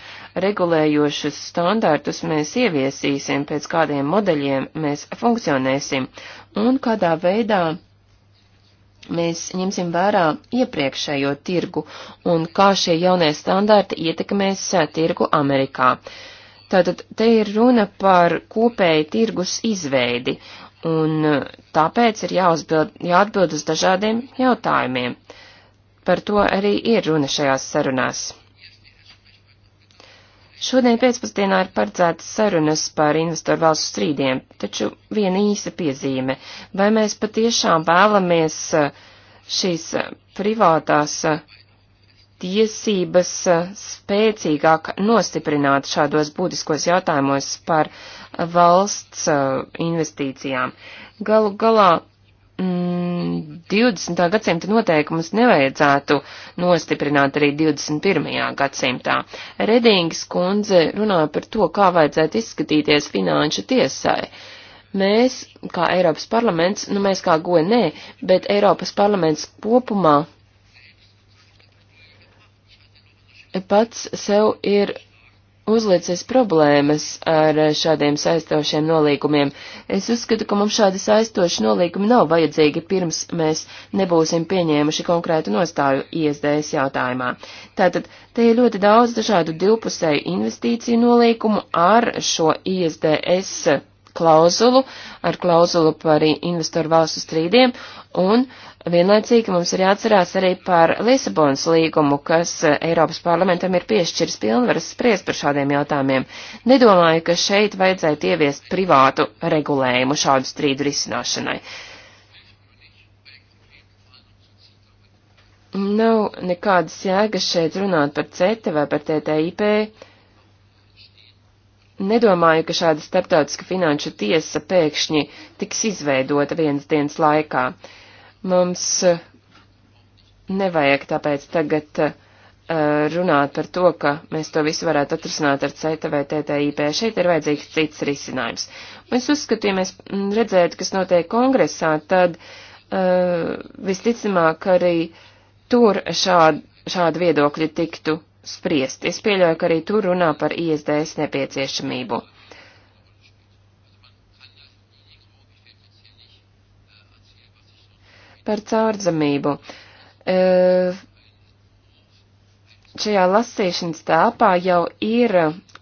regulējošus standārtus mēs ieviesīsim, pēc kādiem modeļiem mēs funkcionēsim, un kādā veidā mēs ņemsim vērā iepriekšējo tirgu un kā šie jaunie standarti ietekmēs eh, tirgu Amerikā. Tātad te ir runa par kopēju tirgus izveidi, un eh, tāpēc ir jāuzbild, jāatbild uz dažādiem jautājumiem. Par to arī ir runa šajās sarunās. Šodien pēcpusdienā ir paredzētas sarunas par investoru valstu strīdiem, taču viena īsa piezīme. Vai mēs patiešām vēlamies eh, šīs eh, privātās eh, tiesības spēcīgāk nostiprināt šādos būtiskos jautājumos par valsts investīcijām? Galu galā mm, 20. gadsimta noteikumus nevajadzētu nostiprināt arī 21. gadsimtā. Redīngas kundze runāja par to, kā vajadzētu izskatīties finanšu tiesai. Mēs, kā Eiropas parlaments, nu mēs kā goja nē, bet Eiropas parlaments kopumā pats sev ir uzliecas problēmas ar šādiem saistošiem nolīgumiem. Es uzskatu, ka mums šādi saistoši nolīgumi nav vajadzīgi, pirms mēs nebūsim pieņēmuši konkrētu nostāju ISDS jautājumā. Tātad, te ir ļoti daudz dažādu divpusēju investīciju nolīgumu ar šo ISDS klauzulu, ar klauzulu par investoru valstu strīdiem, un vienlaicīgi mums ir jāatcerās arī par Lisabonas līgumu, kas Eiropas parlamentam ir piešķirs pilnvaras spriest par šādiem jautājumiem. Nedomāju, ka šeit vajadzētu ieviest privātu regulējumu šādu strīdu risināšanai. Nav nekādas jēgas šeit runāt par CETA vai par TTIP Nedomāju, ka šāda starptautiska finanšu tiesa pēkšņi tiks izveidota vienas dienas laikā. Mums eh, nevajag tāpēc tagad uh, runāt par to, ka mēs to visu varētu atrisināt ar CETA vai TTIP. Šeit ir vajadzīgs cits risinājums. Mēs uzskatījāmies mm, redzēt, kas notiek kongresā, tad uh, visticamāk arī tur šād, šādi viedokļi tiktu spriest. Es pieļauju, ka arī tur runā par ISDS nepieciešamību. Par caurdzamību. E, šajā lasīšanas tāpā jau ir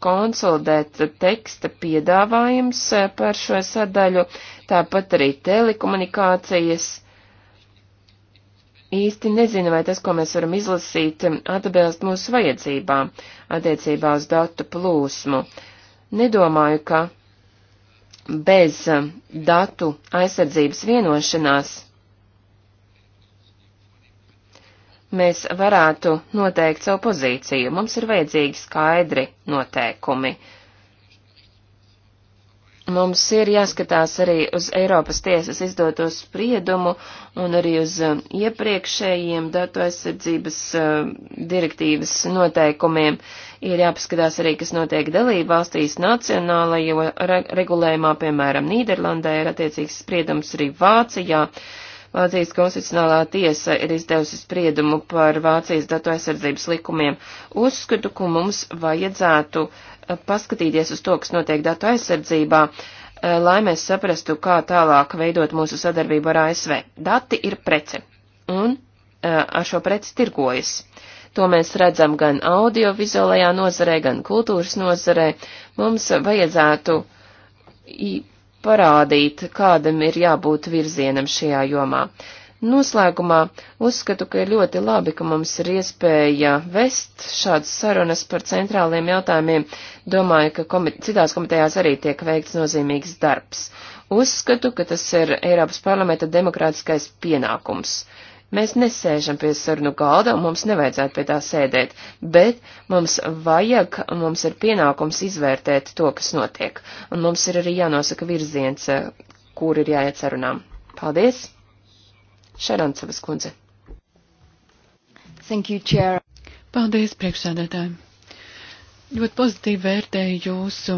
konsolidēt teksta piedāvājums par šo sadaļu, tāpat arī telekomunikācijas īsti nezinu, vai tas, ko mēs varam izlasīt, atbilst mūsu vajadzībām attiecībā uz datu plūsmu. Nedomāju, ka bez datu aizsardzības vienošanās mēs varētu noteikt savu pozīciju. Mums ir vajadzīgi skaidri noteikumi. Uh, Mums ir jāskatās arī uz Eiropas tiesas izdoto spriedumu un arī uz um, iepriekšējiem datu aizsardzības um, direktīvas noteikumiem. Ir jāpaskatās arī, kas notiek dalību valstīs nacionālajo re regulējumā, piemēram, Nīderlandē ir attiecīgs spriedums arī Vācijā. Vācijas konstitucionālā tiesa ir izdevusi spriedumu par Vācijas datu aizsardzības likumiem. Uzskatu, ka mums vajadzētu paskatīties uz to, kas notiek datu aizsardzībā, eh, lai mēs saprastu, kā tālāk veidot mūsu sadarbību ar ASV. Dati ir prece, un eh, ar šo preci tirgojas. To mēs redzam gan audiovizuālajā nozarē, gan kultūras nozarē. Mums vajadzētu parādīt, kādam ir jābūt virzienam šajā jomā. Noslēgumā uzskatu, ka ir ļoti labi, ka mums ir iespēja vest šādas sarunas par centrāliem jautājumiem. Domāju, ka komit citās komitejās arī tiek veikts nozīmīgs darbs. Uzskatu, ka tas ir Eiropas parlamenta demokrātiskais pienākums. Mēs nesēžam pie sarunu galda, un mums nevajadzētu pie tā sēdēt, bet mums vajag, mums ir pienākums izvērtēt to, kas notiek, un mums ir arī jānosaka virziens, kur ir jāiet sarunām. Paldies! Šerancevas kundze. Thank you, Chair. Paldies, priekšsēdētāji. Ļoti pozitīvi vērtēju jūsu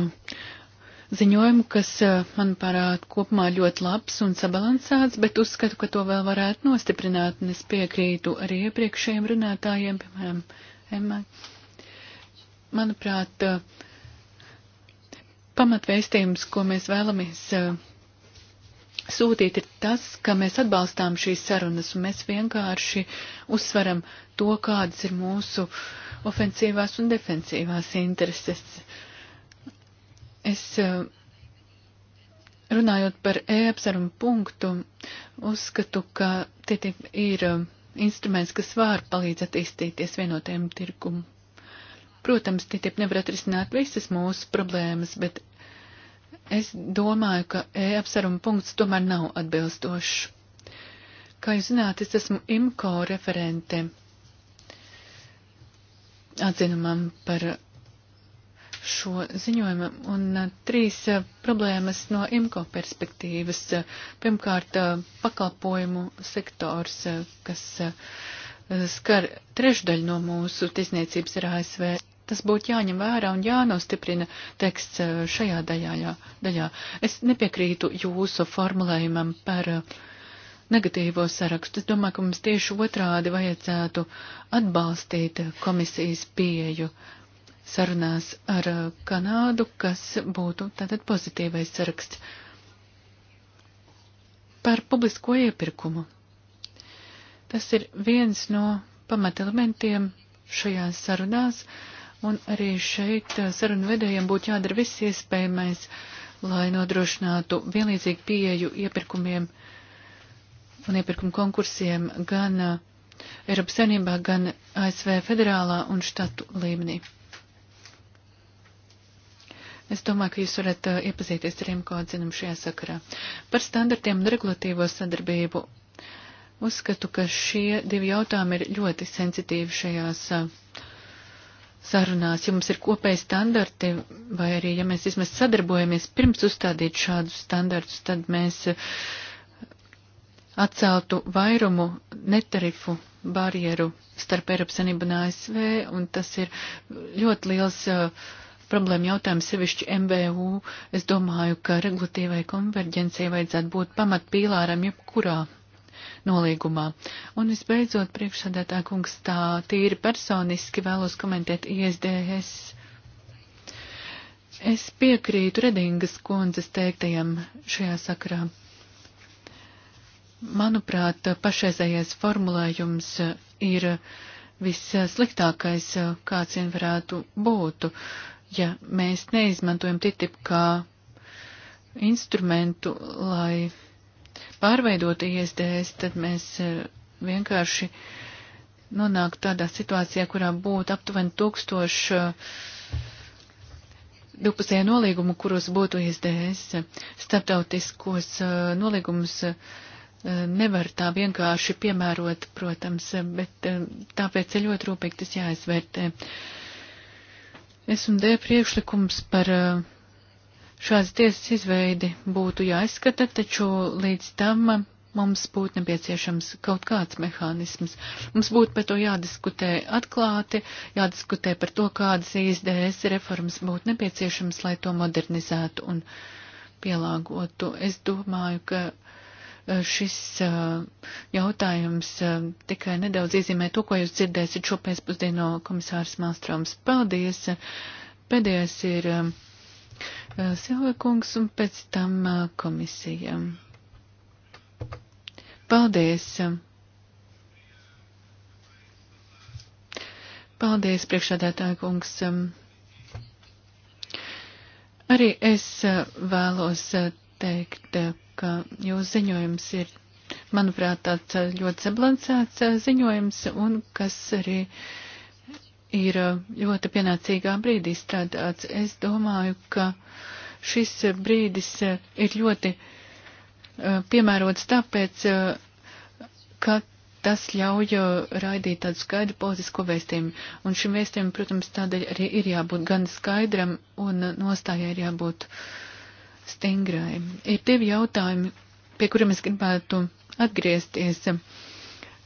ziņojumu, kas, manuprāt, kopumā ļoti labs un sabalansēts, bet uzskatu, ka to vēl varētu nostiprināt, un es piekrītu arī iepriekšējiem runātājiem, piemēram, Emmai. Manuprāt, pamatvēstījums, ko mēs vēlamies sūtīt, ir tas, ka mēs atbalstām šīs sarunas un mēs vienkārši uzsveram to, kādas ir mūsu ofensīvās un defensīvās intereses. Es eh, runājot par e-apsarumu punktu, uzskatu, ka tie ir eh, instruments, kas var palīdz attīstīties vienotajam tirkumu. Protams, TTIP nevar atrisināt visas mūsu problēmas, bet Es domāju, ka e-apsaruma punkts tomēr nav atbilstošs. Kā jūs zināt, es esmu IMCO referente atzinumam par šo ziņojumu un uh, trīs uh, problēmas no IMCO perspektīvas. Pirmkārt, uh, pakalpojumu sektors, kas skar trešdaļu no mūsu tiesniecības ar ASV tas būtu jāņem vērā un jānostiprina teksts eh, šajā daļā. daļā. Es nepiekrītu jūsu formulējumam par eh, negatīvo sarakstu. Es domāju, ka mums tieši otrādi vajadzētu atbalstīt komisijas pieju sarunās ar eh, Kanādu, kas būtu tātad pozitīvais saraksts. Par publisko iepirkumu. Tas ir viens no pamatelementiem šajās sarunās, uh, Un arī šeit eh, sarunu vedējiem būtu jādara viss iespējamais, lai nodrošinātu vienlīdzīgu pieeju iepirkumiem un iepirkumu konkursiem gan eh, Eiropas Savienībā, gan ASV federālā un štatu līmenī. Es domāju, ka jūs varat eh, iepazīties ar IMCO atzinumu šajā sakarā. Par standartiem un regulatīvo sadarbību. Uzskatu, ka šie divi jautājumi ir ļoti sensitīvi šajās sarunās, ja mums ir kopēji standarti, vai arī, ja mēs vismaz sadarbojamies pirms uzstādīt šādus standartus, tad mēs eh, atceltu vairumu netarifu barjeru starp Eiropas Savienību un ASV, un tas ir ļoti liels uh, problēma jautājums sevišķi MBU. Es domāju, ka regulatīvai konverģencijai vajadzētu būt pamatpīlāram jebkurā nolīgumā. Un visbeidzot, priekšsādātā kungs, tā tīri personiski vēlos komentēt ISDS. Es piekrītu Redingas kundzes teiktajam šajā sakrā. Manuprāt, pašreizējais formulējums ir vissliktākais, kāds vien varētu būt, ja mēs neizmantojam TTIP kā instrumentu, lai pārveidot ISDS, tad mēs e, vienkārši nonāktu tādā situācijā, kurā būtu aptuveni tūkstoši e, divpusēju nolīgumu, kuros būtu ISDS. Starptautiskos e, nolīgumus nevar tā vienkārši piemērot, protams, bet tāpēc ir ļoti rūpīgi tas jāizvērtē. S un D priekšlikums par uh, šādas tiesas izveidi būtu jāizskata, taču līdz tam mums būtu nepieciešams kaut kāds mehānisms. Mums būtu par to jādiskutē atklāti, jādiskutē par to, kādas ISDS reformas būtu nepieciešams, lai to modernizētu un pielāgotu. Es domāju, ka e, šis e, jautājums e, tikai nedaudz iezīmē to, ko jūs dzirdēsiet šo pēcpusdienu komisārs Malstroms. Paldies! Pēdējais ir Eh, Silvekungs un pēc tam eh, komisija. Paldies! Paldies, priekšādātāja kungs! Arī es eh, vēlos teikt, ka jūsu ziņojums ir, manuprāt, tāds ļoti sablancēts ziņojums un kas arī uh, ir uh, ļoti pienācīgā brīdī strādāts. Es domāju, ka šis uh, brīdis uh, ir ļoti piemērots tāpēc, ka tas ļauj raidīt tādu skaidru politisko vēstījumu. Un šim vēstījumam, protams, tādēļ arī ir jābūt gan skaidram un nostājai ir jābūt stingrai. Ir divi jautājumi, pie kuriem es gribētu atgriezties. Uh,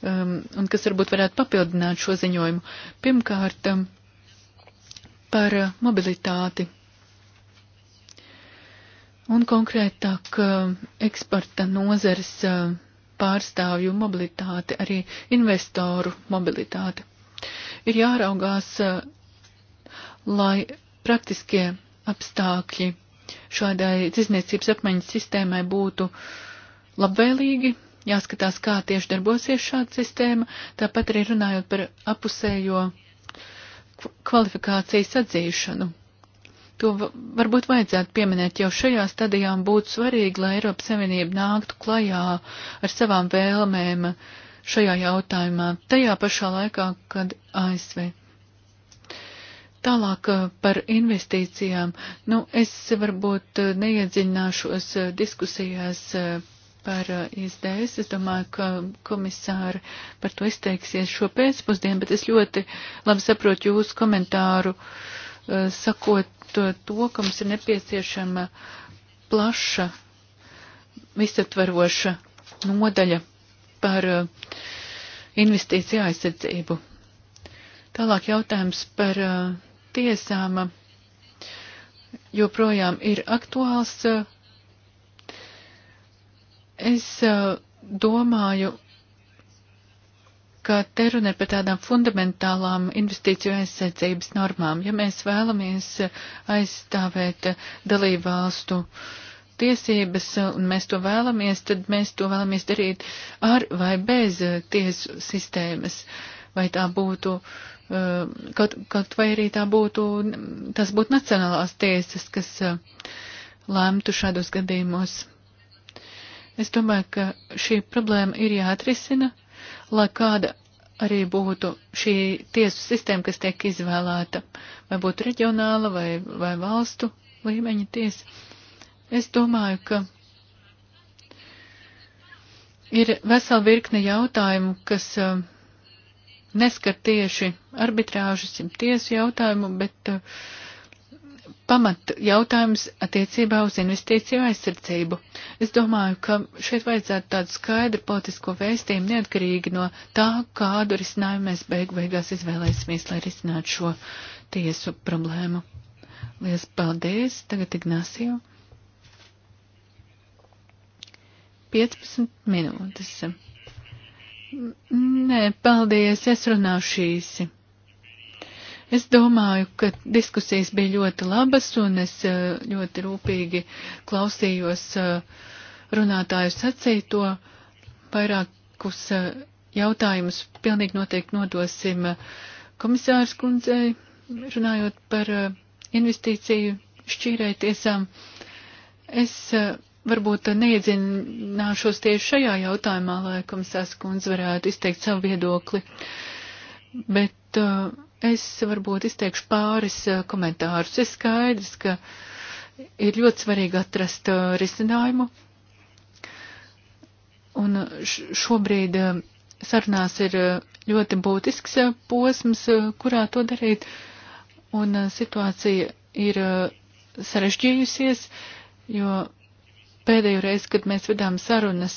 um, un kas varbūt varētu papildināt šo ziņojumu. Pirmkārt, um, par uh, mobilitāti un konkrētāk um, eksporta nozares um, pārstāvju mobilitāti, arī investoru mobilitāti. Ir jāraugās, uh, lai praktiskie apstākļi šādai tirzniecības apmaiņas sistēmai būtu labvēlīgi, jāskatās, kā tieši darbosies šāda sistēma, tāpat arī runājot par apusējo kvalifikācijas atzīšanu. To varbūt vajadzētu pieminēt jau šajā stadijā un būtu svarīgi, lai Eiropas Savienība nāktu klajā ar savām vēlmēm šajā jautājumā, tajā pašā laikā, kad ASV. Tālāk eh, par investīcijām. Nu, es varbūt eh, neiedziļināšos eh, diskusijās par eh, izdēs. Es domāju, ka komisāri par to izteiksies šo pēcpusdienu, bet es ļoti labi saprotu jūsu komentāru, eh, sakot eh, to, ka mums ir nepieciešama plaša, visaptvaroša nodaļa par investīciju aizsardzību. Tālāk jautājums par tiesām joprojām ir aktuāls Es eh, domāju, ka te runa ir par tādām fundamentālām investīciju aizsardzības normām. Ja mēs vēlamies eh, aizstāvēt eh, dalību valstu tiesības, un mēs to vēlamies, tad mēs to vēlamies darīt ar vai bez tiesu sistēmas. Vai tā būtu, kaut, kaut vai arī tā būtu, tas būtu nacionālās tiesas, kas lēmtu šādos gadījumos. Es domāju, ka šī problēma ir jāatrisina, lai kāda arī būtu šī tiesu sistēma, kas tiek izvēlēta, vai būtu reģionāla vai, vai valstu līmeņa tiesa. Es domāju, ka ir vesela virkne jautājumu, kas uh, neskar tieši arbitrāžas un tiesu jautājumu, bet uh, pamat jautājums attiecībā uz investīciju aizsardzību. Es domāju, ka šeit vajadzētu tādu skaidru politisko vēstījumu neatkarīgi no tā, kādu risinājumu mēs beigu beigās izvēlēsimies, lai risinātu šo tiesu problēmu. Lielas paldies! Tagad Ignāsiju. 15 minūtes. Nē, paldies, es runāšu īsi. Es domāju, ka diskusijas bija ļoti labas, un es eh, ļoti rūpīgi klausījos eh, runātāju sacīto. Vairākus eh, jautājumus pilnīgi noteikti nodosim komisārs kundzei, runājot par investīciju šķīrēju tiesām. Es varbūt neiedzināšos tieši šajā jautājumā, lai komisārs kundze varētu izteikt savu viedokli, bet uh, Es varbūt izteikšu pāris eh, komentārus. Ir skaidrs, ka ir ļoti svarīgi atrast eh, risinājumu. Un eh, šobrīd sarunās ir ļoti būtisks posms, kurā to darīt. Un situācija ir sarežģījusies, jo pēdējo reizi, kad mēs vedām sarunas,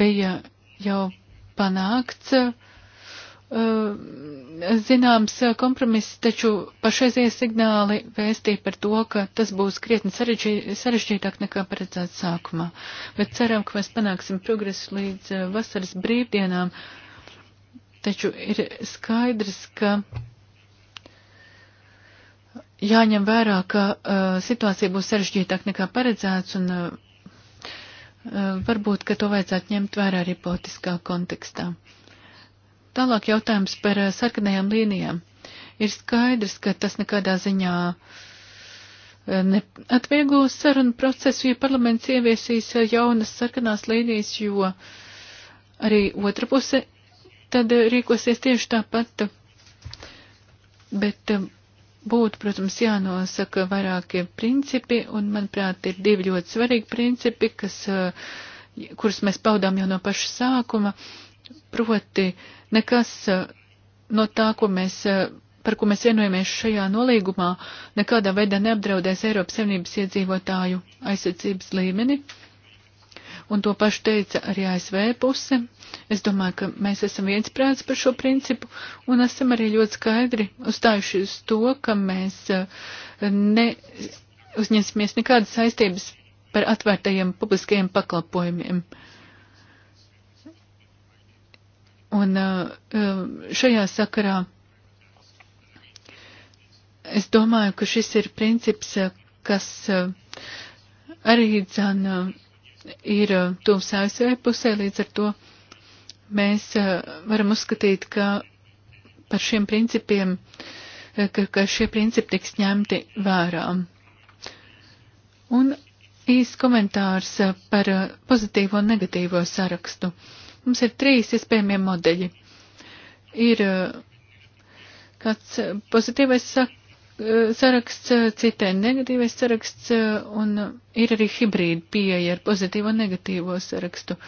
bija jau panākts Ehm, zināms eh, kompromiss, taču pašreizie signāli vēstīja par to, ka tas būs krietni sarežģītāk nekā paredzēts sākumā. Bet ceram, ka mēs panāksim progresu līdz eh, vasaras brīvdienām. Taču ir skaidrs, ka jāņem vērā, ka uh, situācija būs sarežģītāk nekā paredzēts un uh, varbūt, ka to vajadzētu ņemt vērā arī politiskā kontekstā. Uh, Tālāk jautājums par eh, sarkanajām līnijām. Ir skaidrs, ka tas nekādā ziņā eh, neatvieglos sarunu procesu, ja parlaments ieviesīs eh, jaunas sarkanās līnijas, jo arī otra puse tad rīkosies tieši tāpat. Bet būtu, protams, jānosaka vairākie principi, un, manuprāt, ir divi ļoti svarīgi principi, kas, kurus mēs paudām jau no paša sākuma. Uh, Proti, nekas e, no tā, ko mēs, e, par ko mēs vienojamies šajā nolīgumā, nekādā veidā neapdraudēs Eiropas Savienības iedzīvotāju aizsardzības līmeni. Un to pašu teica arī ASV puse. Es domāju, ka mēs esam viensprāts par šo principu un esam arī ļoti skaidri uzstājuši uz to, ka mēs e, ne, uzņemsimies nekādas saistības par atvērtajiem publiskajiem pakalpojumiem. Uh, Un uh, um, šajā sakarā es domāju, ka šis ir princips, uh, kas uh, arī dzan ir tuvs ASV pusē, līdz ar to mēs varam uzskatīt, ka par šiem principiem, ka, ka šie principi tiks ņemti vērā. Un īsts komentārs par pozitīvo un negatīvo sarakstu. Uh, Mums ir trīs iespējamie modeļi. Ir eh, kāds eh, pozitīvais eh, saraksts, citai negatīvais saraksts, un ir arī hibrīda pieeja ar pozitīvo un negatīvo sarakstu.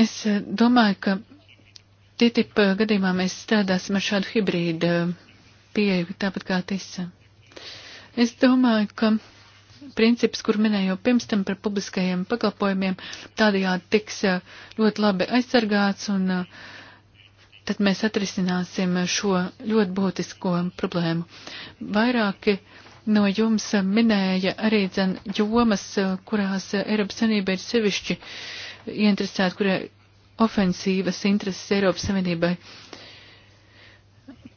Es domāju, ka TTIP gadījumā mēs strādāsim ar šādu hibrīdu pieeju, tāpat kā TISA. Es domāju, ka princips, kur minēju pirms tam par publiskajiem pakalpojumiem, tādējādi tiks eh, ļoti labi aizsargāts un eh, tad mēs atrisināsim šo ļoti būtisko problēmu. Vairāki no jums minēja arī dzen jomas, eh, kurās Eiropas Savienība ir sevišķi ieinteresēta, kurā ofensīvas intereses Eiropas Savienībai.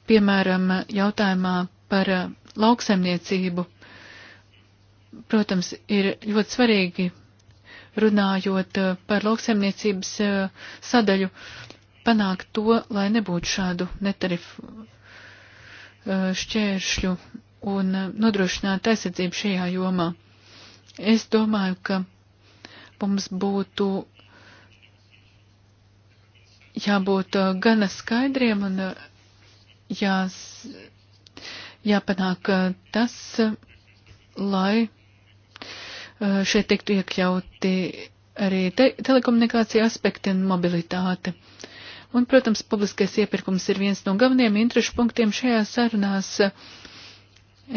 Piemēram, jautājumā par lauksaimniecību protams, ir ļoti svarīgi runājot eh, par lauksaimniecības eh, sadaļu, panākt to, lai nebūtu šādu netarifu eh, šķēršļu un nodrošināt aizsardzību šajā jomā. Es domāju, ka mums būtu jābūt gana skaidriem un jās, jāpanāk tas, lai Eh, šeit tiktu iekļauti arī te telekomunikācija aspekti un mobilitāte. Un, protams, publiskais iepirkums ir viens no galvenajiem interešu punktiem šajā sarunās.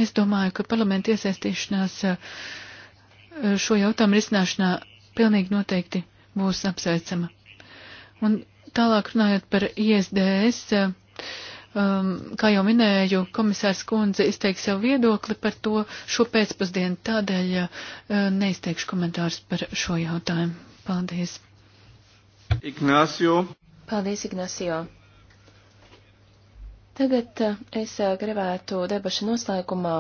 Es domāju, ka parlamenta iesaistīšanās eh, šo jautājumu risināšanā pilnīgi noteikti būs apsveicama. Un tālāk runājot par ISDS, um, kā jau minēju, komisārs kundze izteiks savu viedokli par to šo pēcpusdienu, tādēļ uh, neizteikšu komentārus par šo jautājumu. Paldies. Ignācio. Paldies, Ignācio. Tagad uh, es uh, gribētu debašu noslēgumā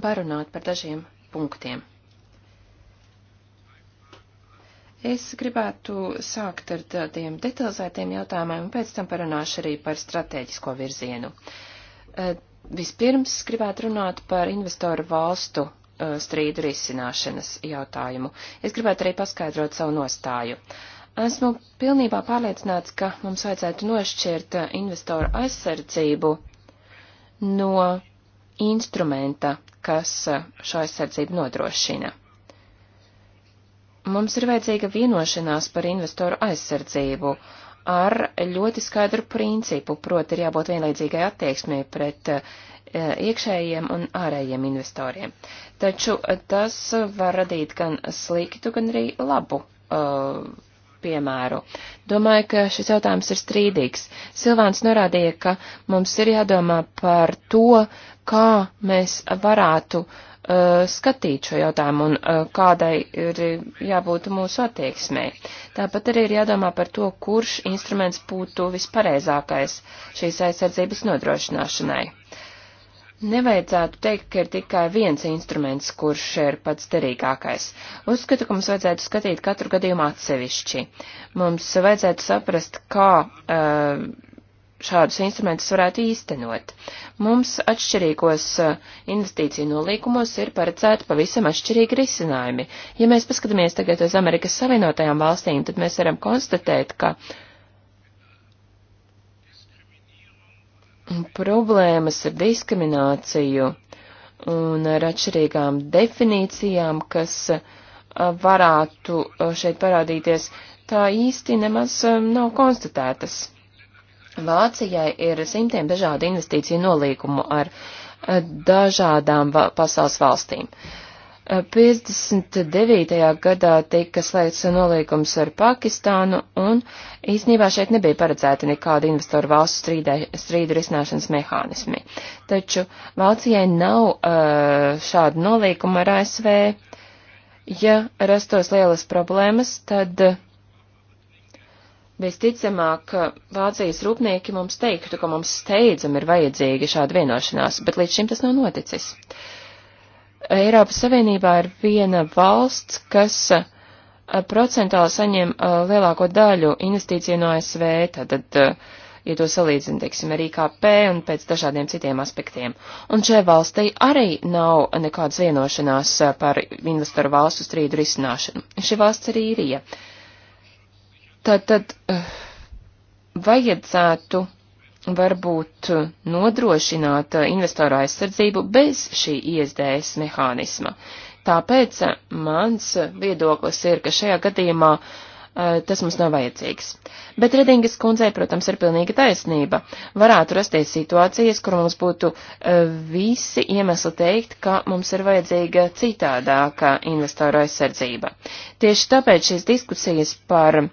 parunāt par dažiem punktiem. Es gribētu sākt ar tādiem detalizētiem jautājumiem, un pēc tam parunāšu arī par strateģisko virzienu. Eh, vispirms gribētu runāt par investoru valstu eh, strīdu risināšanas jautājumu. Es gribētu arī paskaidrot savu nostāju. Esmu pilnībā pārliecināts, ka mums vajadzētu nošķirt eh, investoru aizsardzību no instrumenta, kas šo aizsardzību nodrošina. Mums ir vajadzīga vienošanās par investoru aizsardzību ar ļoti skaidru principu, proti ir jābūt vienlīdzīgai attieksmē pret eh, iekšējiem un ārējiem investoriem. Taču eh, tas var radīt gan sliktu, gan arī labu uh, piemēru. Domāju, ka šis jautājums ir strīdīgs. Silvāns norādīja, ka mums ir jādomā par to, kā mēs varētu uh, Uh, skatīt šo jautājumu un uh, kādai ir jābūt mūsu attieksmē. Tāpat arī ir jādomā par to, kurš instruments būtu vispareizākais šīs aizsardzības nodrošināšanai. Nevajadzētu teikt, ka ir tikai viens instruments, kurš ir pats derīgākais. Uzskatu, ka mums vajadzētu skatīt katru gadījumu atsevišķi. Mums vajadzētu saprast, kā uh, šādus instrumentus varētu īstenot. Mums atšķirīgos eh, investīciju nolīkumos ir paredzēti pavisam atšķirīgi risinājumi. Ja mēs paskatāmies tagad uz Amerikas Savienotajām valstīm, tad mēs varam konstatēt, ka problēmas ar diskrimināciju un ar atšķirīgām definīcijām, kas eh, varētu eh, šeit parādīties, tā īsti nemaz nav konstatētas. Vācijai ir simtiem dažādu investīciju nolīgumu ar eh, dažādām va pasaules valstīm. 59. Eh, gadā tika slēgts nolīgums ar Pakistānu, un īsnībā šeit nebija paredzēta nekāda investoru valstu strīdē, strīdu risināšanas mehānismi. Taču Vācijai nav uh, eh, šāda nolīguma ar ASV. Ja rastos lielas problēmas, tad uh, Visticamāk, Vācijas rūpnieki mums teiktu, ka mums steidzam ir vajadzīga šāda vienošanās, bet līdz šim tas nav noticis. Eiropas Savienībā ir viena valsts, kas procentāli saņem lielāko daļu investīciju no ASV, tad, ja to salīdzina, teiksim, ar IKP un pēc dažādiem citiem aspektiem. Un šai valstī arī nav nekādas vienošanās par investoru valstu strīdu risināšanu. Šī valsts ir īrija. Ja Tad, tad eh, vajadzētu varbūt nodrošināt eh, investoru aizsardzību bez šī iesdējas mehānisma. Tāpēc eh, mans viedoklis ir, ka šajā gadījumā uh, tas mums nav vajadzīgs. Bet Redingas kundzei, protams, ir pilnīga taisnība. Varētu rasties situācijas, kur mums būtu visi iemesli teikt, ka mums ir vajadzīga citādāka investoru aizsardzība. Tieši tāpēc šīs diskusijas par uh,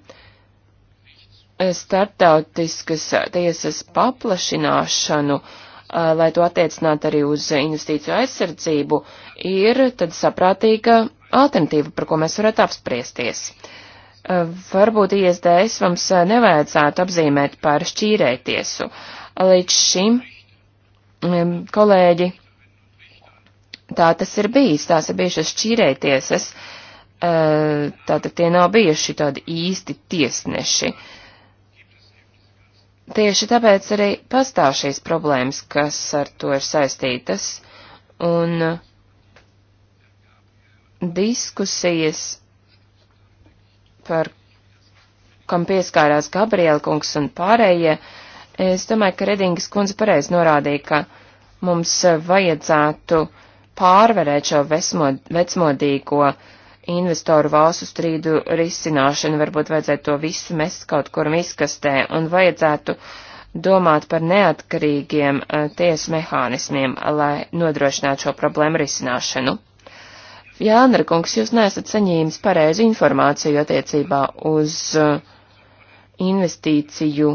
startautiskas tiesas paplašināšanu, lai to attiecinātu arī uz investīciju aizsardzību, ir tad saprātīga alternatīva, par ko mēs varētu apspriesties. Varbūt ISDS mums nevajadzētu apzīmēt par šķīrētiesu. Līdz šim, kolēģi, tā tas ir bijis, tās ir bijušas šķīrētiesas, tātad tie nav bijuši tādi īsti tiesneši. Uh, Tieši tāpēc arī pastāv šīs problēmas, kas ar to ir saistītas, un diskusijas, par kam pieskārās Gabriela kungs un pārējie, es domāju, ka Redingas kundze pareizi norādīja, ka mums vajadzētu pārvarēt šo vesmod, vecmodīgo uh, investoru valstu strīdu risināšanu, varbūt vajadzētu to visu mest kaut kur miskastē un vajadzētu domāt par neatkarīgiem eh, tiesu mehānismiem, lai nodrošinātu šo problēmu risināšanu. Jānra kungs, jūs nesat saņēmis pareizu informāciju attiecībā uz eh, investīciju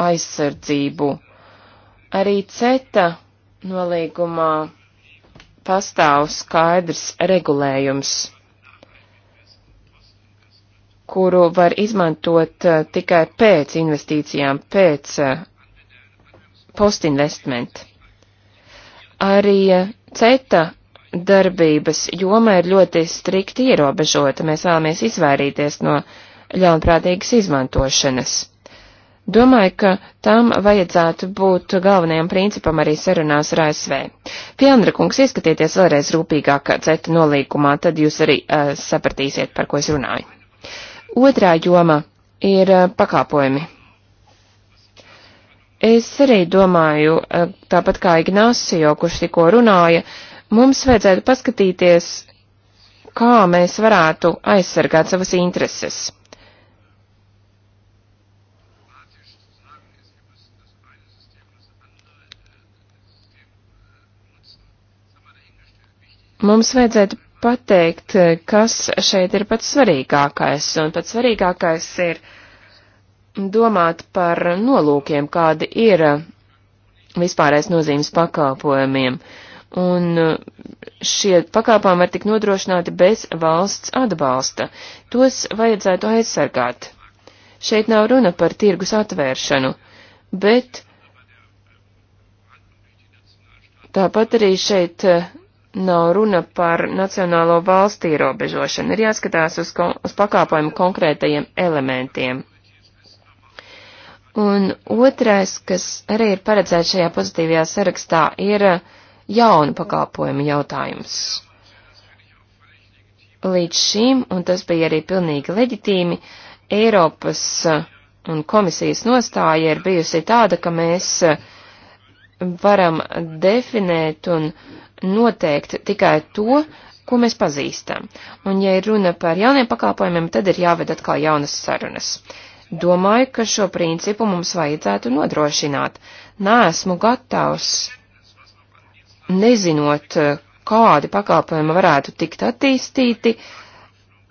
aizsardzību. Arī CETA nolīgumā pastāv skaidrs regulējums, kuru var izmantot eh, tikai pēc investīcijām, pēc eh, postinvestment. Arī eh, CETA darbības joma ir ļoti strikti ierobežota. Mēs vēlamies izvairīties no ļaunprātīgas izmantošanas. Domāju, ka tam vajadzētu būt galvenajam principam arī sarunās ar ASV. Pielnra kungs, ieskatieties vēlreiz rūpīgāk CETA nolīkumā, tad jūs arī uh, sapratīsiet, par ko es runāju. Otrā joma ir uh, pakāpojumi. Es arī domāju, uh, tāpat kā Ignācijo, kurš tikko runāja, mums vajadzētu paskatīties, kā mēs varētu aizsargāt savas intereses Mums vajadzētu pateikt, eh, kas šeit ir pats svarīgākais, un pats svarīgākais ir domāt par nolūkiem, kādi ir vispārējais nozīmes pakalpojumiem, un eh, šie pakalpojumi var tik nodrošināti bez valsts atbalsta. Tos vajadzētu aizsargāt. Šeit nav runa par tirgus atvēršanu, bet tāpat arī šeit eh, nav runa par nacionālo valstu ierobežošanu, ir jāskatās uz, kon uz pakāpojumu konkrētajiem elementiem. Un otrais, kas arī ir paredzēts šajā pozitīvajā sarakstā, ir uh, jaunu pakāpojumu jautājums. Līdz šim, un tas bija arī pilnīgi leģitīmi, Eiropas uh, un komisijas nostāja ir bijusi tāda, ka mēs uh, varam definēt un uh, noteikt tikai to, ko mēs pazīstam. Un, ja ir runa par jauniem pakalpojumiem, tad ir jāved atkal jaunas sarunas. Domāju, ka šo principu mums vajadzētu nodrošināt. Nēsmu gatavs, nezinot, eh, kādi pakalpojumi varētu tikt attīstīti,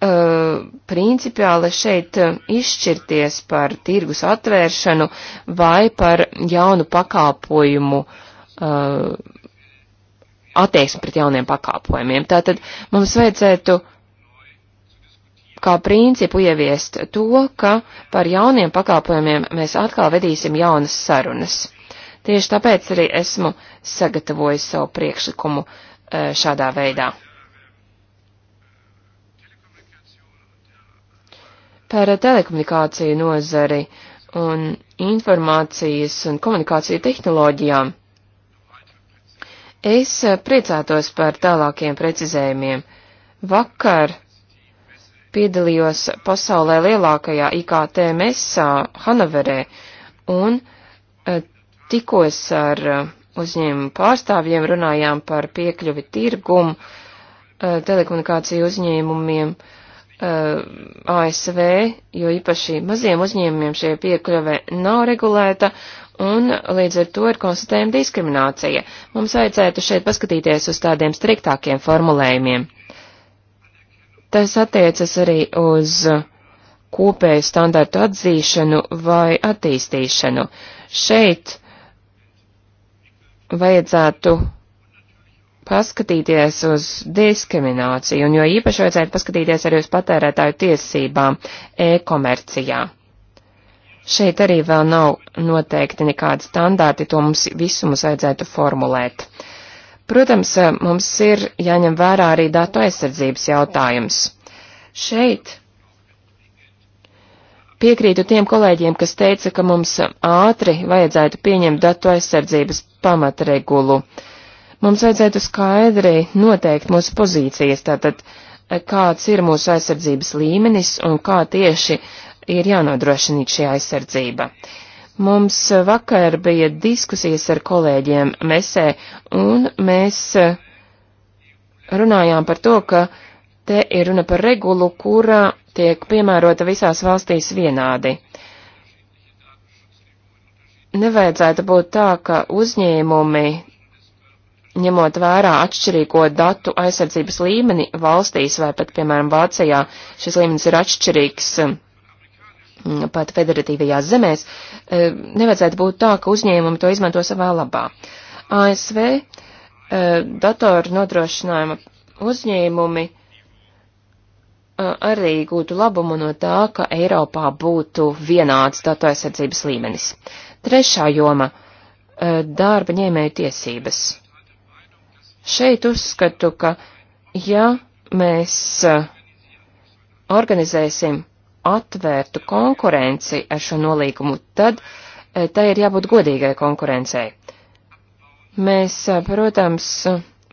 uh, principiāli šeit eh, izšķirties par tirgus atvēršanu vai par jaunu pakalpojumu uh, attieksmi pret jauniem pakāpojumiem. Tātad mums vajadzētu kā principu ieviest to, ka par jauniem pakāpojumiem mēs atkal vedīsim jaunas sarunas. Tieši tāpēc arī esmu sagatavojis savu priekšlikumu e, šādā veidā. Par telekomunikāciju nozari un informācijas un komunikāciju tehnoloģijām Es eh, priecātos par tālākiem precizējumiem. Vakar piedalījos pasaulē lielākajā IKT mesā Hanoverē un eh, tikos ar eh, uzņēmumu pārstāvjiem, runājām par piekļuvi tirgumu, telekomunikāciju uzņēmumiem ASV, jo īpaši maziem uzņēmumiem šie piekļuve nav regulēta, un līdz ar to ir konstatējama diskriminācija. Mums vajadzētu šeit paskatīties uz tādiem striktākiem formulējumiem. Tas attiecas arī uz kopēju standartu atzīšanu vai attīstīšanu. Šeit vajadzētu paskatīties uz diskrimināciju, un jo īpaši vajadzētu paskatīties arī uz patērētāju tiesībām e-komercijā. Šeit arī vēl nav noteikti nekādi standārti, to mums visu mums vajadzētu formulēt. Protams, eh, mums ir jāņem vērā arī datu aizsardzības jautājums. Šeit piekrītu tiem kolēģiem, kas teica, ka mums ātri vajadzētu pieņemt datu aizsardzības pamatregulu. Mums vajadzētu skaidri noteikt mūsu pozīcijas, tātad eh, kāds ir mūsu aizsardzības līmenis un kā tieši ir jānodrošina šī aizsardzība. Mums eh, vakar bija diskusijas ar kolēģiem Mesē, un mēs eh, runājām par to, ka te ir runa par regulu, kura tiek piemērota visās valstīs vienādi. Nevajadzētu būt tā, ka uzņēmumi, ņemot vērā atšķirīgo datu aizsardzības līmeni valstīs vai pat, piemēram, Vācijā, šis līmenis ir atšķirīgs Mm, pat federatīvajās zemēs, e, nevajadzētu būt tā, ka uzņēmumi to izmanto savā labā. ASV e, datoru nodrošinājuma uzņēmumi e, arī gūtu labumu no tā, ka Eiropā būtu vienāds datu aizsardzības līmenis. Trešā joma - darba ņēmēju tiesības. Šeit uzskatu, ka ja mēs organizēsim atvērtu konkurenci ar šo nolīgumu, tad eh, tai ir jābūt godīgai konkurencei. Mēs, eh, protams,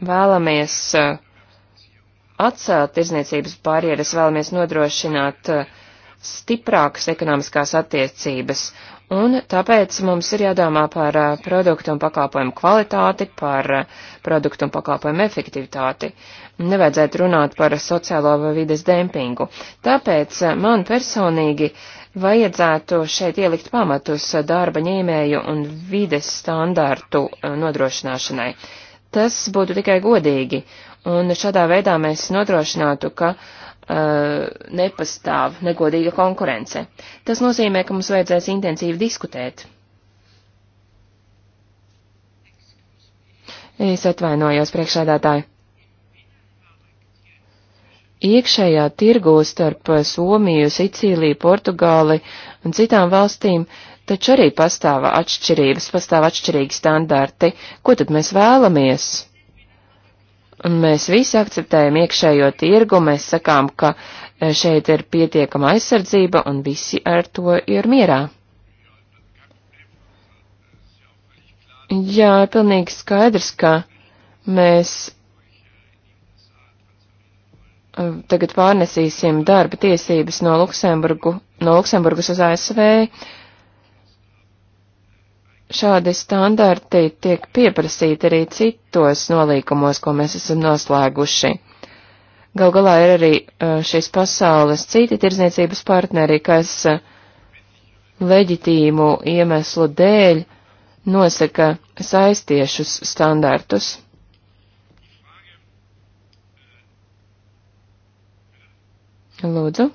vēlamies eh, atcelt tirzniecības barjeras, vēlamies nodrošināt stiprākas ekonomiskās attiecības Un tāpēc mums ir jādomā par uh, produktu un pakalpojumu kvalitāti, par uh, produktu un pakalpojumu efektivitāti. Nevajadzētu runāt par sociālo vai vides dempingu. Tāpēc uh, man personīgi vajadzētu šeit ielikt pamatus darba ņēmēju un vides standārtu nodrošināšanai. Tas būtu tikai godīgi, un šādā veidā mēs nodrošinātu, ka uh, Uh, nepastāv negodīga konkurence. Tas nozīmē, ka mums vajadzēs intensīvi diskutēt. Es atvainojos priekšādātāji. Iekšējā tirgū starp Somiju, Sicīliju, Portugāli un citām valstīm taču arī pastāv atšķirības, pastāv atšķirīgi standarti. Ko tad mēs vēlamies? Mēs visi akceptējam iekšējo tirgu, mēs sakām, ka e, šeit ir pietiekama aizsardzība un visi ar to ir mierā. Jā, pilnīgi skaidrs, ka mēs e, tagad pārnesīsim darba tiesības no, Luksemburgu, no Luksemburgas uz ASV. Uh, šādi standarti tiek pieprasīti arī citos nolīkumos, ko mēs esam noslēguši. Gal galā ir arī uh, šīs pasaules citi tirzniecības partneri, kas uh, leģitīmu iemeslu dēļ nosaka saistiešus standartus. Lūdzu.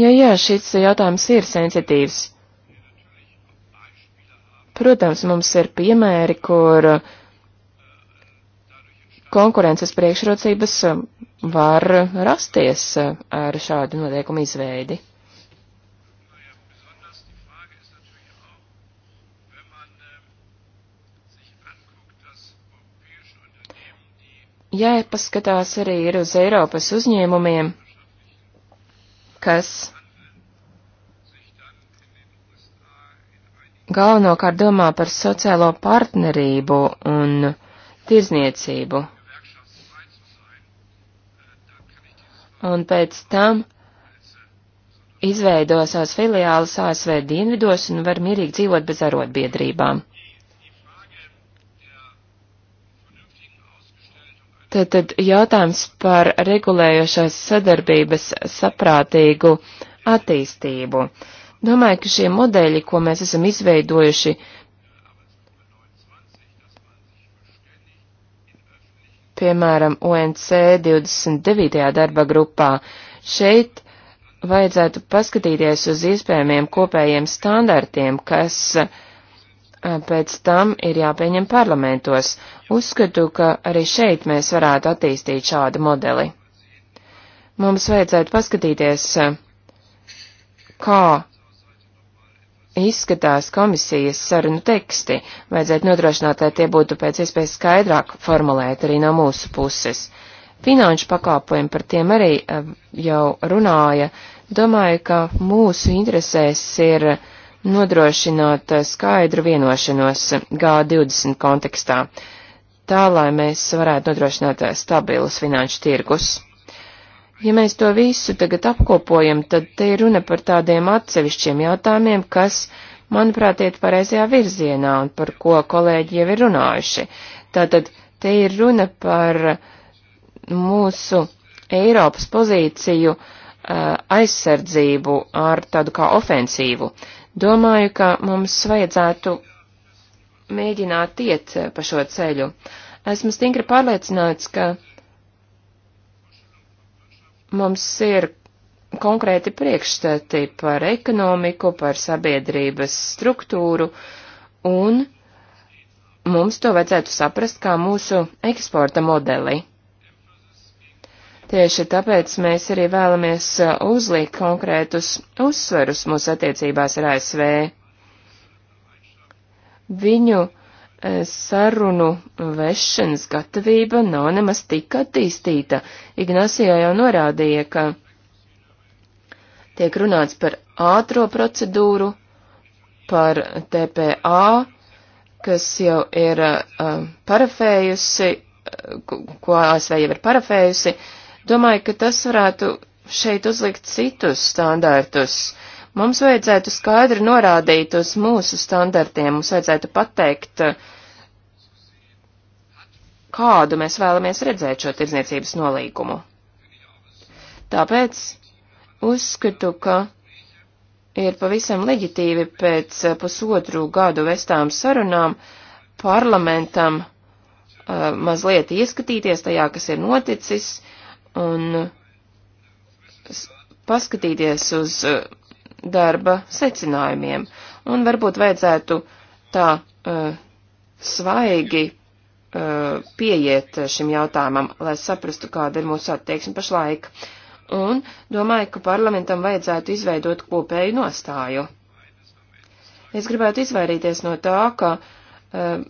Jā, jā, šis jautājums ir sensitīvs. Protams, mums ir piemēri, kur konkurences priekšrocības var rasties ar šādu noteikumu izveidi. Jāpaskatās arī ir uz Eiropas uzņēmumiem, kas galvenokārt domā par sociālo partnerību un tirzniecību. Un pēc tam izveido savas filiālas ASV dienvidos un var mierīgi dzīvot bez arotbiedrībām. Tātad jautājums par regulējošās sadarbības saprātīgu attīstību. Domāju, ka šie modeļi, ko mēs esam izveidojuši, piemēram, UNC 29. darba grupā, šeit vajadzētu paskatīties uz iespējamiem kopējiem standartiem, kas uh, Eh, pēc tam ir jāpieņem parlamentos. Uzskatu, ka arī šeit mēs varētu attīstīt šādu modeli. Mums vajadzētu paskatīties, eh, kā izskatās komisijas sarunu teksti. Vajadzētu nodrošināt, lai tie būtu pēc iespējas skaidrāk formulēti arī no mūsu puses. Finanšu pakāpojumi par tiem arī eh, jau runāja. Domāju, ka mūsu interesēs ir uh, nodrošināt skaidru vienošanos G20 kontekstā, tā lai mēs varētu nodrošināt stabilus finanšu tirgus. Ja mēs to visu tagad apkopojam, tad te ir runa par tādiem atsevišķiem jautājumiem, kas, manuprāt, iet pareizajā virzienā un par ko kolēģi jau ir runājuši. Tātad te ir runa par mūsu Eiropas pozīciju eh, aizsardzību ar tādu kā ofensīvu. Uh, Domāju, ka mums vajadzētu mēģināt iet eh, pa šo ceļu. Esmu stingri pārliecināts, ka mums ir konkrēti priekšstati par ekonomiku, par sabiedrības struktūru, un mums to vajadzētu saprast kā mūsu eksporta modeli. Tieši tāpēc mēs arī vēlamies uh, uzlikt konkrētus uzsverus mūsu attiecībās ar ASV. Viņu uh, sarunu vešanas gatavība nav nemaz tik attīstīta. Ignācijā jau norādīja, ka tiek runāts par ātro procedūru, par TPA, kas jau ir uh, parafējusi, uh, ko ASV jau ir parafējusi, uh, Domāju, ka tas varētu šeit uzlikt citus standārtus. Mums vajadzētu skaidri norādīt uz mūsu standartiem, mums vajadzētu pateikt, kādu mēs vēlamies redzēt šo tirdzniecības nolīgumu. Tāpēc uzskatu, ka ir pavisam leģitīvi pēc pusotru gadu vestām sarunām parlamentam uh, mazliet ieskatīties tajā, kas ir noticis, un paskatīties uz uh, darba secinājumiem. Un varbūt vajadzētu tā uh, svaigi uh, pieiet šim jautājumam, lai saprastu, kāda ir mūsu attieksme pašlaik. Un domāju, ka parlamentam vajadzētu izveidot kopēju nostāju. Es gribētu izvairīties no tā, ka uh,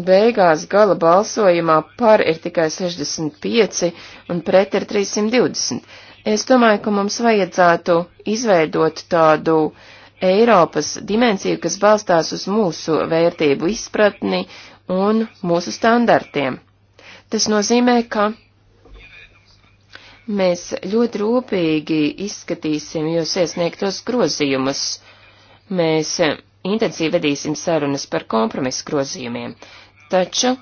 Beigās gala balsojumā par ir tikai 65 un pret ir 320. Es domāju, ka mums vajadzētu izveidot tādu Eiropas dimensiju, kas balstās uz mūsu vērtību izpratni un mūsu standartiem. Tas nozīmē, ka mēs ļoti rūpīgi izskatīsim jūs iesniegtos grozījumus. Mēs intensīvi vedīsim sarunas par kompromisu grozījumiem, taču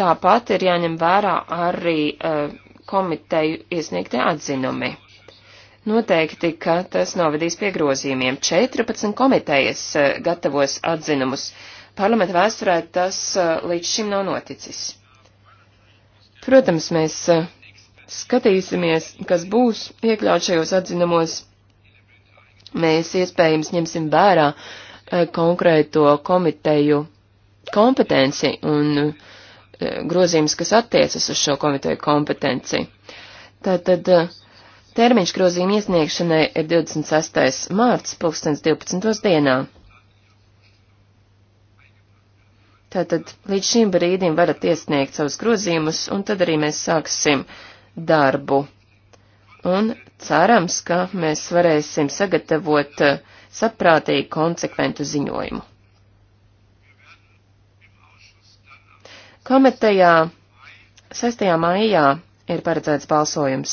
tāpat ir jāņem vērā arī uh, komiteju iesniegtie atzinumi. Noteikti, ka tas novedīs pie grozījumiem. 14 komitejas uh, gatavos atzinumus. Parlamenta vēsturē tas uh, līdz šim nav noticis. Protams, mēs skatīsimies, kas būs iekļaut šajos atzinumos. Mēs iespējams ņemsim vērā uh, Eh, konkrēto komiteju kompetenci un eh, grozījums, kas attiecas uz šo komiteju kompetenci. Tātad eh, termiņš grozījuma iesniegšanai ir 26. mārts 2012. dienā. Tātad līdz šim brīdim varat iesniegt savus grozījumus, un tad arī mēs sāksim darbu. Un cerams, ka mēs varēsim sagatavot uh, saprātīgu, konsekventu ziņojumu. Komitejā 6. maijā ir paredzēts balsojums.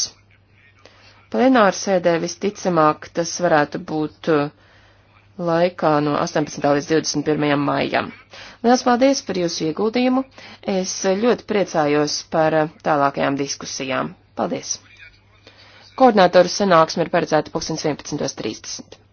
Plenārsēdē visticamāk tas varētu būt uh, laikā no 18. līdz 21. maijam. Lielas paldies par jūsu ieguldījumu. Es ļoti priecājos par uh, tālākajām diskusijām. Paldies! Koordinātoru sanāksme ir paredzēta 11.30.